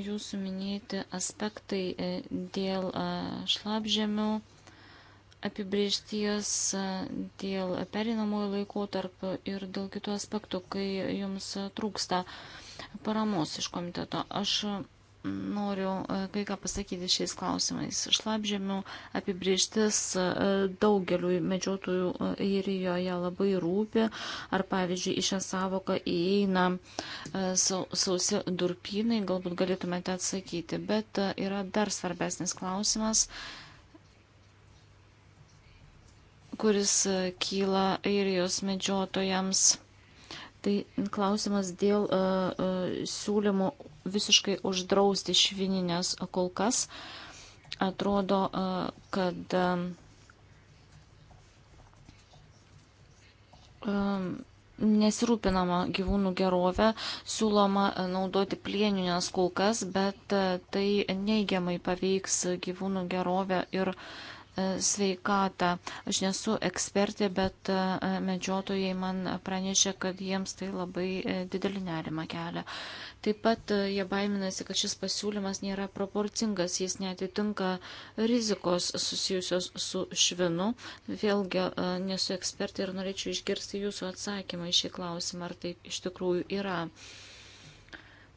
jūsų minėti aspektai e, dėl šlapžemių apibriešties e, dėl perinamojo laikotarpio ir dėl kitų aspektų, kai jums trūksta paramos iš komiteto. Aš e, noriu e, kai ką pasakyti šiais klausimais. Šlapžemių apibrieštis daugeliu medžiotojų Airijoje labai rūpi, ar pavyzdžiui į šią savoką įeina sausi durpynai, galbūt galėtumėte atsakyti, bet yra dar svarbesnis klausimas kuris e, kyla airijos medžiotojams. Tai klausimas dėl uh, uh, siūlymų visiškai uždrausti švininės kol kas. Atrodo, uh, kad um, nesirūpinama gyvūnų gerovė, siūloma naudoti plieninės kulkas, bet tai neigiamai paveiks gyvūnų gerovę ir uh, E, sveikatą. Aš nesu ekspertė, bet e, medžiotojai man pranešė, kad jiems tai labai e, didelį nerimą kelia. Taip pat jie baiminasi, kad šis pasiūlymas nėra proporcingas, jis netitinka rizikos susijusios su švinu. Vėlgi nesu ekspertė ir norėčiau išgirsti jūsų atsakymą į šį klausimą, ar taip iš tikrųjų yra. Thank you.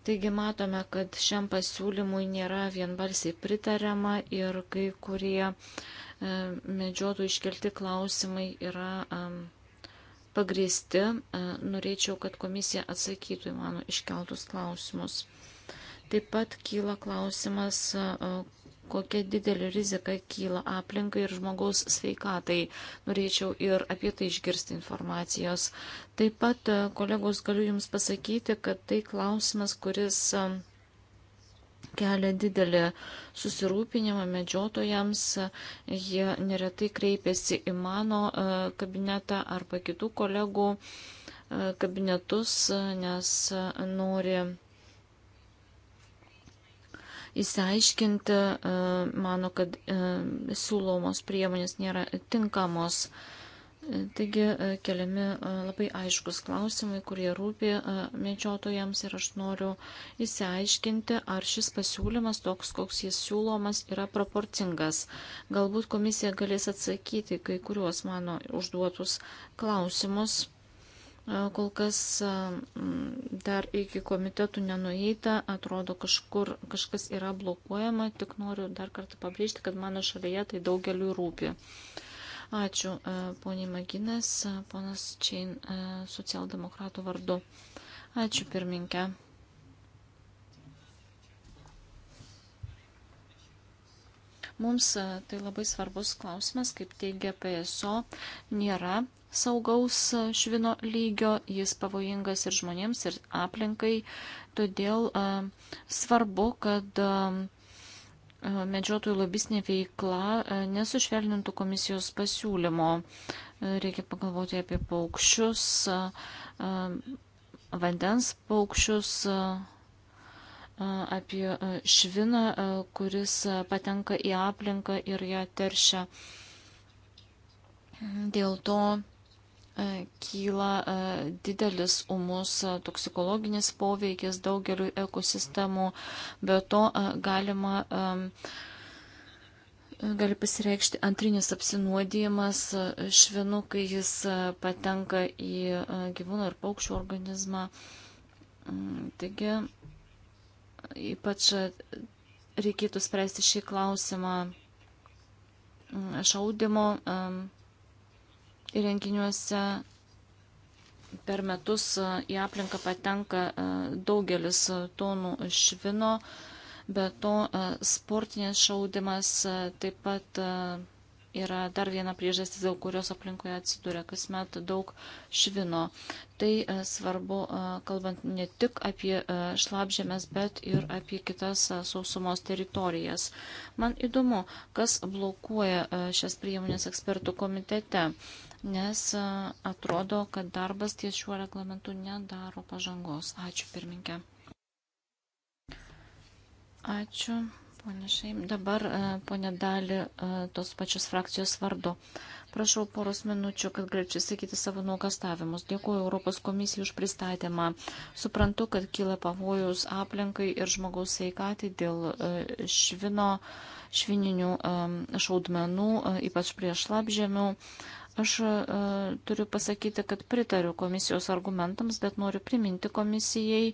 Taigi matome, kad šiam pasiūlymui nėra vienbalsiai pritariama ir kai kurie e, medžiotojų iškelti klausimai yra pagristi. E, norėčiau, kad komisija atsakytų į mano iškeltus klausimus. Taip pat kyla klausimas, e, kokia didelė rizika kyla aplinkai ir žmogaus sveikatai. Norėčiau ir apie tai išgirsti informacijos. Taip pat, e, kolegos, galiu Jums pasakyti, kad tai klausimas, kuris e, kelia didelį susirūpinimą medžiotojams. Jie neretai kreipiasi į mano e, kabinetą arba kitų kolegų kabinetus, nes nori įsiaiškinti, e, mano, kad e, siūlomos priemonės nėra tinkamos. E, taigi keliami labai aiškus klausimai, kurie rūpi medžiotojams ir aš noriu įsiaiškinti, ar šis pasiūlymas toks, koks jis siūlomas, yra proporcingas. Galbūt komisija galės atsakyti kai kuriuos mano užduotus klausimus Kol kas dar iki komitetų nenueita, atrodo kažkur kažkas yra blokuojama, tik noriu dar kartą pabrėžti, kad mano šalyje tai daugeliu rūpi. Ačiū, poniai Maginas, ponas Čein, socialdemokratų vardu. Ačiū, pirminkė. Mums tai labai svarbus klausimas, kaip teigia PSO, nėra saugaus švino lygio, jis pavojingas ir žmonėms, ir aplinkai. Todėl svarbu, kad medžiotojų lobistinė veikla nesušvelnintų komisijos pasiūlymo. Reikia pagalvoti apie paukščius, vandens paukščius, apie šviną, kuris patenka į aplinką ir ją teršia. Dėl to E, kyla e, didelis umus e, toksikologinis poveikis daugeliu ekosistemų, bet to galima gali pasireikšti antrinis apsinuodijimas švinu, kai jis patenka į gyvūną ar paukščių organizmą. Mm, taigi, ypač reikėtų spręsti šį klausimą šaudimo renginiuose per metus e, į aplinką patenka e, daugelis e, tonų švino, bet to sportinės šaudimas taip pat yra dar viena priežastis, dėl kurios aplinkoje atsiduria kasmet daug švino. Tai svarbu, kalbant ne tik apie šlapžemės, bet ir apie kitas sausumos teritorijas. Man įdomu, kas blokuoja šias priemonės ekspertų komitete nes atrodo, kad darbas ties šiuo reglamentu nedaro pažangos. Ačiū pirminkė. Ačiū, ponė Šeim. Dabar ponė Dali tos pačios frakcijos vardu. Prašau poros minučių, kad galėčiau sakyti savo nuokastavimus. Dėkuoju Europos komisijai už pristatymą. Suprantu, kad kyla pavojus aplinkai ir žmogaus sveikatai dėl švino, švininių šaudmenų, ypač prieš labžemių. Aš e, turiu pasakyti, kad pritariu komisijos argumentams, bet noriu priminti komisijai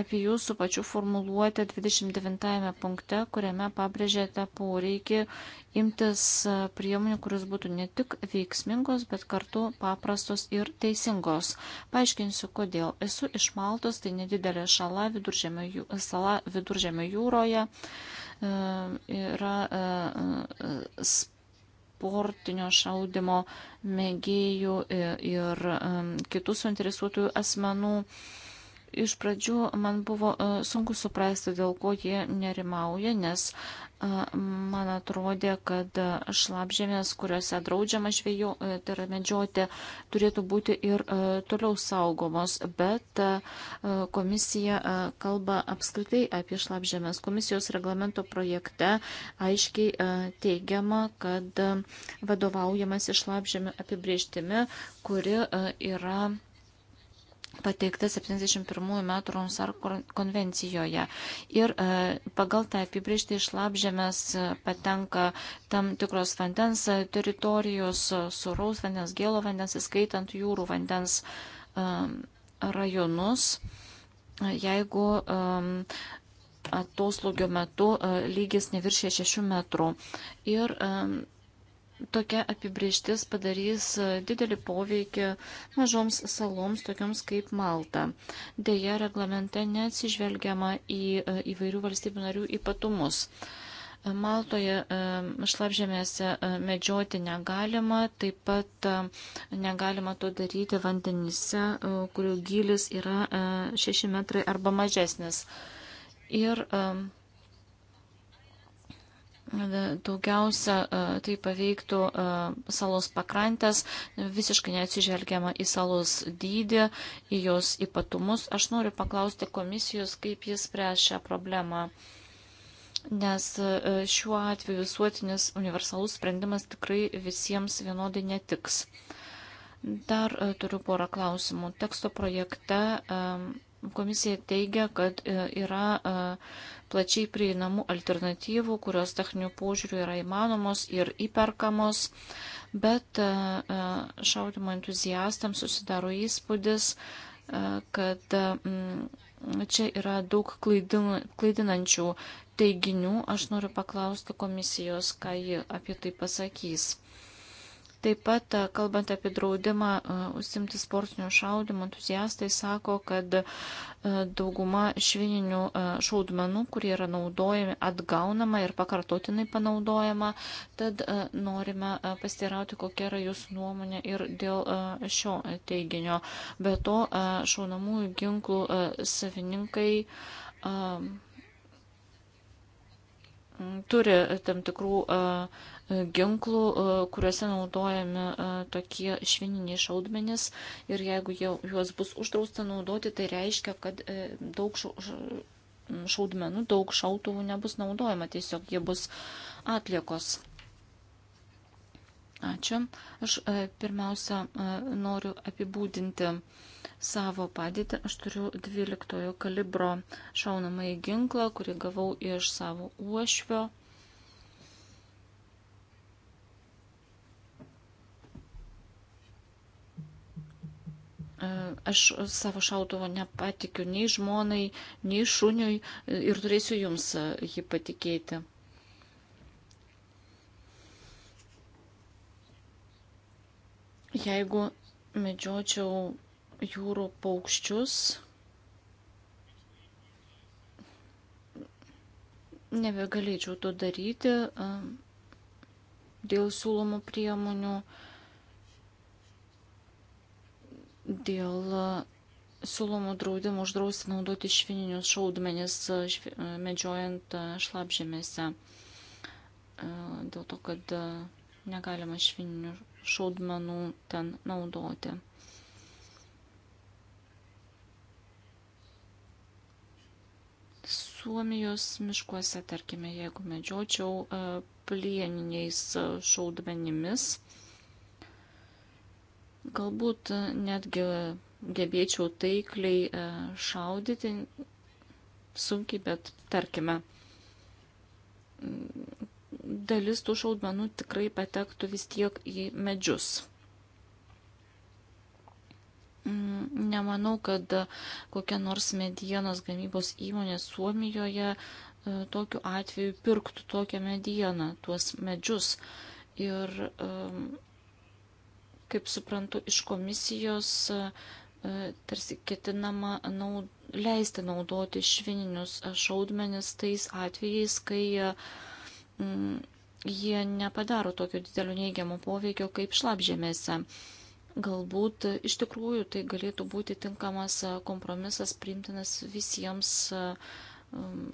apie jūsų pačių formuluotę 29 punkte, kuriame pabrėžėte poreikį imtis e, priemonių, kuris būtų ne tik veiksmingos, bet kartu paprastos ir teisingos. Paaiškinsiu, kodėl. Esu iš Maltos, tai nedidelė šala viduržėmio, jū, sala viduržėmio jūroje. E, yra e, e sportinio šaudimo mėgėjų ir kitų suinteresuotųjų asmenų. E, Iš pradžių man buvo e, sunku suprasti, dėl ko jie nerimauja, nes e, man atrodė, kad e, šlapžėmės, kuriuose draudžiama žvėjų, tai yra medžioti, turėtų būti ir toliau saugomos, bet komisija kalba apskritai apie šlapžėmės. Komisijos reglamento projekte aiškiai teigiama, kad vadovaujamas iš šlapžėmių apibrieštimi, kuri yra pateikta 71 metų Ronsar konvencijoje. Ir e, pagal tą apibriežtį iš labžemės e, patenka tam tikros vandens e, teritorijos, suraus vandens, gėlo vandens, įskaitant jūrų vandens rajonus. Jeigu atoslūgio metu lygis neviršė 6 metrų. Ir tokia apibrieštis padarys e, didelį poveikį mažoms saloms, tokioms kaip Malta. Deja, reglamente neatsižvelgiama į e, įvairių valstybių narių ypatumus. E, Maltoje šlapžemėse medžioti negalima, taip pat negalima to daryti vandenyse, kurių gilis yra 6 metrai arba mažesnis. Ir um, Daugiausia e, tai paveiktų e, salos pakrantės, visiškai neatsižvelgiama į salos dydį, į jos ypatumus. Aš noriu paklausti komisijos, kaip jis spręs šią problemą, nes e, šiuo atveju visuotinis universalus sprendimas tikrai visiems vienodai netiks. Dar turiu porą klausimų. Teksto projekte komisija teigia, kad yra plačiai prieinamų alternatyvų, kurios techninių požiūrių yra įmanomos ir įperkamos, bet e, e, šaudimo entuziastams susidaro įspūdis, e, kad mm, čia yra daug klaidinančių teiginių. Aš noriu paklausti komisijos, ką ji apie tai pasakys. Taip pat, e, kalbant apie draudimą e, užsimti sportinio šaudimo, entuziastai sako, kad e, dauguma švininių šaudmenų, kurie yra naudojami, atgaunama ir pakartotinai panaudojama. Tad norime pastirauti, kokia yra jūsų nuomonė ir dėl šio teiginio. Be to, šaunamųjų ginklų savininkai turi tam tikrų uh, ginklų, e, kuriuose naudojami e, tokie švininiai šaudmenys ir jeigu juos bus uždrausta naudoti, tai reiškia, kad e, daug šaudmenų, daug šautuvų nebus naudojama, tiesiog jie bus atliekos. Ačiū. Aš pirmiausia noriu apibūdinti savo padėtį. Aš turiu 12 kalibro šaunamąjį ginklą, kurį gavau iš savo uošvio. E, aš savo šautuvo nepatikiu nei žmonai, nei šuniui ir turėsiu jums e, jį patikėti. Jeigu medžiočiau jūrų paukščius, nebegalėčiau to daryti e, dėl siūlomų priemonių dėl e, siūlomų draudimų uždrausti naudoti švininius šaudmenis e, e, medžiojant šlapžemėse. Dėl to, kad negalima švininių šaudmenų ten naudoti. Suomijos miškuose, tarkime, jeigu medžiočiau plieniniais šaudmenimis, Galbūt e, netgi gebėčiau taikliai e, šaudyti, sunkiai, bet tarkime, dalis tų šaudmenų tikrai patektų vis tiek į medžius. Nemanau, kad kokia nors medienos gamybos įmonė Suomijoje e, tokiu atveju pirktų tokią medieną, tuos medžius. Ir um, Kaip suprantu, iš komisijos e, tarsi ketinama naud, leisti naudoti švininius šaudmenis tais atvejais, kai mm, jie nepadaro tokio didelio neigiamo poveikio kaip šlapžėmėse. Galbūt iš tikrųjų tai galėtų būti tinkamas kompromisas priimtinas visiems um,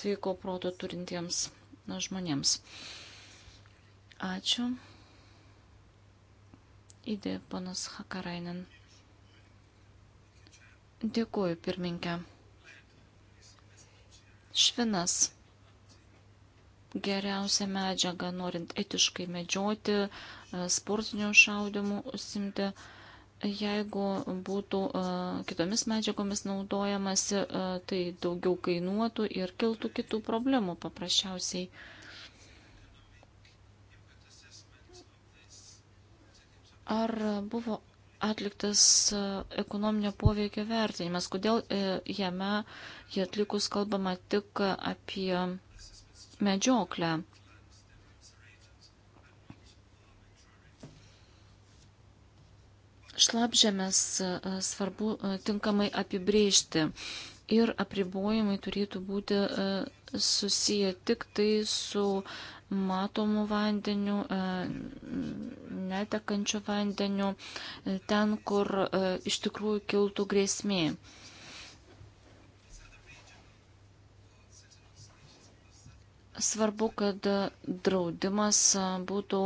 sveiko proto turintiems na, žmonėms. Ačiū įdė ponas Hakarainen. Dėkuoju, pirminkę. Švinas. Geriausia medžiaga, norint etiškai medžioti, e, sportinių šaudimų užsimti. Jeigu būtų e, kitomis medžiagomis naudojamasi, e, tai daugiau kainuotų ir kiltų kitų problemų paprasčiausiai. Ar buvo atliktas e, ekonominio poveikio vertinimas? Kodėl e, jame, jį atlikus, kalbama tik apie medžioklę? Šlapžemės e, svarbu tinkamai apibrėžti ir apribojimai turėtų būti susiję tik tai su matomų vandenių, e, netekančių vandenių, e, ten, kur e, iš tikrųjų kiltų grėsmė. Svarbu, kad draudimas būtų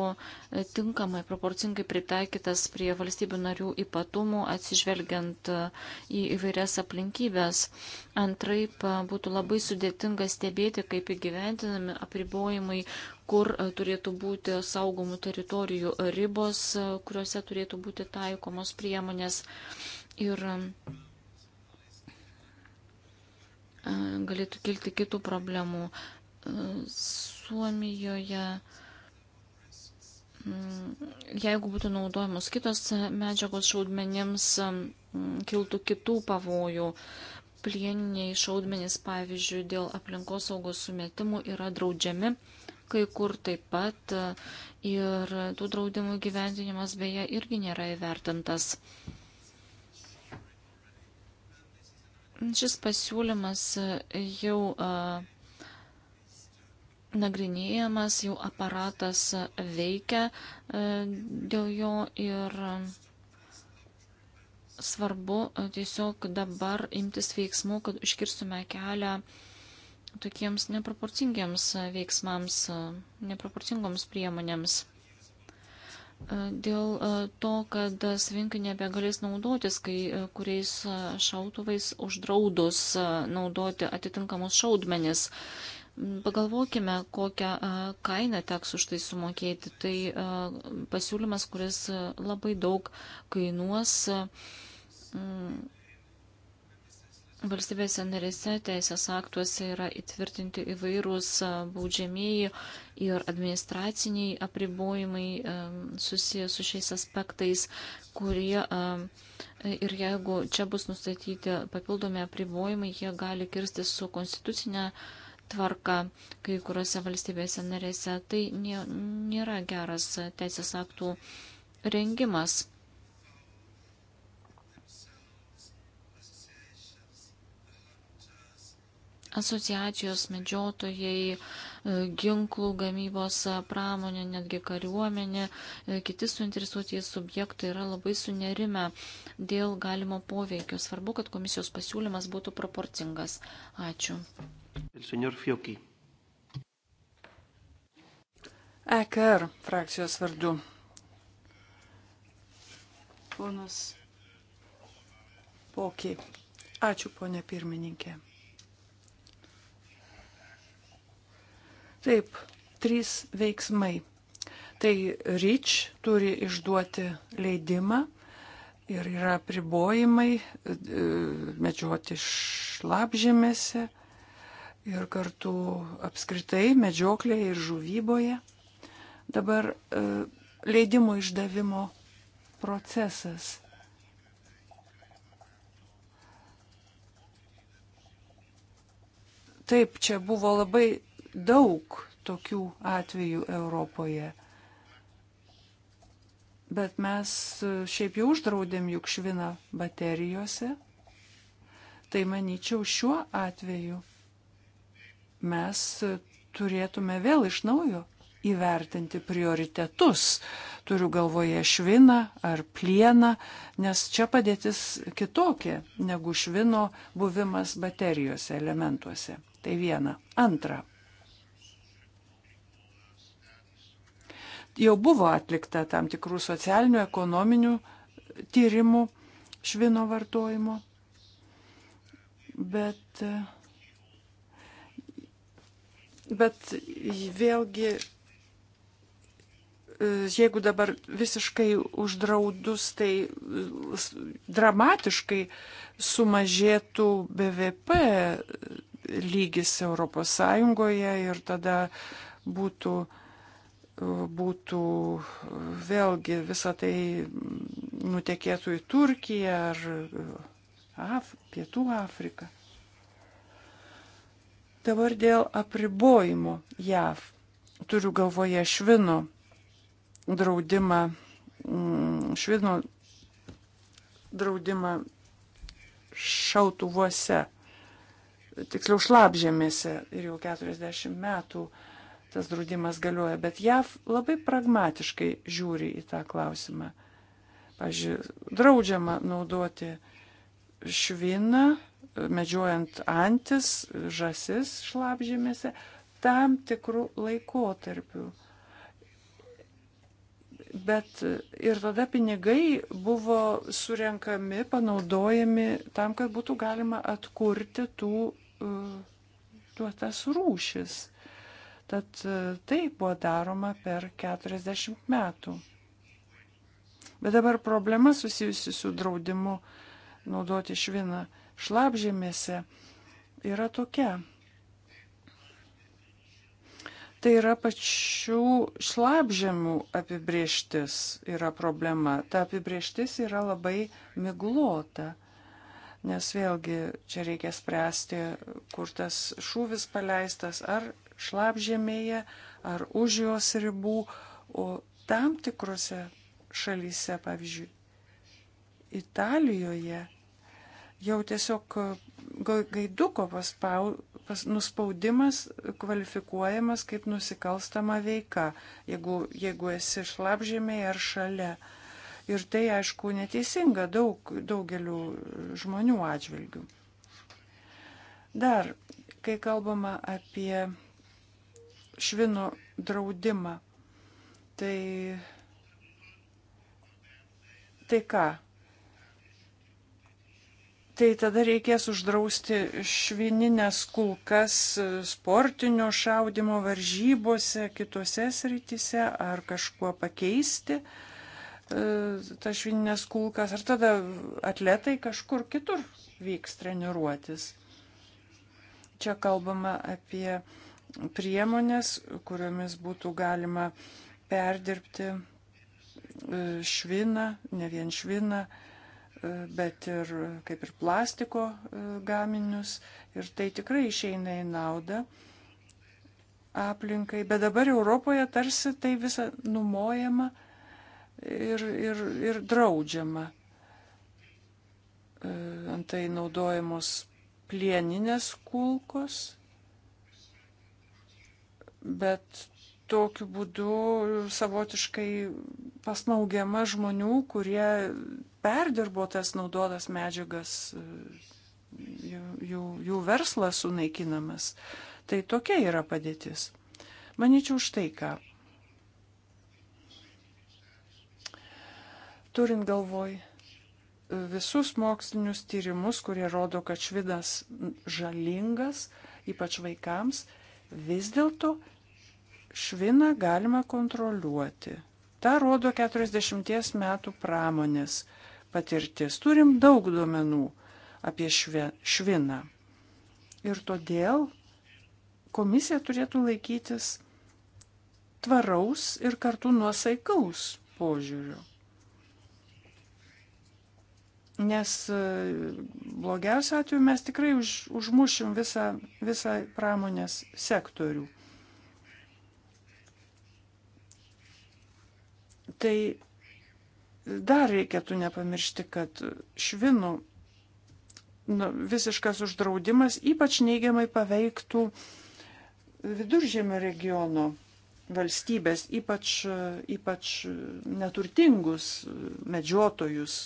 tinkamai proporcingai pritaikytas prie valstybių narių ypatumų, atsižvelgiant į įvairias aplinkybės. Antraip būtų labai sudėtinga stebėti, kaip įgyventinami apribojimai, kur e, turėtų būti saugomų teritorijų ribos, e, kuriuose turėtų būti taikomos priemonės. Ir e, galėtų kilti kitų problemų. Suomijoje, jeigu būtų naudojamos kitos medžiagos šaudmenims, kiltų kitų pavojų plieniniai šaudmenys, pavyzdžiui, dėl aplinkosaugos sumetimų yra draudžiami kai kur taip pat e, ir tų draudimų gyvendinimas beje irgi nėra įvertintas. Šis pasiūlymas jau e, nagrinėjamas, jau aparatas veikia e, dėl jo ir svarbu tiesiog dabar imtis veiksmų, kad užkirstume kelią uh, tokiems neproporcingiems veiksmams, neproporcingoms priemonėms. E, dėl e, to, kad svinkai nebegalės naudotis, kai e, kuriais šautuvais uždraudus naudoti atitinkamus šaudmenis. Pagalvokime, kokią kainą teks už tai sumokėti. Tai pasiūlymas, kuris labai daug kainuos Valstybėse narėse teisės aktuose yra įtvirtinti įvairūs baudžiamieji ir administraciniai apribojimai susijęs su šiais aspektais, kurie ir jeigu čia bus nustatyti papildomi apribojimai, jie gali kirsti su konstitucinė tvarka kai kuriuose valstybėse narėse. Tai nėra geras teisės aktų rengimas. asociacijos medžiotojai, e, ginklų gamybos e, pramonė, netgi kariuomenė, e, kiti suinteresuotie subjektai yra labai sunerime dėl galimo poveikio. Svarbu, kad komisijos pasiūlymas būtų proporcingas. Ačiū. EKR frakcijos vardu. Ponas Pokį. Ačiū, ponė pirmininkė. Taip, trys veiksmai. Tai REACH turi išduoti leidimą ir yra pribojimai e, medžioti šlapžėmėse ir kartu apskritai medžioklėje ir žuvyboje. Dabar e, leidimų išdavimo procesas. Taip, čia buvo labai daug tokių atvejų Europoje. Bet mes e, šiaip jau uždraudėm juk šviną baterijose. Tai manyčiau, šiuo atveju mes e, turėtume vėl iš naujo įvertinti prioritetus. Turiu galvoje šviną ar plieną, nes čia padėtis kitokia negu švino buvimas baterijose elementuose. Tai viena. Antra. jau buvo atlikta tam tikrų socialinių, ekonominių tyrimų švino vartojimo. Bet, bet vėlgi, jeigu dabar visiškai uždraudus, tai dramatiškai sumažėtų BVP lygis Europos Sąjungoje ir tada būtų uh, būtų vėlgi visą tai nutekėtų į Turkiją ar Af, Pietų Afriką. Dabar dėl apribojimų JAV. Turiu galvoje švino draudimą, mm, švino draudimą šautuvuose, tiksliau šlapžėmėse ir jau 40 metų uh, tas draudimas galioja, bet JAV labai pragmatiškai žiūri į tą klausimą. Pavyzdžiui, draudžiama naudoti šviną, medžiojant antis, žasis šlapžymėse, tam tikrų laikotarpių. Bet ir tada pinigai buvo surenkami, panaudojami tam, kad būtų galima atkurti tų duotas uh, rūšis. Tad e, tai buvo daroma per 40 metų. Bet dabar problema susijusi su draudimu naudoti šviną šlapžėmėse yra tokia. Tai yra pačių šlapžemių apibrieštis yra problema. Ta apibrieštis yra labai miglota, nes vėlgi čia reikia spręsti, kur tas šūvis paleistas, ar šlapžemėje ar už jos ribų, o tam tikrose šalyse, pavyzdžiui, Italijoje jau tiesiog gaiduko paspau, pas, nuspaudimas kvalifikuojamas kaip nusikalstama veika, jeigu, jeigu esi šlapžemėje ar šalia. Ir tai, aišku, neteisinga daug, daugeliu žmonių atžvilgių. Dar, kai kalbama apie švino draudimą. Tai, tai ką? Tai tada reikės uždrausti švininės kulkas sportinio šaudimo varžybose, kitose srityse, ar kažkuo pakeisti e, tas švininės kulkas, ar tada atletai kažkur kitur vyks treniruotis. Čia kalbama apie priemonės, kuriomis būtų galima perdirbti e, šviną, ne vien šviną, e, bet ir kaip ir plastiko e, gaminius. Ir tai tikrai išeina į naudą aplinkai. Bet dabar Europoje tarsi tai visa numojama ir, ir, ir draudžiama. Antai naudojamos plieninės kulkos bet tokiu būdu savotiškai pasmaugiama žmonių, kurie perdirbo tas naudotas medžiagas, jų, jų, jų verslas sunaikinamas. Tai tokia yra padėtis. Maničiau štai ką. Turint galvoj visus mokslinius tyrimus, kurie rodo, kad švidas žalingas, ypač vaikams, vis dėlto šviną galima kontroliuoti. Ta rodo 40 metų pramonės patirtis. Turim daug duomenų apie šviną. Ir todėl komisija turėtų laikytis tvaraus ir kartu nuosaikaus požiūrių. Nes e, blogiausiu atveju mes tikrai už, užmušim visą, visą pramonės sektorių. Tai dar reikėtų nepamiršti, kad švinų nu, visiškas uždraudimas ypač neigiamai paveiktų viduržėmio regiono valstybės, ypač, ypač neturtingus medžiotojus.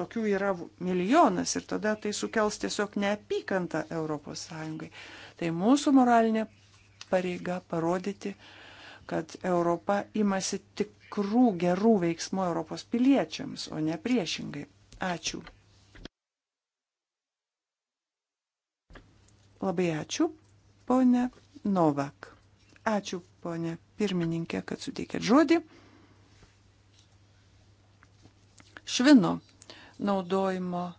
Tokių yra milijonas ir tada tai sukels tiesiog neapykantą ES. Tai mūsų moralinė pareiga parodyti, uh, kad Europa imasi tikrų gerų veiksmų Europos piliečiams, o ne priešingai. Ačiū. Labai ačiū, ponė Novak. Ačiū, ponė pirmininkė, kad suteikėt žodį. Švino naudojimo e,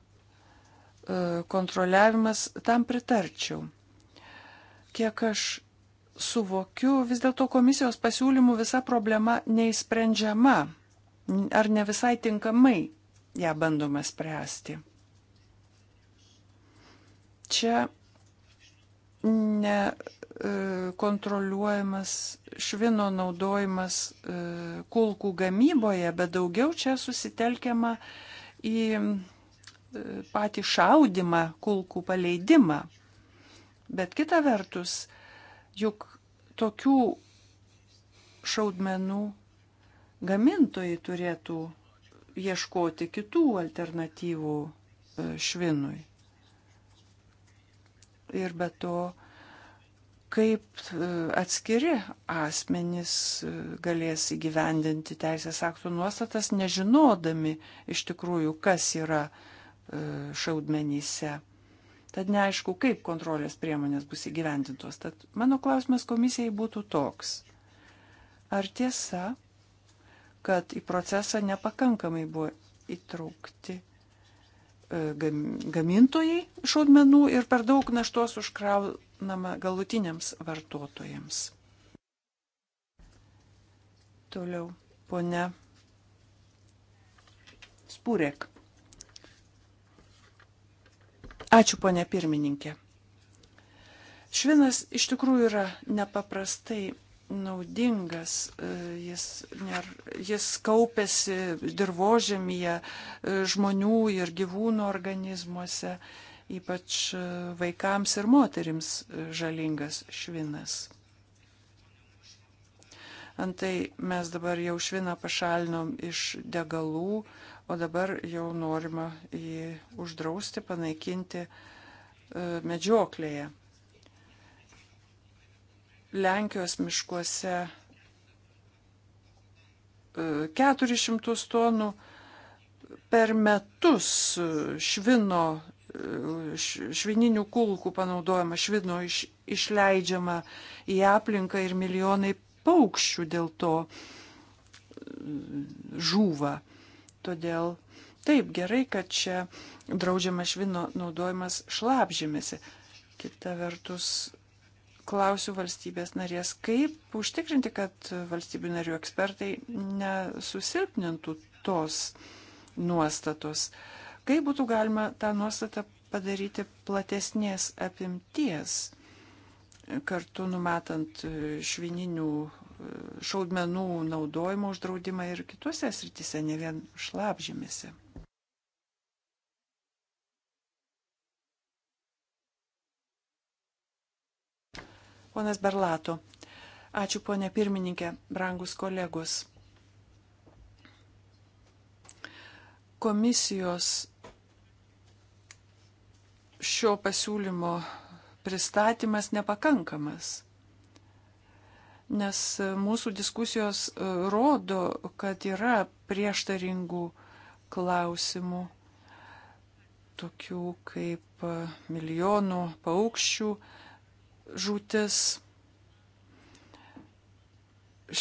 kontroliavimas, tam pritarčiau. Kiek aš suvokiu, vis dėlto komisijos pasiūlymų visa problema neįsprendžiama ar ne visai tinkamai ją bandoma spręsti. Čia nekontroliuojamas e, švino naudojimas e, kulkų gamyboje, bet daugiau čia susitelkiama į e, patį šaudimą, kulkų paleidimą. Bet kita vertus, Juk tokių šaudmenų gamintojai turėtų ieškoti kitų alternatyvų e, švinui. Ir be to, kaip e, atskiri asmenys e, galės įgyvendinti teisės aktų nuostatas, nežinodami iš tikrųjų, kas yra šaudmenyse. Tad neaišku, kaip kontrolės priemonės bus įgyvendintos. Tad mano klausimas komisijai būtų toks. Ar tiesa, kad į procesą nepakankamai buvo įtraukti e, gamintojai šaudmenų ir per daug naštos užkraunama galutiniams vartotojams? Toliau, ponia Spurek. Ačiū, ponė pirmininkė. Švinas iš tikrųjų yra nepaprastai naudingas, e, jis, ner, jis kaupėsi dirbožėmėje e, žmonių ir gyvūnų organizmuose, ypač e, vaikams ir moterims žalingas švinas. Antai mes dabar jau šviną pašalinom iš degalų, o dabar jau norima jį uždrausti, panaikinti e, medžioklėje. Lenkijos miškuose 400 e, tonų per metus e, švino, švininių kulkų panaudojama, švino iš, išleidžiama į aplinką ir milijonai paukščių dėl to žūva. Todėl taip gerai, kad čia draudžiama švino naudojimas šlapžymėsi. Kita vertus, klausiu valstybės narės, kaip užtikrinti, kad valstybių narių ekspertai nesusilpnintų tos nuostatos. Kaip būtų galima tą nuostatą padaryti platesnės apimties, kartu numatant švininių šaudmenų naudojimo uždraudimą ir kitose srityse, ne vien šlapžymėse. Ponas Berlato. Ačiū, ponė pirmininkė, brangus kolegos. Komisijos šio pasiūlymo pristatymas nepakankamas nes e, mūsų diskusijos e, rodo, kad yra prieštaringų klausimų, tokių kaip e, milijonų paukščių žūtis,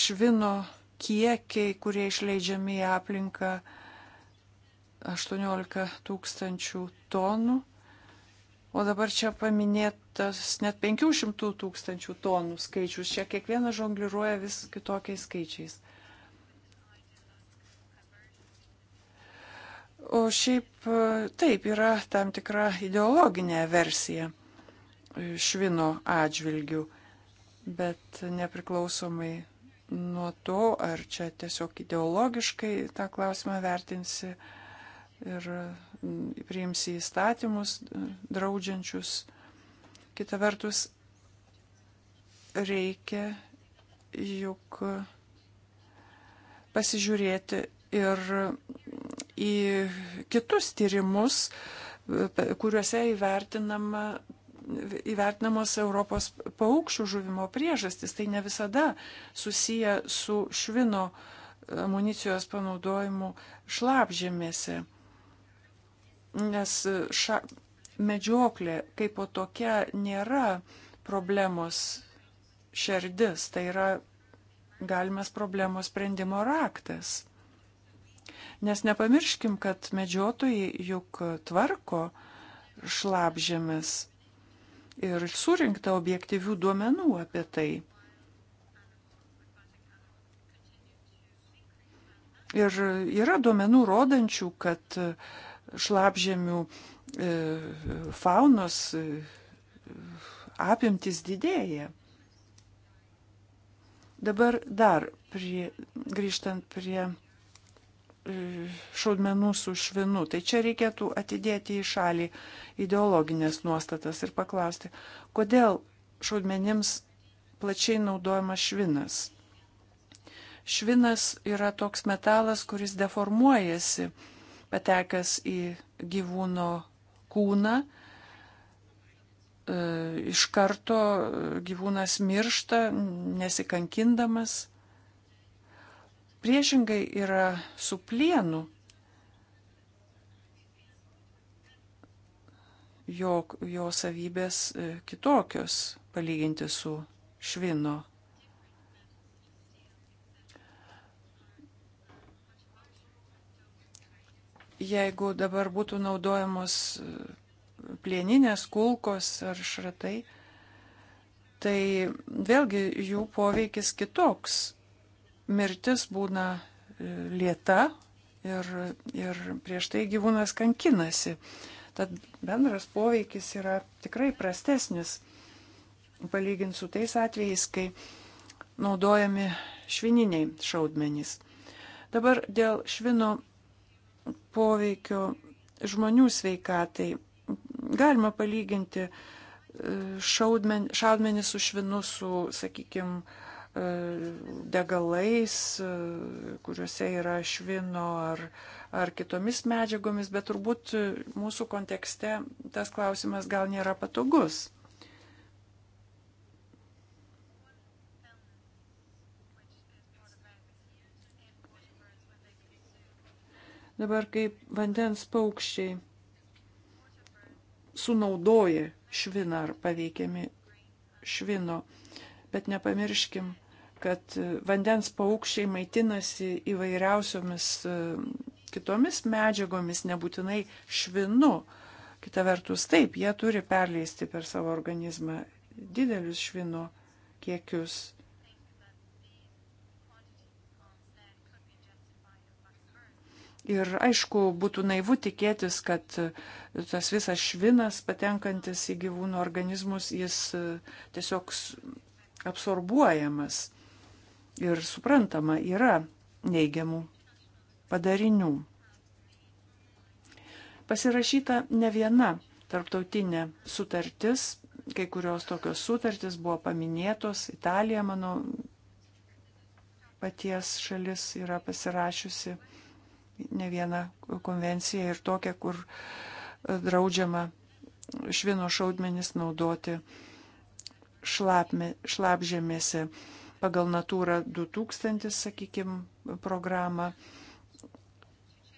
švino kiekiai, kurie išleidžiami į aplinką 18 tūkstančių tonų O dabar čia paminėtas net 500 tūkstančių tonų skaičius. Čia kiekvienas žongliruoja vis kitokiais skaičiais. O šiaip e, taip yra tam tikra ideologinė versija švino atžvilgių, bet nepriklausomai nuo to, ar čia tiesiog ideologiškai tą klausimą vertinsi ir priims įstatymus draudžiančius. Kita vertus, reikia juk pasižiūrėti ir į kitus tyrimus, kuriuose įvertinama įvertinamos Europos paukščių žuvimo priežastis. Tai ne visada susiję su švino amunicijos e, panaudojimu šlapžėmėse nes e, ša, medžioklė kaip po tokia nėra problemos šerdis, tai yra galimas problemos sprendimo raktas. Nes nepamirškim, kad medžiotojai juk tvarko šlapžėmis ir surinkta objektyvių duomenų apie tai. Ir yra duomenų rodančių, kad uh, šlapžemių e, faunos e, apimtis didėja. Dabar dar prie, grįžtant prie e, šaudmenų su švinu, tai čia reikėtų atidėti į šalį ideologinės nuostatas ir paklausti, kodėl šaudmenims plačiai naudojamas švinas. Švinas yra toks metalas, kuris deformuojasi patekęs į gyvūno kūną, e, iš karto gyvūnas miršta, nesikankindamas. Priešingai yra su plienu, jo, jo savybės e, kitokios palyginti su švino jeigu dabar būtų naudojamos e, plieninės kulkos ar šratai, tai vėlgi jų poveikis kitoks. Mirtis būna e, lieta ir, ir prieš tai gyvūnas kankinasi. Tad bendras poveikis yra tikrai prastesnis, palyginti su tais atvejais, kai naudojami švininiai šaudmenys. Dabar dėl švino poveikio žmonių sveikatai. Galima palyginti e, šaudmen, šaudmenį su švinu, su, sakykime, degalais, e, kuriuose yra švino ar, ar kitomis medžiagomis, bet turbūt e, mūsų kontekste tas klausimas gal nėra patogus. dabar kaip vandens paukščiai sunaudoja šviną ar paveikiami švino. Bet nepamirškim, kad vandens paukščiai maitinasi įvairiausiomis e, kitomis medžiagomis, nebūtinai švinu. Kita vertus, taip, jie turi perleisti per savo organizmą didelius švino kiekius. Ir aišku, būtų naivu tikėtis, kad tas visas švinas patenkantis į gyvūnų organizmus, jis e, tiesiog absorbuojamas. Ir suprantama, yra neigiamų padarinių. Pasirašyta ne viena tarptautinė sutartis, kai kurios tokios sutartis buvo paminėtos, Italija, mano paties šalis, yra pasirašiusi ne vieną konvenciją ir tokią, kur e, draudžiama švino šaudmenis naudoti šlapme, šlapžėmėse pagal Natūra 2000, sakykime, programą.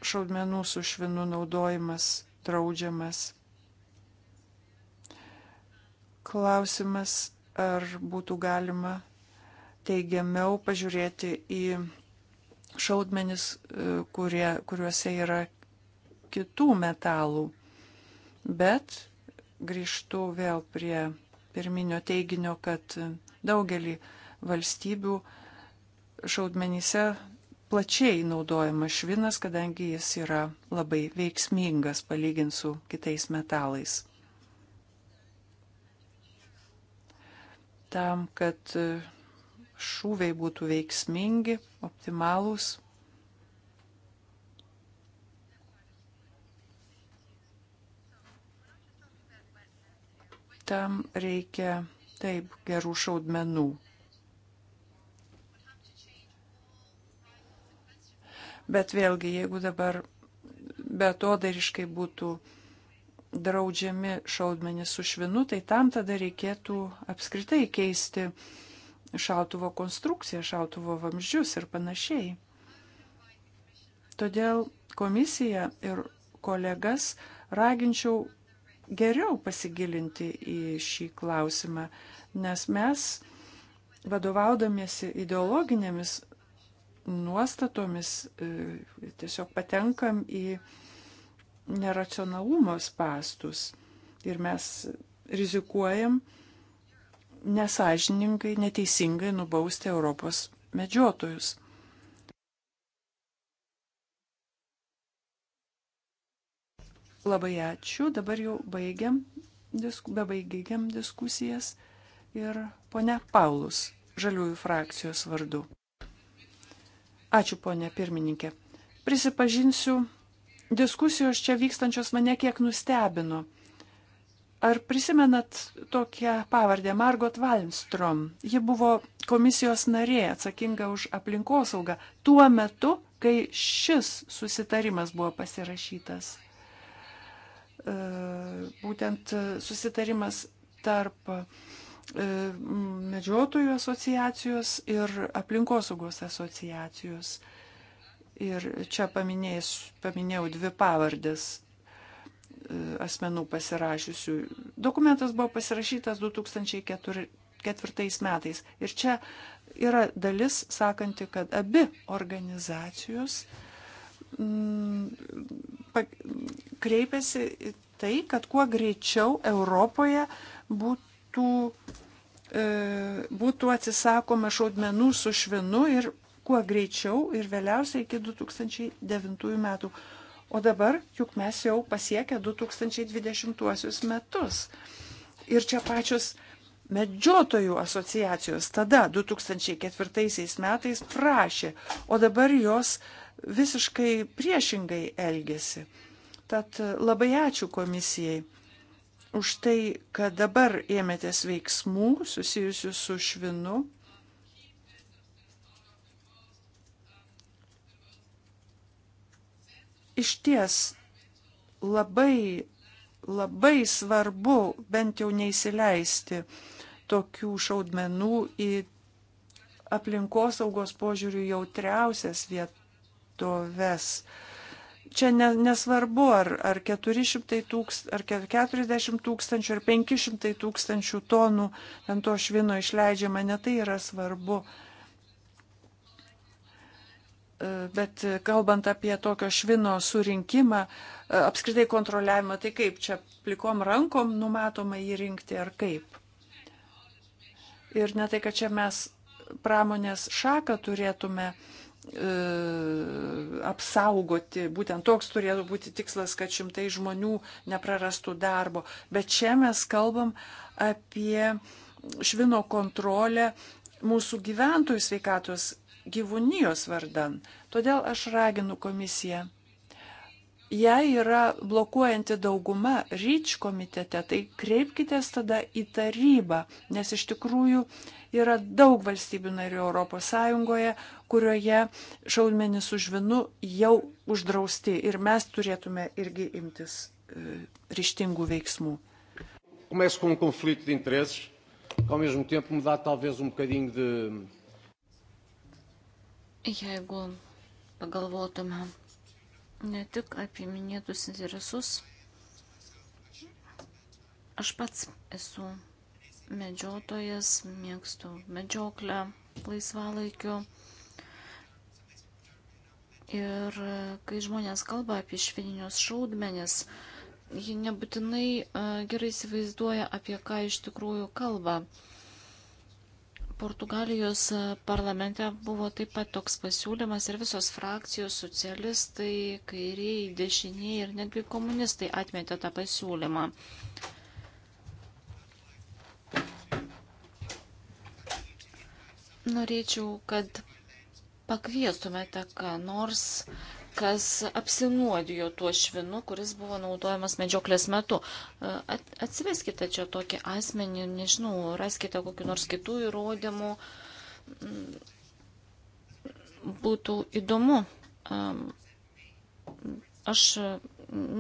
Šaudmenų su švinu naudojimas draudžiamas. Klausimas, ar būtų galima teigiamiau pažiūrėti į šaudmenis, e, kurie, kuriuose yra kitų metalų. Bet grįžtu vėl prie pirminio teiginio, kad daugelį valstybių šaudmenyse plačiai naudojamas švinas, kadangi jis yra labai veiksmingas palyginti su kitais metalais. Tam, kad šūviai būtų veiksmingi, optimalūs. Tam reikia taip gerų šaudmenų. Bet vėlgi, jeigu dabar betodariškai būtų draudžiami šaudmenys su švinu, tai tam tada reikėtų apskritai keisti uh, šautuvo konstrukciją, šautuvo vamzdžius ir panašiai. Todėl komisiją ir kolegas raginčiau geriau pasigilinti į šį klausimą, nes mes, vadovaudamiesi ideologinėmis nuostatomis, e, tiesiog patenkam į neracionalumo spastus ir mes rizikuojam, nesažiningai, neteisingai nubausti Europos medžiotojus. Labai ačiū, dabar jau baigiam, disku, bebaigiam diskusijas ir ponia Paulus, žaliųjų frakcijos vardu. Ačiū, ponia pirmininkė. Prisipažinsiu, diskusijos čia vykstančios mane kiek nustebino Ar prisimenat tokią pavardę Margot Wallström? Ji buvo komisijos narė atsakinga už aplinkosaugą tuo metu, kai šis susitarimas buvo pasirašytas. E, būtent susitarimas tarp e, medžiotojų asociacijos ir aplinkosaugos asociacijos. Ir čia paminėjau dvi pavardės E, asmenų pasirašysių. Dokumentas buvo pasirašytas 2004 metais. Ir čia yra dalis sakanti, kad abi organizacijos mm, kreipiasi tai, kad kuo greičiau Europoje būtų, e, būtų atsisakoma šaudmenų su švinu ir kuo greičiau ir vėliausiai iki 2009 metų. O dabar juk mes jau pasiekę 2020 metus. Ir čia pačios medžiotojų asociacijos tada 2004 metais prašė, o dabar jos visiškai priešingai elgesi. Tad labai ačiū komisijai už tai, kad dabar ėmėtės veiksmų susijusių su švinu iš ties labai, labai svarbu bent jau neįsileisti tokių šaudmenų į aplinkosaugos požiūrių jautriausias vietoves. Čia ne, nesvarbu, ar, ar, 400 tūkst, ar 40 tūkstančių, ar 500 tūkstančių tonų ant to švino išleidžiama, netai yra svarbu. Bet kalbant apie tokio švino surinkimą, e, apskritai kontroliavimą, tai kaip čia plikom rankom numatoma jį rinkti ar kaip? Ir ne tai, kad čia mes pramonės šaką turėtume e, apsaugoti, būtent toks turėtų būti tikslas, kad šimtai žmonių neprarastų darbo. Bet čia mes kalbam apie švino kontrolę mūsų gyventojų sveikatos gyvūnijos vardan. Todėl aš raginu komisiją. Jei yra blokuojanti dauguma ryč komitete, tai kreipkite tada į tarybą, nes iš tikrųjų yra daug valstybių narių ES, kurioje šaudmenis už vinu jau uždrausti ir mes turėtume irgi imtis e, ryštingų veiksmų. Começo com um conflito de interesses, que ao mesmo tempo me dá talvez um bocadinho de Jeigu pagalvotume ne tik apie minėtus interesus, aš pats esu medžiotojas, mėgstu medžioklę laisvalaikiu. Ir kai žmonės kalba apie švininius šaudmenis, jie nebūtinai e, gerai įsivaizduoja, apie ką iš tikrųjų kalba. Portugalijos parlamente buvo taip pat toks pasiūlymas ir visos frakcijos, socialistai, kairiai, dešiniai ir netgi komunistai atmetė tą pasiūlymą. Norėčiau, kad pakviestumėte ką nors kas apsinuodijo tuo švinu, kuris buvo naudojamas medžioklės metu. E, Atsiveskite čia tokį asmenį, nežinau, raskite kokiu nors kitų įrodymų. Mm, būtų įdomu. Aš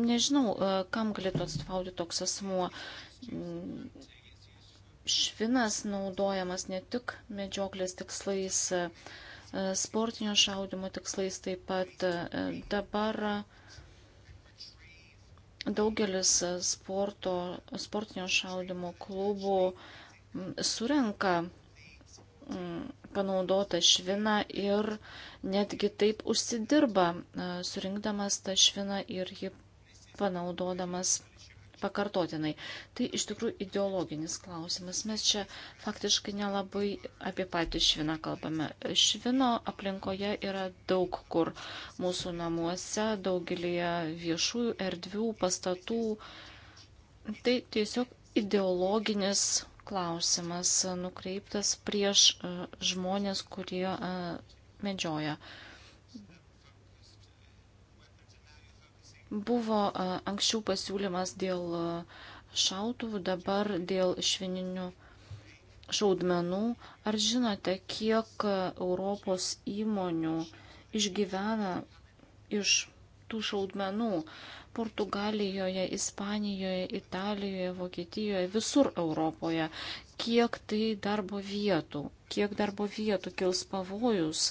nežinau, e, kam galėtų atstovauti toks asmuo mm, švinas naudojamas ne tik medžioklės tikslais, e, E, sportinio šaudimo tikslais taip pat. E, dabar daugelis sporto, sportinio šaudimo klubų surenka panaudotą šviną ir netgi taip užsidirba, e, surinkdamas tą šviną ir jį panaudodamas pakartotinai. Tai iš tikrųjų ideologinis klausimas. Mes čia faktiškai nelabai apie patį šviną kalbame. Švino aplinkoje yra daug kur mūsų namuose, daugelėje viešųjų erdvių, pastatų. Tai tiesiog ideologinis klausimas nukreiptas prieš e, žmonės, kurie e, medžioja. Uh, Buvo anksčiau pasiūlymas dėl šautuvų, dabar dėl švininių šaudmenų. Ar žinote, kiek Europos įmonių išgyvena iš tų šaudmenų? Portugalijoje, Ispanijoje, Italijoje, Vokietijoje, visur Europoje kiek tai darbo vietų, kiek darbo vietų kils pavojus,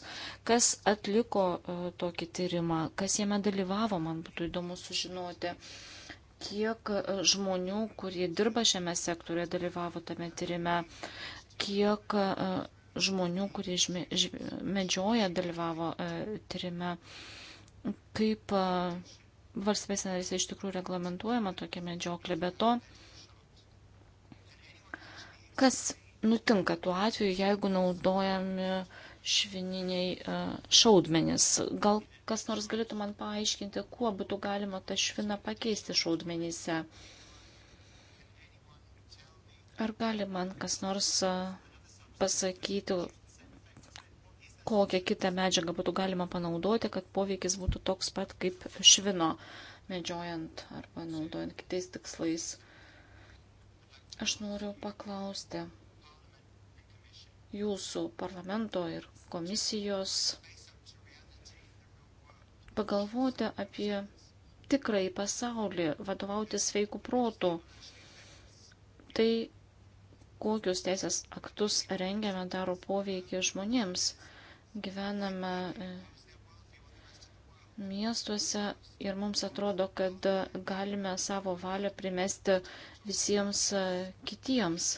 kas atliko e, tokį tyrimą, kas jame dalyvavo, man būtų įdomu sužinoti, kiek e, žmonių, kurie dirba šiame sektorėje, dalyvavo tame tyrime, kiek e, žmonių, kurie žme, žme, medžioja, dalyvavo tyrime, kaip valstybės narys iš tikrųjų reglamentuojama tokia medžioklė, bet to Kas nutinka tuo atveju, jeigu naudojami švininiai e, šaudmenys? Gal kas nors galėtų man paaiškinti, kuo būtų galima tą šviną pakeisti šaudmenyse? Ar gali man kas nors e, pasakyti, kokią kitą medžiagą būtų galima panaudoti, kad poveikis būtų toks pat kaip švino medžiojant arba naudojant kitais tikslais. Aš noriu paklausti jūsų parlamento ir komisijos pagalvoti apie tikrai pasaulį, vadovauti sveikų protų. Tai kokius teisės aktus rengiame daro poveikį žmonėms. Gyvename e, miestuose ir mums atrodo, kad galime savo valią primesti visiems e, kitiems.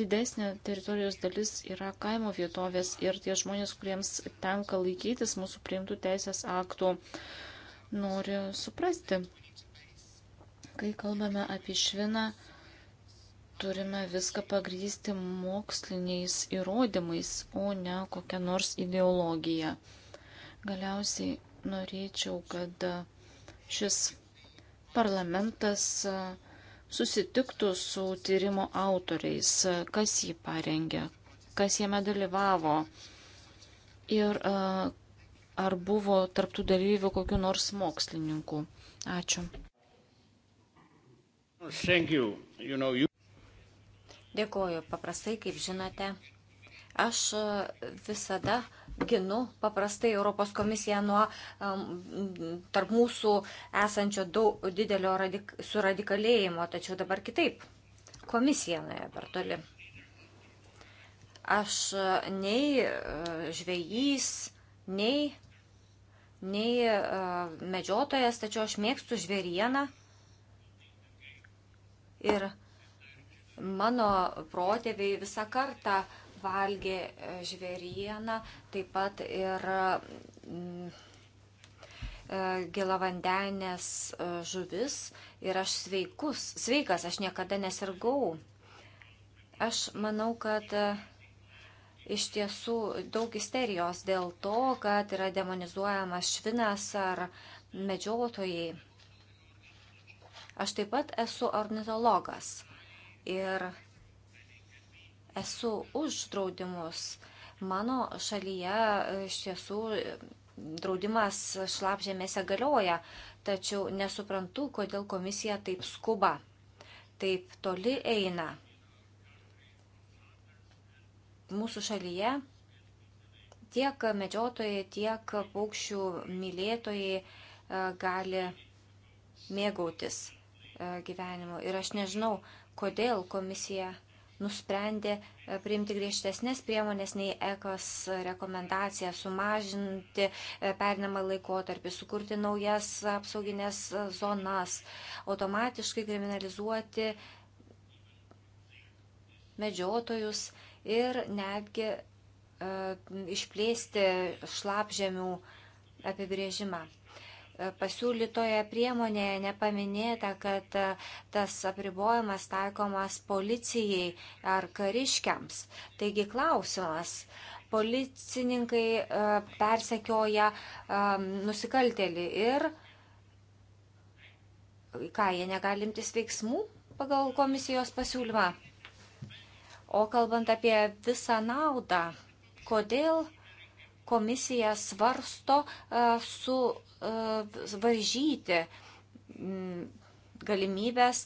Didesnė teritorijos dalis yra kaimo vietovės ir tie žmonės, kuriems tenka laikytis mūsų priimtų teisės aktų, nori suprasti. Kai kalbame apie šviną, turime viską pagrysti moksliniais įrodymais, o ne kokią nors ideologiją. Galiausiai norėčiau, kad šis parlamentas susitiktų su tyrimo autoriais, kas jį parengė, kas jame dalyvavo ir ar buvo tarptų dalyvių kokiu nors mokslininku. Ačiū. You know, you... Dėkoju. Paprastai, kaip žinote, aš e, visada ginu paprastai Europos komisiją nuo um, tarp mūsų esančio daug, didelio radik, suradikalėjimo, tačiau dabar kitaip. Komisija nuėjo per toli. Aš e, nei e, žvejys, nei, nei medžiotojas, tačiau aš mėgstu žvėrieną ir Mano protėviai visą kartą valgė e, žvėrieną, taip pat ir mm, e, gėlavandenės e, žuvis ir aš sveikus, sveikas, aš niekada nesirgau. Aš manau, kad iš tiesų daug isterijos dėl to, kad yra demonizuojamas švinas ar medžiotojai. Aš taip pat esu ornitologas ir esu už draudimus. Mano šalyje e, iš tiesų draudimas šlapžėmėse galioja, tačiau nesuprantu, kodėl komisija taip skuba, taip toli eina. Mūsų šalyje tiek medžiotojai, tiek paukščių mylėtojai e, gali mėgautis e, gyvenimu. Ir aš nežinau, kodėl komisija nusprendė e, priimti griežtesnės priemonės nei ECOS rekomendacija sumažinti e, perinamą laikotarpį, sukurti naujas apsauginės e, zonas, automatiškai kriminalizuoti medžiotojus ir netgi e, išplėsti šlapžemių apibrėžimą. E, pasiūlytoje priemonėje nepaminėta, kad e, tas apribojimas taikomas policijai ar kariškiams. Taigi klausimas. Policininkai e, persekioja nusikaltelį ir ką jie negalimtis veiksmų pagal komisijos pasiūlymą. O kalbant apie visą naudą, kodėl komisija svarsto su varžyti mm, galimybės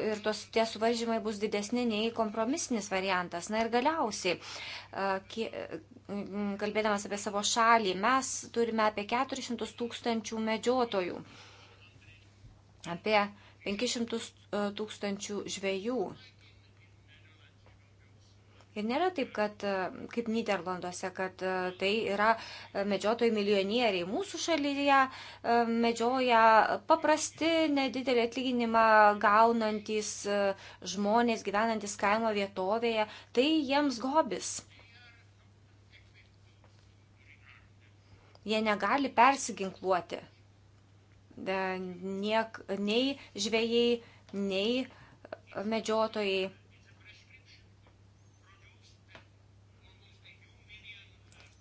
ir tos tie suvaržymai bus didesni nei kompromisinis variantas. Na ir galiausiai, mm, kalbėdamas apie savo šalį, mes turime apie 400 tūkstančių medžiotojų, apie 500 e, tūkstančių žvėjų. Ir nėra taip, kad, e, kaip Niderlanduose, kad e, tai yra e, medžiotojai milijonieriai. Mūsų šalyje medžioja paprasti, nedidelį atlyginimą gaunantis žmonės, gyvenantis kaimo vietovėje. Tai jiems hobis. Jie negali persiginkluoti niek, nei žvėjai, nei medžiotojai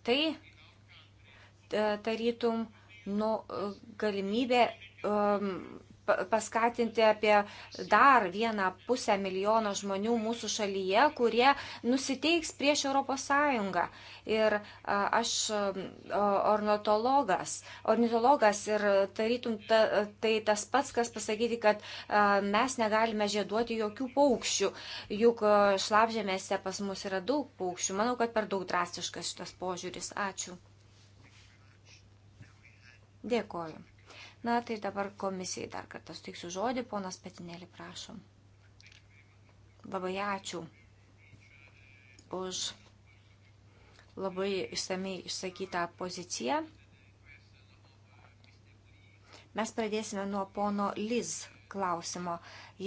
tai e, tarytum nu, e, galimybė um, paskatinti apie dar vieną pusę milijono žmonių mūsų šalyje, kurie nusiteiks prieš ES. Ir aš ornitologas, ornitologas ir tarytum ta, tai tas pats, kas pasakyti, kad mes negalime žieduoti jokių paukščių, juk šlapžėmėse pas mus yra daug paukščių. Manau, kad per daug drastiškas šitas požiūris. Ačiū. Dėkoju. Na, tai dabar komisijai dar kartą suteiksiu žodį, ponas Petinėlį, prašom. Labai ačiū už labai išsamei išsakytą poziciją. Mes pradėsime nuo pono Liz klausimo.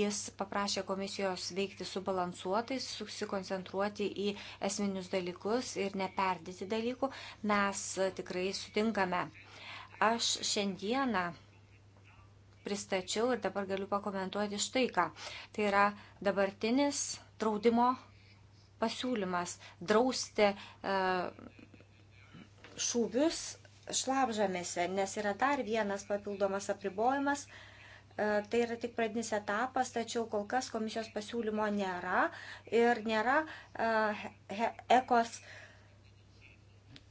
Jis paprašė komisijos veikti subalansuotai, susikoncentruoti į esminius dalykus ir neperdyti dalykų. Mes tikrai sutinkame. Aš šiandieną pristačiau ir dabar galiu pakomentuoti štai ką. Tai yra dabartinis draudimo pasiūlymas drausti e, šūvius šlapžamėse, nes yra dar vienas papildomas apribojimas. E, tai yra tik pradinis etapas, tačiau kol kas komisijos pasiūlymo nėra ir nėra e, ekos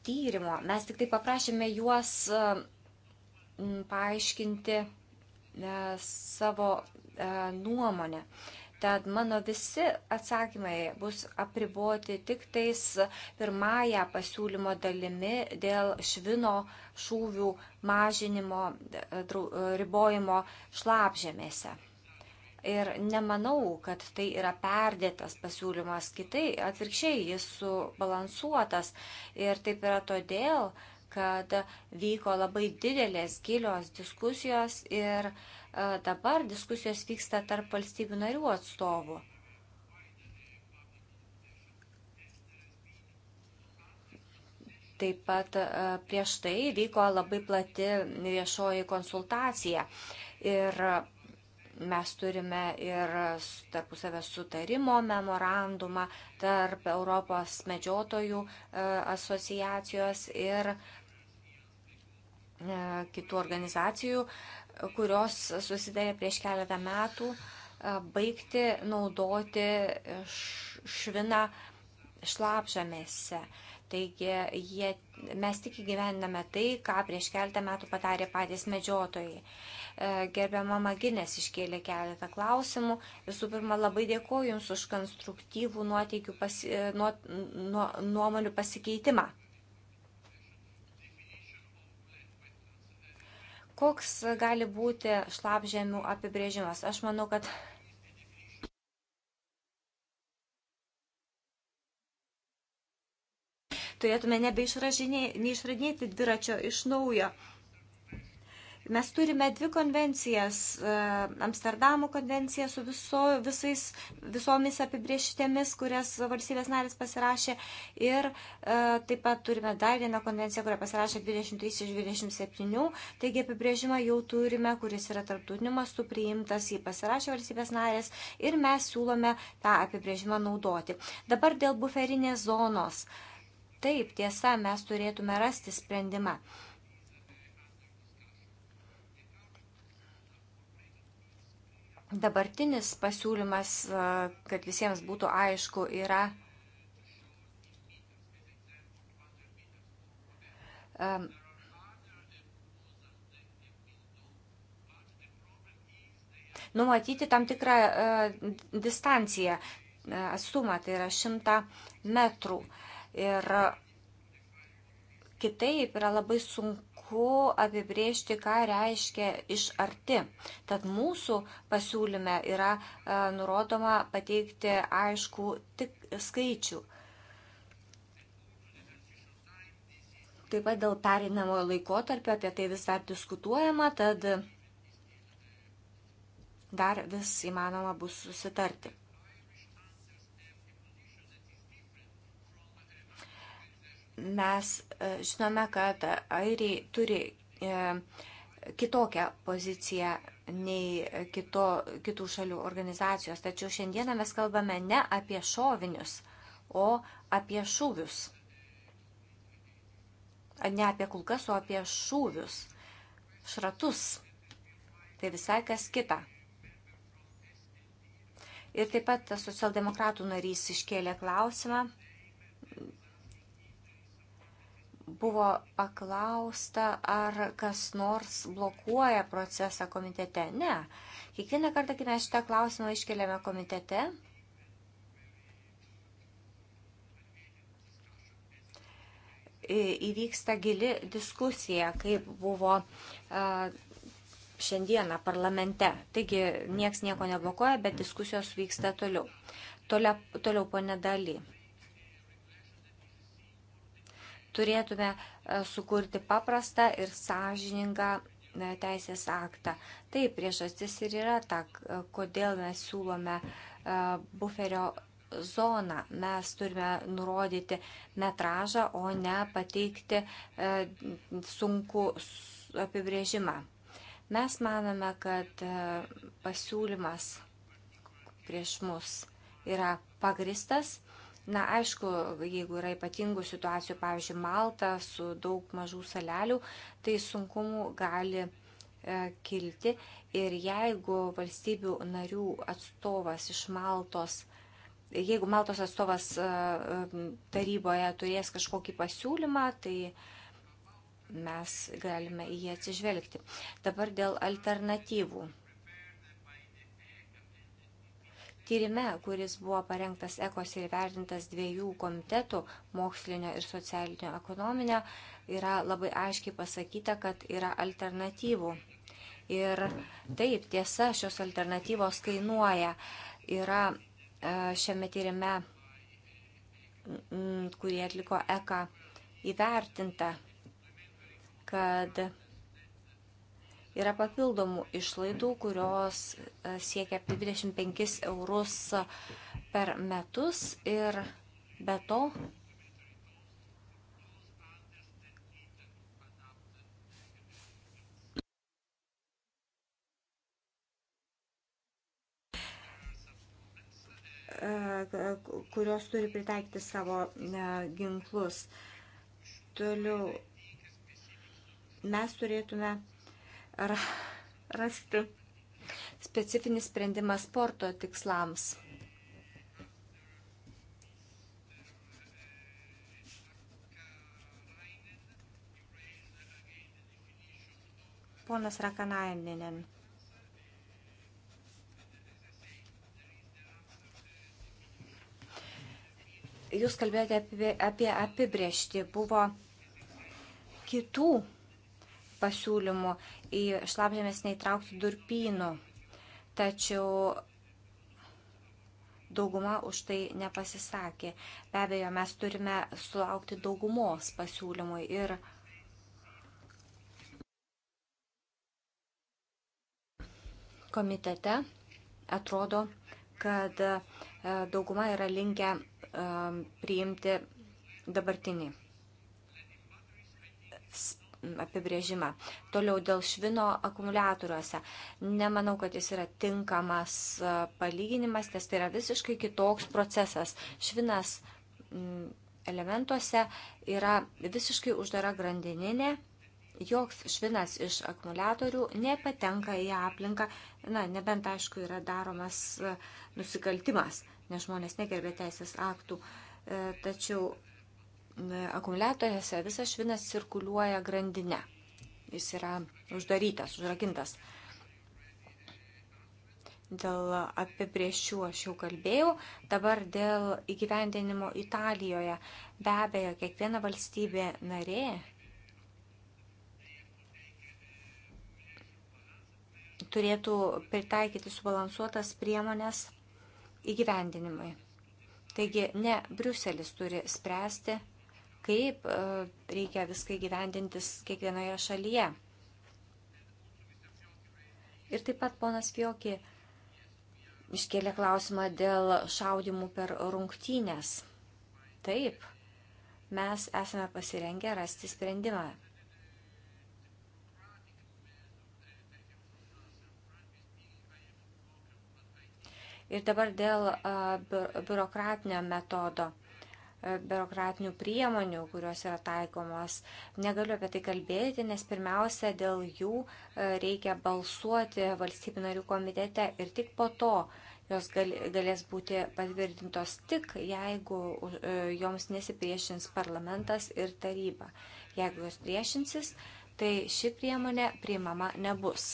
tyrimo. Mes tik tai paprašėme juos paaiškinti E, savo e, nuomonę. Tad mano visi atsakymai bus apriboti tik tais pirmąją pasiūlymo dalimi dėl švino šūvių mažinimo e, ribojimo šlapžemėse. Ir nemanau, kad tai yra perdėtas pasiūlymas kitai, atvirkščiai jis subalansuotas. Ir taip yra todėl, kad vyko labai didelės gilios diskusijos ir e, dabar diskusijos vyksta tarp valstybių narių atstovų. Taip pat e, prieš tai vyko labai plati viešoji konsultacija ir Mes turime ir tarpusavę sutarimo memorandumą tarp Europos medžiotojų e, asociacijos ir e, kitų organizacijų, kurios susidarė prieš keletą metų e, baigti naudoti šviną šlapžamėse. Taigi jie, mes tik įgyvendame tai, ką prieš keltą metų patarė patys medžiotojai. E, gerbiama Maginės iškėlė keletą klausimų. Visų pirma, labai dėkuoju Jums už konstruktyvų pasi, e, nuo, nuo, nuomonių pasikeitimą. Koks gali būti šlapžemių apibrėžimas? Aš manau, kad turėtume nebeišradinėti dviračio iš naujo. Mes turime dvi konvencijas e, - Amsterdamo konvenciją su viso, visais, visomis apibrieštėmis, kurias valstybės narės pasirašė. Ir e, taip pat turime dar vieną konvenciją, kurią pasirašė 23 iš 27. Taigi apibrėžimą jau turime, kuris yra tarptautiniu mastu priimtas, jį pasirašė valstybės narės ir mes siūlome tą apibrėžimą naudoti. Dabar dėl buferinės zonos. Taip, tiesa, mes turėtume rasti sprendimą. E, Dabartinis pasiūlymas, kad visiems būtų aišku, yra um, numatyti tam tikrą uh, distanciją, uh, atstumą, tai yra 100 metrų. Ir kitaip yra labai sunku sunku apibriežti, ką reiškia iš arti. Tad mūsų pasiūlyme yra e, nurodoma pateikti aišku tik skaičių. Taip pat dėl perinamojo laikotarpio apie tai vis dar diskutuojama, tad dar vis įmanoma bus susitarti. Mes e, žinome, kad airiai turi e, kitokią poziciją nei kito, kitų šalių organizacijos. Tačiau šiandieną mes kalbame ne apie šovinius, o apie šūvius. Ne apie kulkas, o apie šūvius. Šratus. Tai visai kas kita. Ir taip pat socialdemokratų narys iškėlė klausimą buvo paklausta, ar kas nors blokuoja procesą komitete. Ne. Kiekvieną kartą, kai mes šitą klausimą iškeliame komitete, įvyksta gili diskusija, kaip buvo šiandieną parlamente. Taigi nieks nieko neblokuoja, bet diskusijos vyksta toliau. Toliau, toliau ponė daly turėtume e, sukurti paprastą ir sąžiningą e, teisės aktą. Tai priežastis ir yra ta, e, kodėl mes siūlome buferio zoną. Mes turime nurodyti metražą, o ne pateikti sunku apibrėžimą. Mes manome, kad pasiūlymas prieš mus yra pagristas Na, aišku, jeigu yra ypatingų situacijų, pavyzdžiui, Malta su daug mažų salelių, tai sunkumų gali e, kilti. Ir jeigu valstybių narių atstovas iš Maltos, jeigu Maltos atstovas e, e taryboje turės kažkokį pasiūlymą, tai mes galime į jį atsižvelgti. Dabar dėl alternatyvų Tyrime, kuris buvo parengtas ekos ir vertintas dviejų komitetų - mokslinio ir socialinio ekonominio, yra labai aiškiai pasakyta, kad yra alternatyvų. Ir taip, tiesa, šios alternatyvos kainuoja. Yra e, šiame tyrime, kurį atliko ECA, įvertinta, kad Yra papildomų išlaidų, kurios e, siekia apie 25 eurus e, per metus ir be to e, kurios turi pritaikyti savo ginklus. Toliau mes turėtume rasti specifinį sprendimą sporto tikslams. Ponas Rakanaininen. Jūs kalbėjote apie, apie apibriešti. Buvo kitų pasiūlymų į šlapžemės neįtraukti durpynų, tačiau dauguma už tai nepasisakė. Be abejo, mes turime sulaukti daugumos pasiūlymui ir komitete atrodo, kad e, dauguma yra linkę e, priimti dabartinį apibrėžimą. Toliau dėl švino akumuliatoriuose. Nemanau, kad jis yra tinkamas palyginimas, nes tai yra visiškai kitoks procesas. Švinas elementuose yra visiškai uždara grandininė. Joks švinas iš akumuliatorių nepatenka į aplinką, na, nebent aišku yra daromas nusikaltimas, nes žmonės negerbė teisės aktų. E, tačiau E, akumuliatoriuose visas švinas cirkuliuoja grandinę. Jis yra uždarytas, užrakintas. Dėl apibriešių aš jau kalbėjau. Dabar dėl įgyvendinimo Italijoje. Be abejo, kiekviena valstybė narė turėtų pritaikyti subalansuotas priemonės įgyvendinimui. Taigi ne Briuselis turi spręsti kaip e, reikia viską gyvendintis kiekvienoje šalyje. Ir taip pat ponas Fioki iškėlė klausimą dėl šaudimų per rungtynės. Taip, mes esame pasirengę rasti sprendimą. Ir dabar dėl e, biurokratinio metodo. E, biurokratinių priemonių, kurios yra taikomos. Negaliu apie tai kalbėti, nes pirmiausia, dėl jų e, reikia balsuoti valstybių narių komitete ir tik po to jos galės būti patvirtintos tik, jeigu e, joms nesipriešins parlamentas ir taryba. Jeigu jos priešinsis, tai ši priemonė priimama nebus.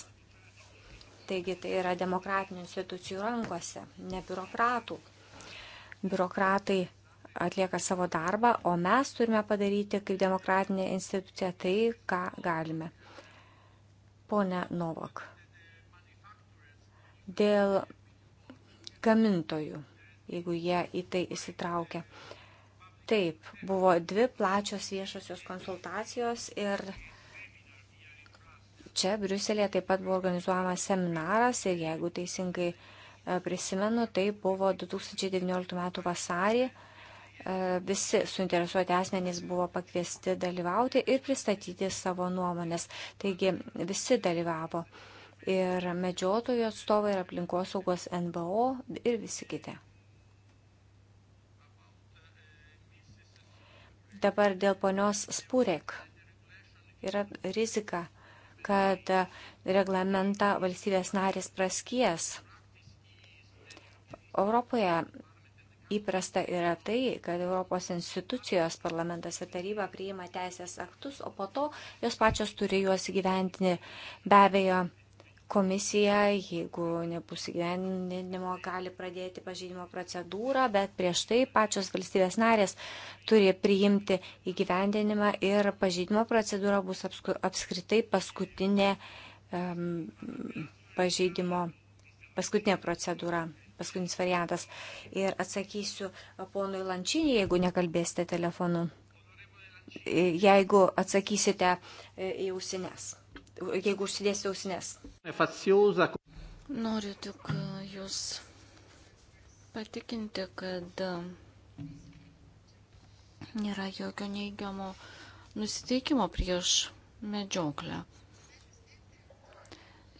Taigi tai yra demokratinių institucijų rankose, ne biurokratų. Biurokratai atlieka savo darbą, o mes turime padaryti kaip demokratinė institucija tai, ką galime. Pone Novak, dėl gamintojų, jeigu jie į tai įsitraukia. Taip, buvo dvi plačios viešosios konsultacijos ir čia Briuselėje taip pat buvo organizuojamas seminaras ir jeigu teisingai e, prisimenu, tai buvo 2019 m. vasarį E, visi suinteresuoti asmenys buvo pakviesti dalyvauti ir pristatyti savo nuomonės. Taigi visi dalyvavo ir medžiotojų atstovai ir aplinkosaugos NBO ir visi kiti. Dabar dėl ponios Spurek yra rizika, kad reglamentą valstybės narės praskies. Europoje Įprasta yra tai, kad Europos institucijos, parlamentas ir taryba priima teisės aktus, o po to jos pačios turi juos gyventinį. Be abejo, komisija, jeigu nebus gyveninimo, gali pradėti pažydimo procedūrą, bet prieš tai pačios valstybės narės turi priimti įgyvendinimą ir pažydimo procedūra bus apskritai paskutinė um, pažydimo, paskutinė procedūra paskutinis variantas. Ir atsakysiu ponui Lančinį, jeigu nekalbėsite telefonu, jeigu atsakysite e, į ausines, jeigu užsidėsite ausines. Noriu tik e, jūs patikinti, kad e, nėra jokio neigiamo nusiteikimo prieš medžioklę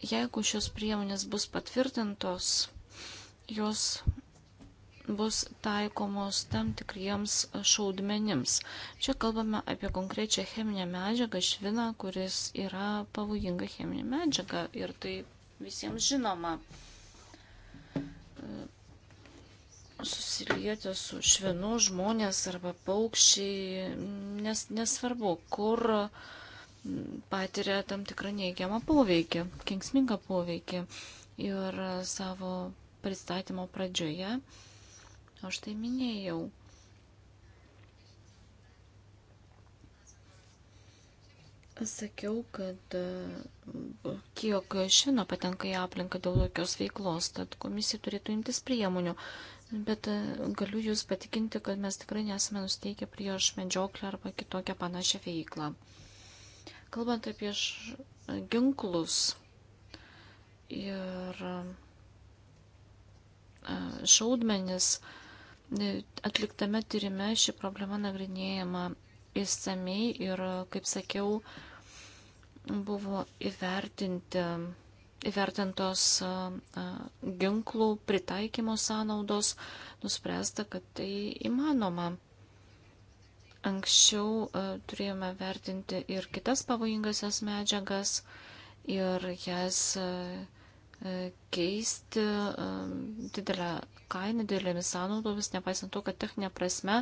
jeigu šios priemonės bus patvirtintos, jos bus taikomos tam tikriems šaudmenims. Čia kalbame apie konkrečią cheminę medžiagą, šviną, kuris yra pavojinga cheminė medžiaga ir tai visiems žinoma. Susilieti su švinu žmonės arba paukščiai, nes, nesvarbu, kur patiria tam tikrą neigiamą poveikį, kengsmingą poveikį ir savo pristatymo pradžioje aš tai minėjau. Sakiau, kad e, kiek šino patenka į aplinką dėl jokios veiklos, tad komisija turėtų imtis priemonių. Bet e, galiu Jūs patikinti, kad mes tikrai nesame nusteikę prieš medžioklę arba kitokią panašią veiklą. Kalbant apie ginklus ir E, šaudmenis. E, atliktame tyrime ši problema nagrinėjama įsamei ir, kaip sakiau, buvo įvertinti, įvertintos e, ginklų pritaikymo sąnaudos, nuspręsta, kad tai įmanoma. Anksčiau turėjome vertinti ir kitas pavojingasias medžiagas ir jas keisti didelę kainą, didelėmis sąnaudomis, nepaisant to, kad techninė prasme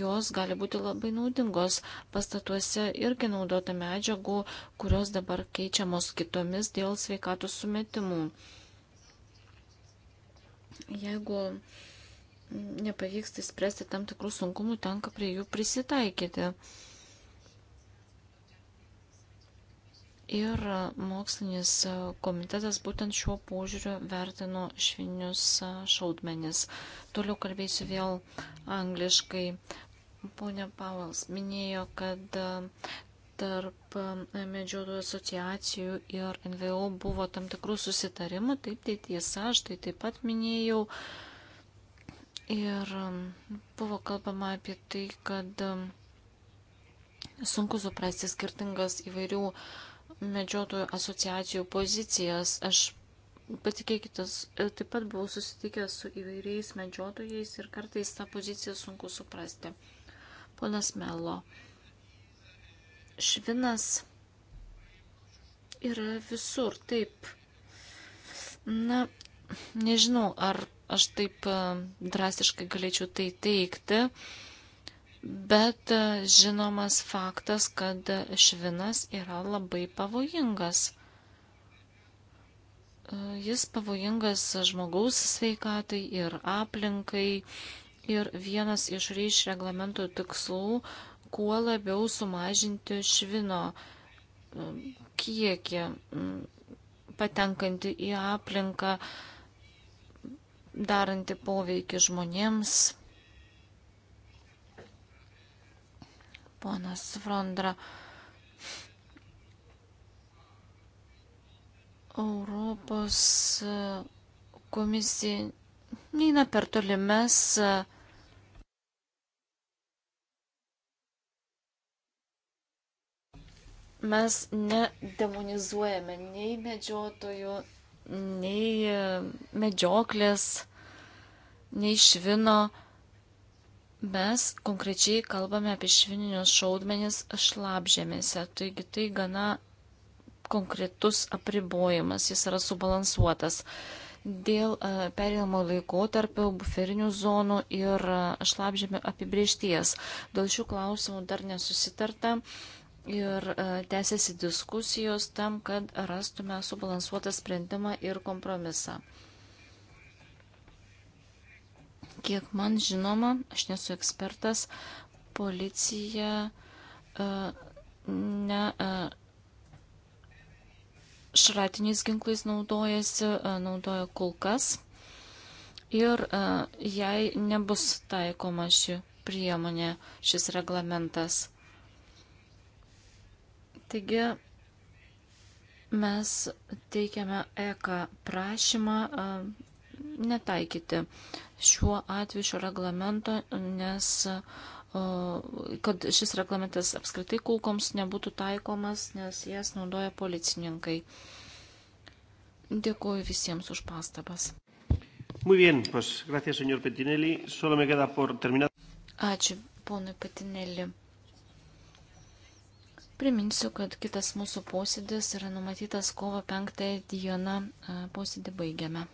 jos gali būti labai naudingos. Pastatuose irgi naudota medžiagų, kurios dabar keičiamos kitomis dėl sveikatos sumetimų. Jeigu nepavyksta įspręsti tam tikrų sunkumų, tenka prie jų prisitaikyti. Uh, Ir mokslinis komitetas būtent šiuo požiūriu vertino švinius šaudmenis. Toliau kalbėsiu vėl angliškai. Pone Pauls minėjo, kad tarp medžiotojų asociacijų ir NVO buvo tam tikrų susitarimų, taip tai tiesa, aš tai taip pat minėjau. Ir buvo kalbama apie tai, kad sunku suprasti skirtingas įvairių uh, medžiotojų asociacijų pozicijas. Aš patikėkitas, e, taip pat buvau susitikęs su įvairiais medžiotojais ir kartais tą poziciją sunku suprasti. Ponas Melo, švinas yra visur, taip. Na, nežinau, ar aš taip e, drastiškai galėčiau tai teikti. Uh, Bet e, žinomas faktas, kad švinas yra labai pavojingas. E, jis pavojingas žmogaus sveikatai ir aplinkai. Ir vienas iš ryš reglamento tikslų - kuo labiau sumažinti švino e, kiekį patenkantį į aplinką, darantį poveikį žmonėms, ponas Frondra. Europos e, komisija neina per toli. Mes e, mes nedemonizuojame nei medžiotojų, nei e, medžioklės, nei švino. Mes konkrečiai kalbame apie švininius šaudmenis šlapžėmėse, taigi tai gana konkretus apribojimas, jis yra subalansuotas. Dėl e, perėjimo laikotarpio, buferinių zonų ir e, šlapžėmio apibriešties. Dėl šių klausimų dar nesusitarta ir e, tęsiasi diskusijos tam, kad rastume subalansuotą sprendimą ir kompromisą. Kiek man žinoma, aš nesu ekspertas, policija e, ne e, šratiniais ginklais naudojasi, e, naudoja kulkas ir jai nebus taikoma ši priemonė, šis reglamentas. Taigi mes teikiame ECA prašymą netaikyti šiuo atveju šio reglamento, nes kad šis reglamentas apskritai kulkoms nebūtų taikomas, nes jas naudoja policininkai. Dėkuoju visiems už pastabas. Muy bien, pues gracias, señor Petinelli. Solo me queda por terminar. Ačiū, ponui Petinelli. Priminsiu, kad kitas mūsų posėdis yra numatytas kovo penktąją dieną. Posėdį baigiame.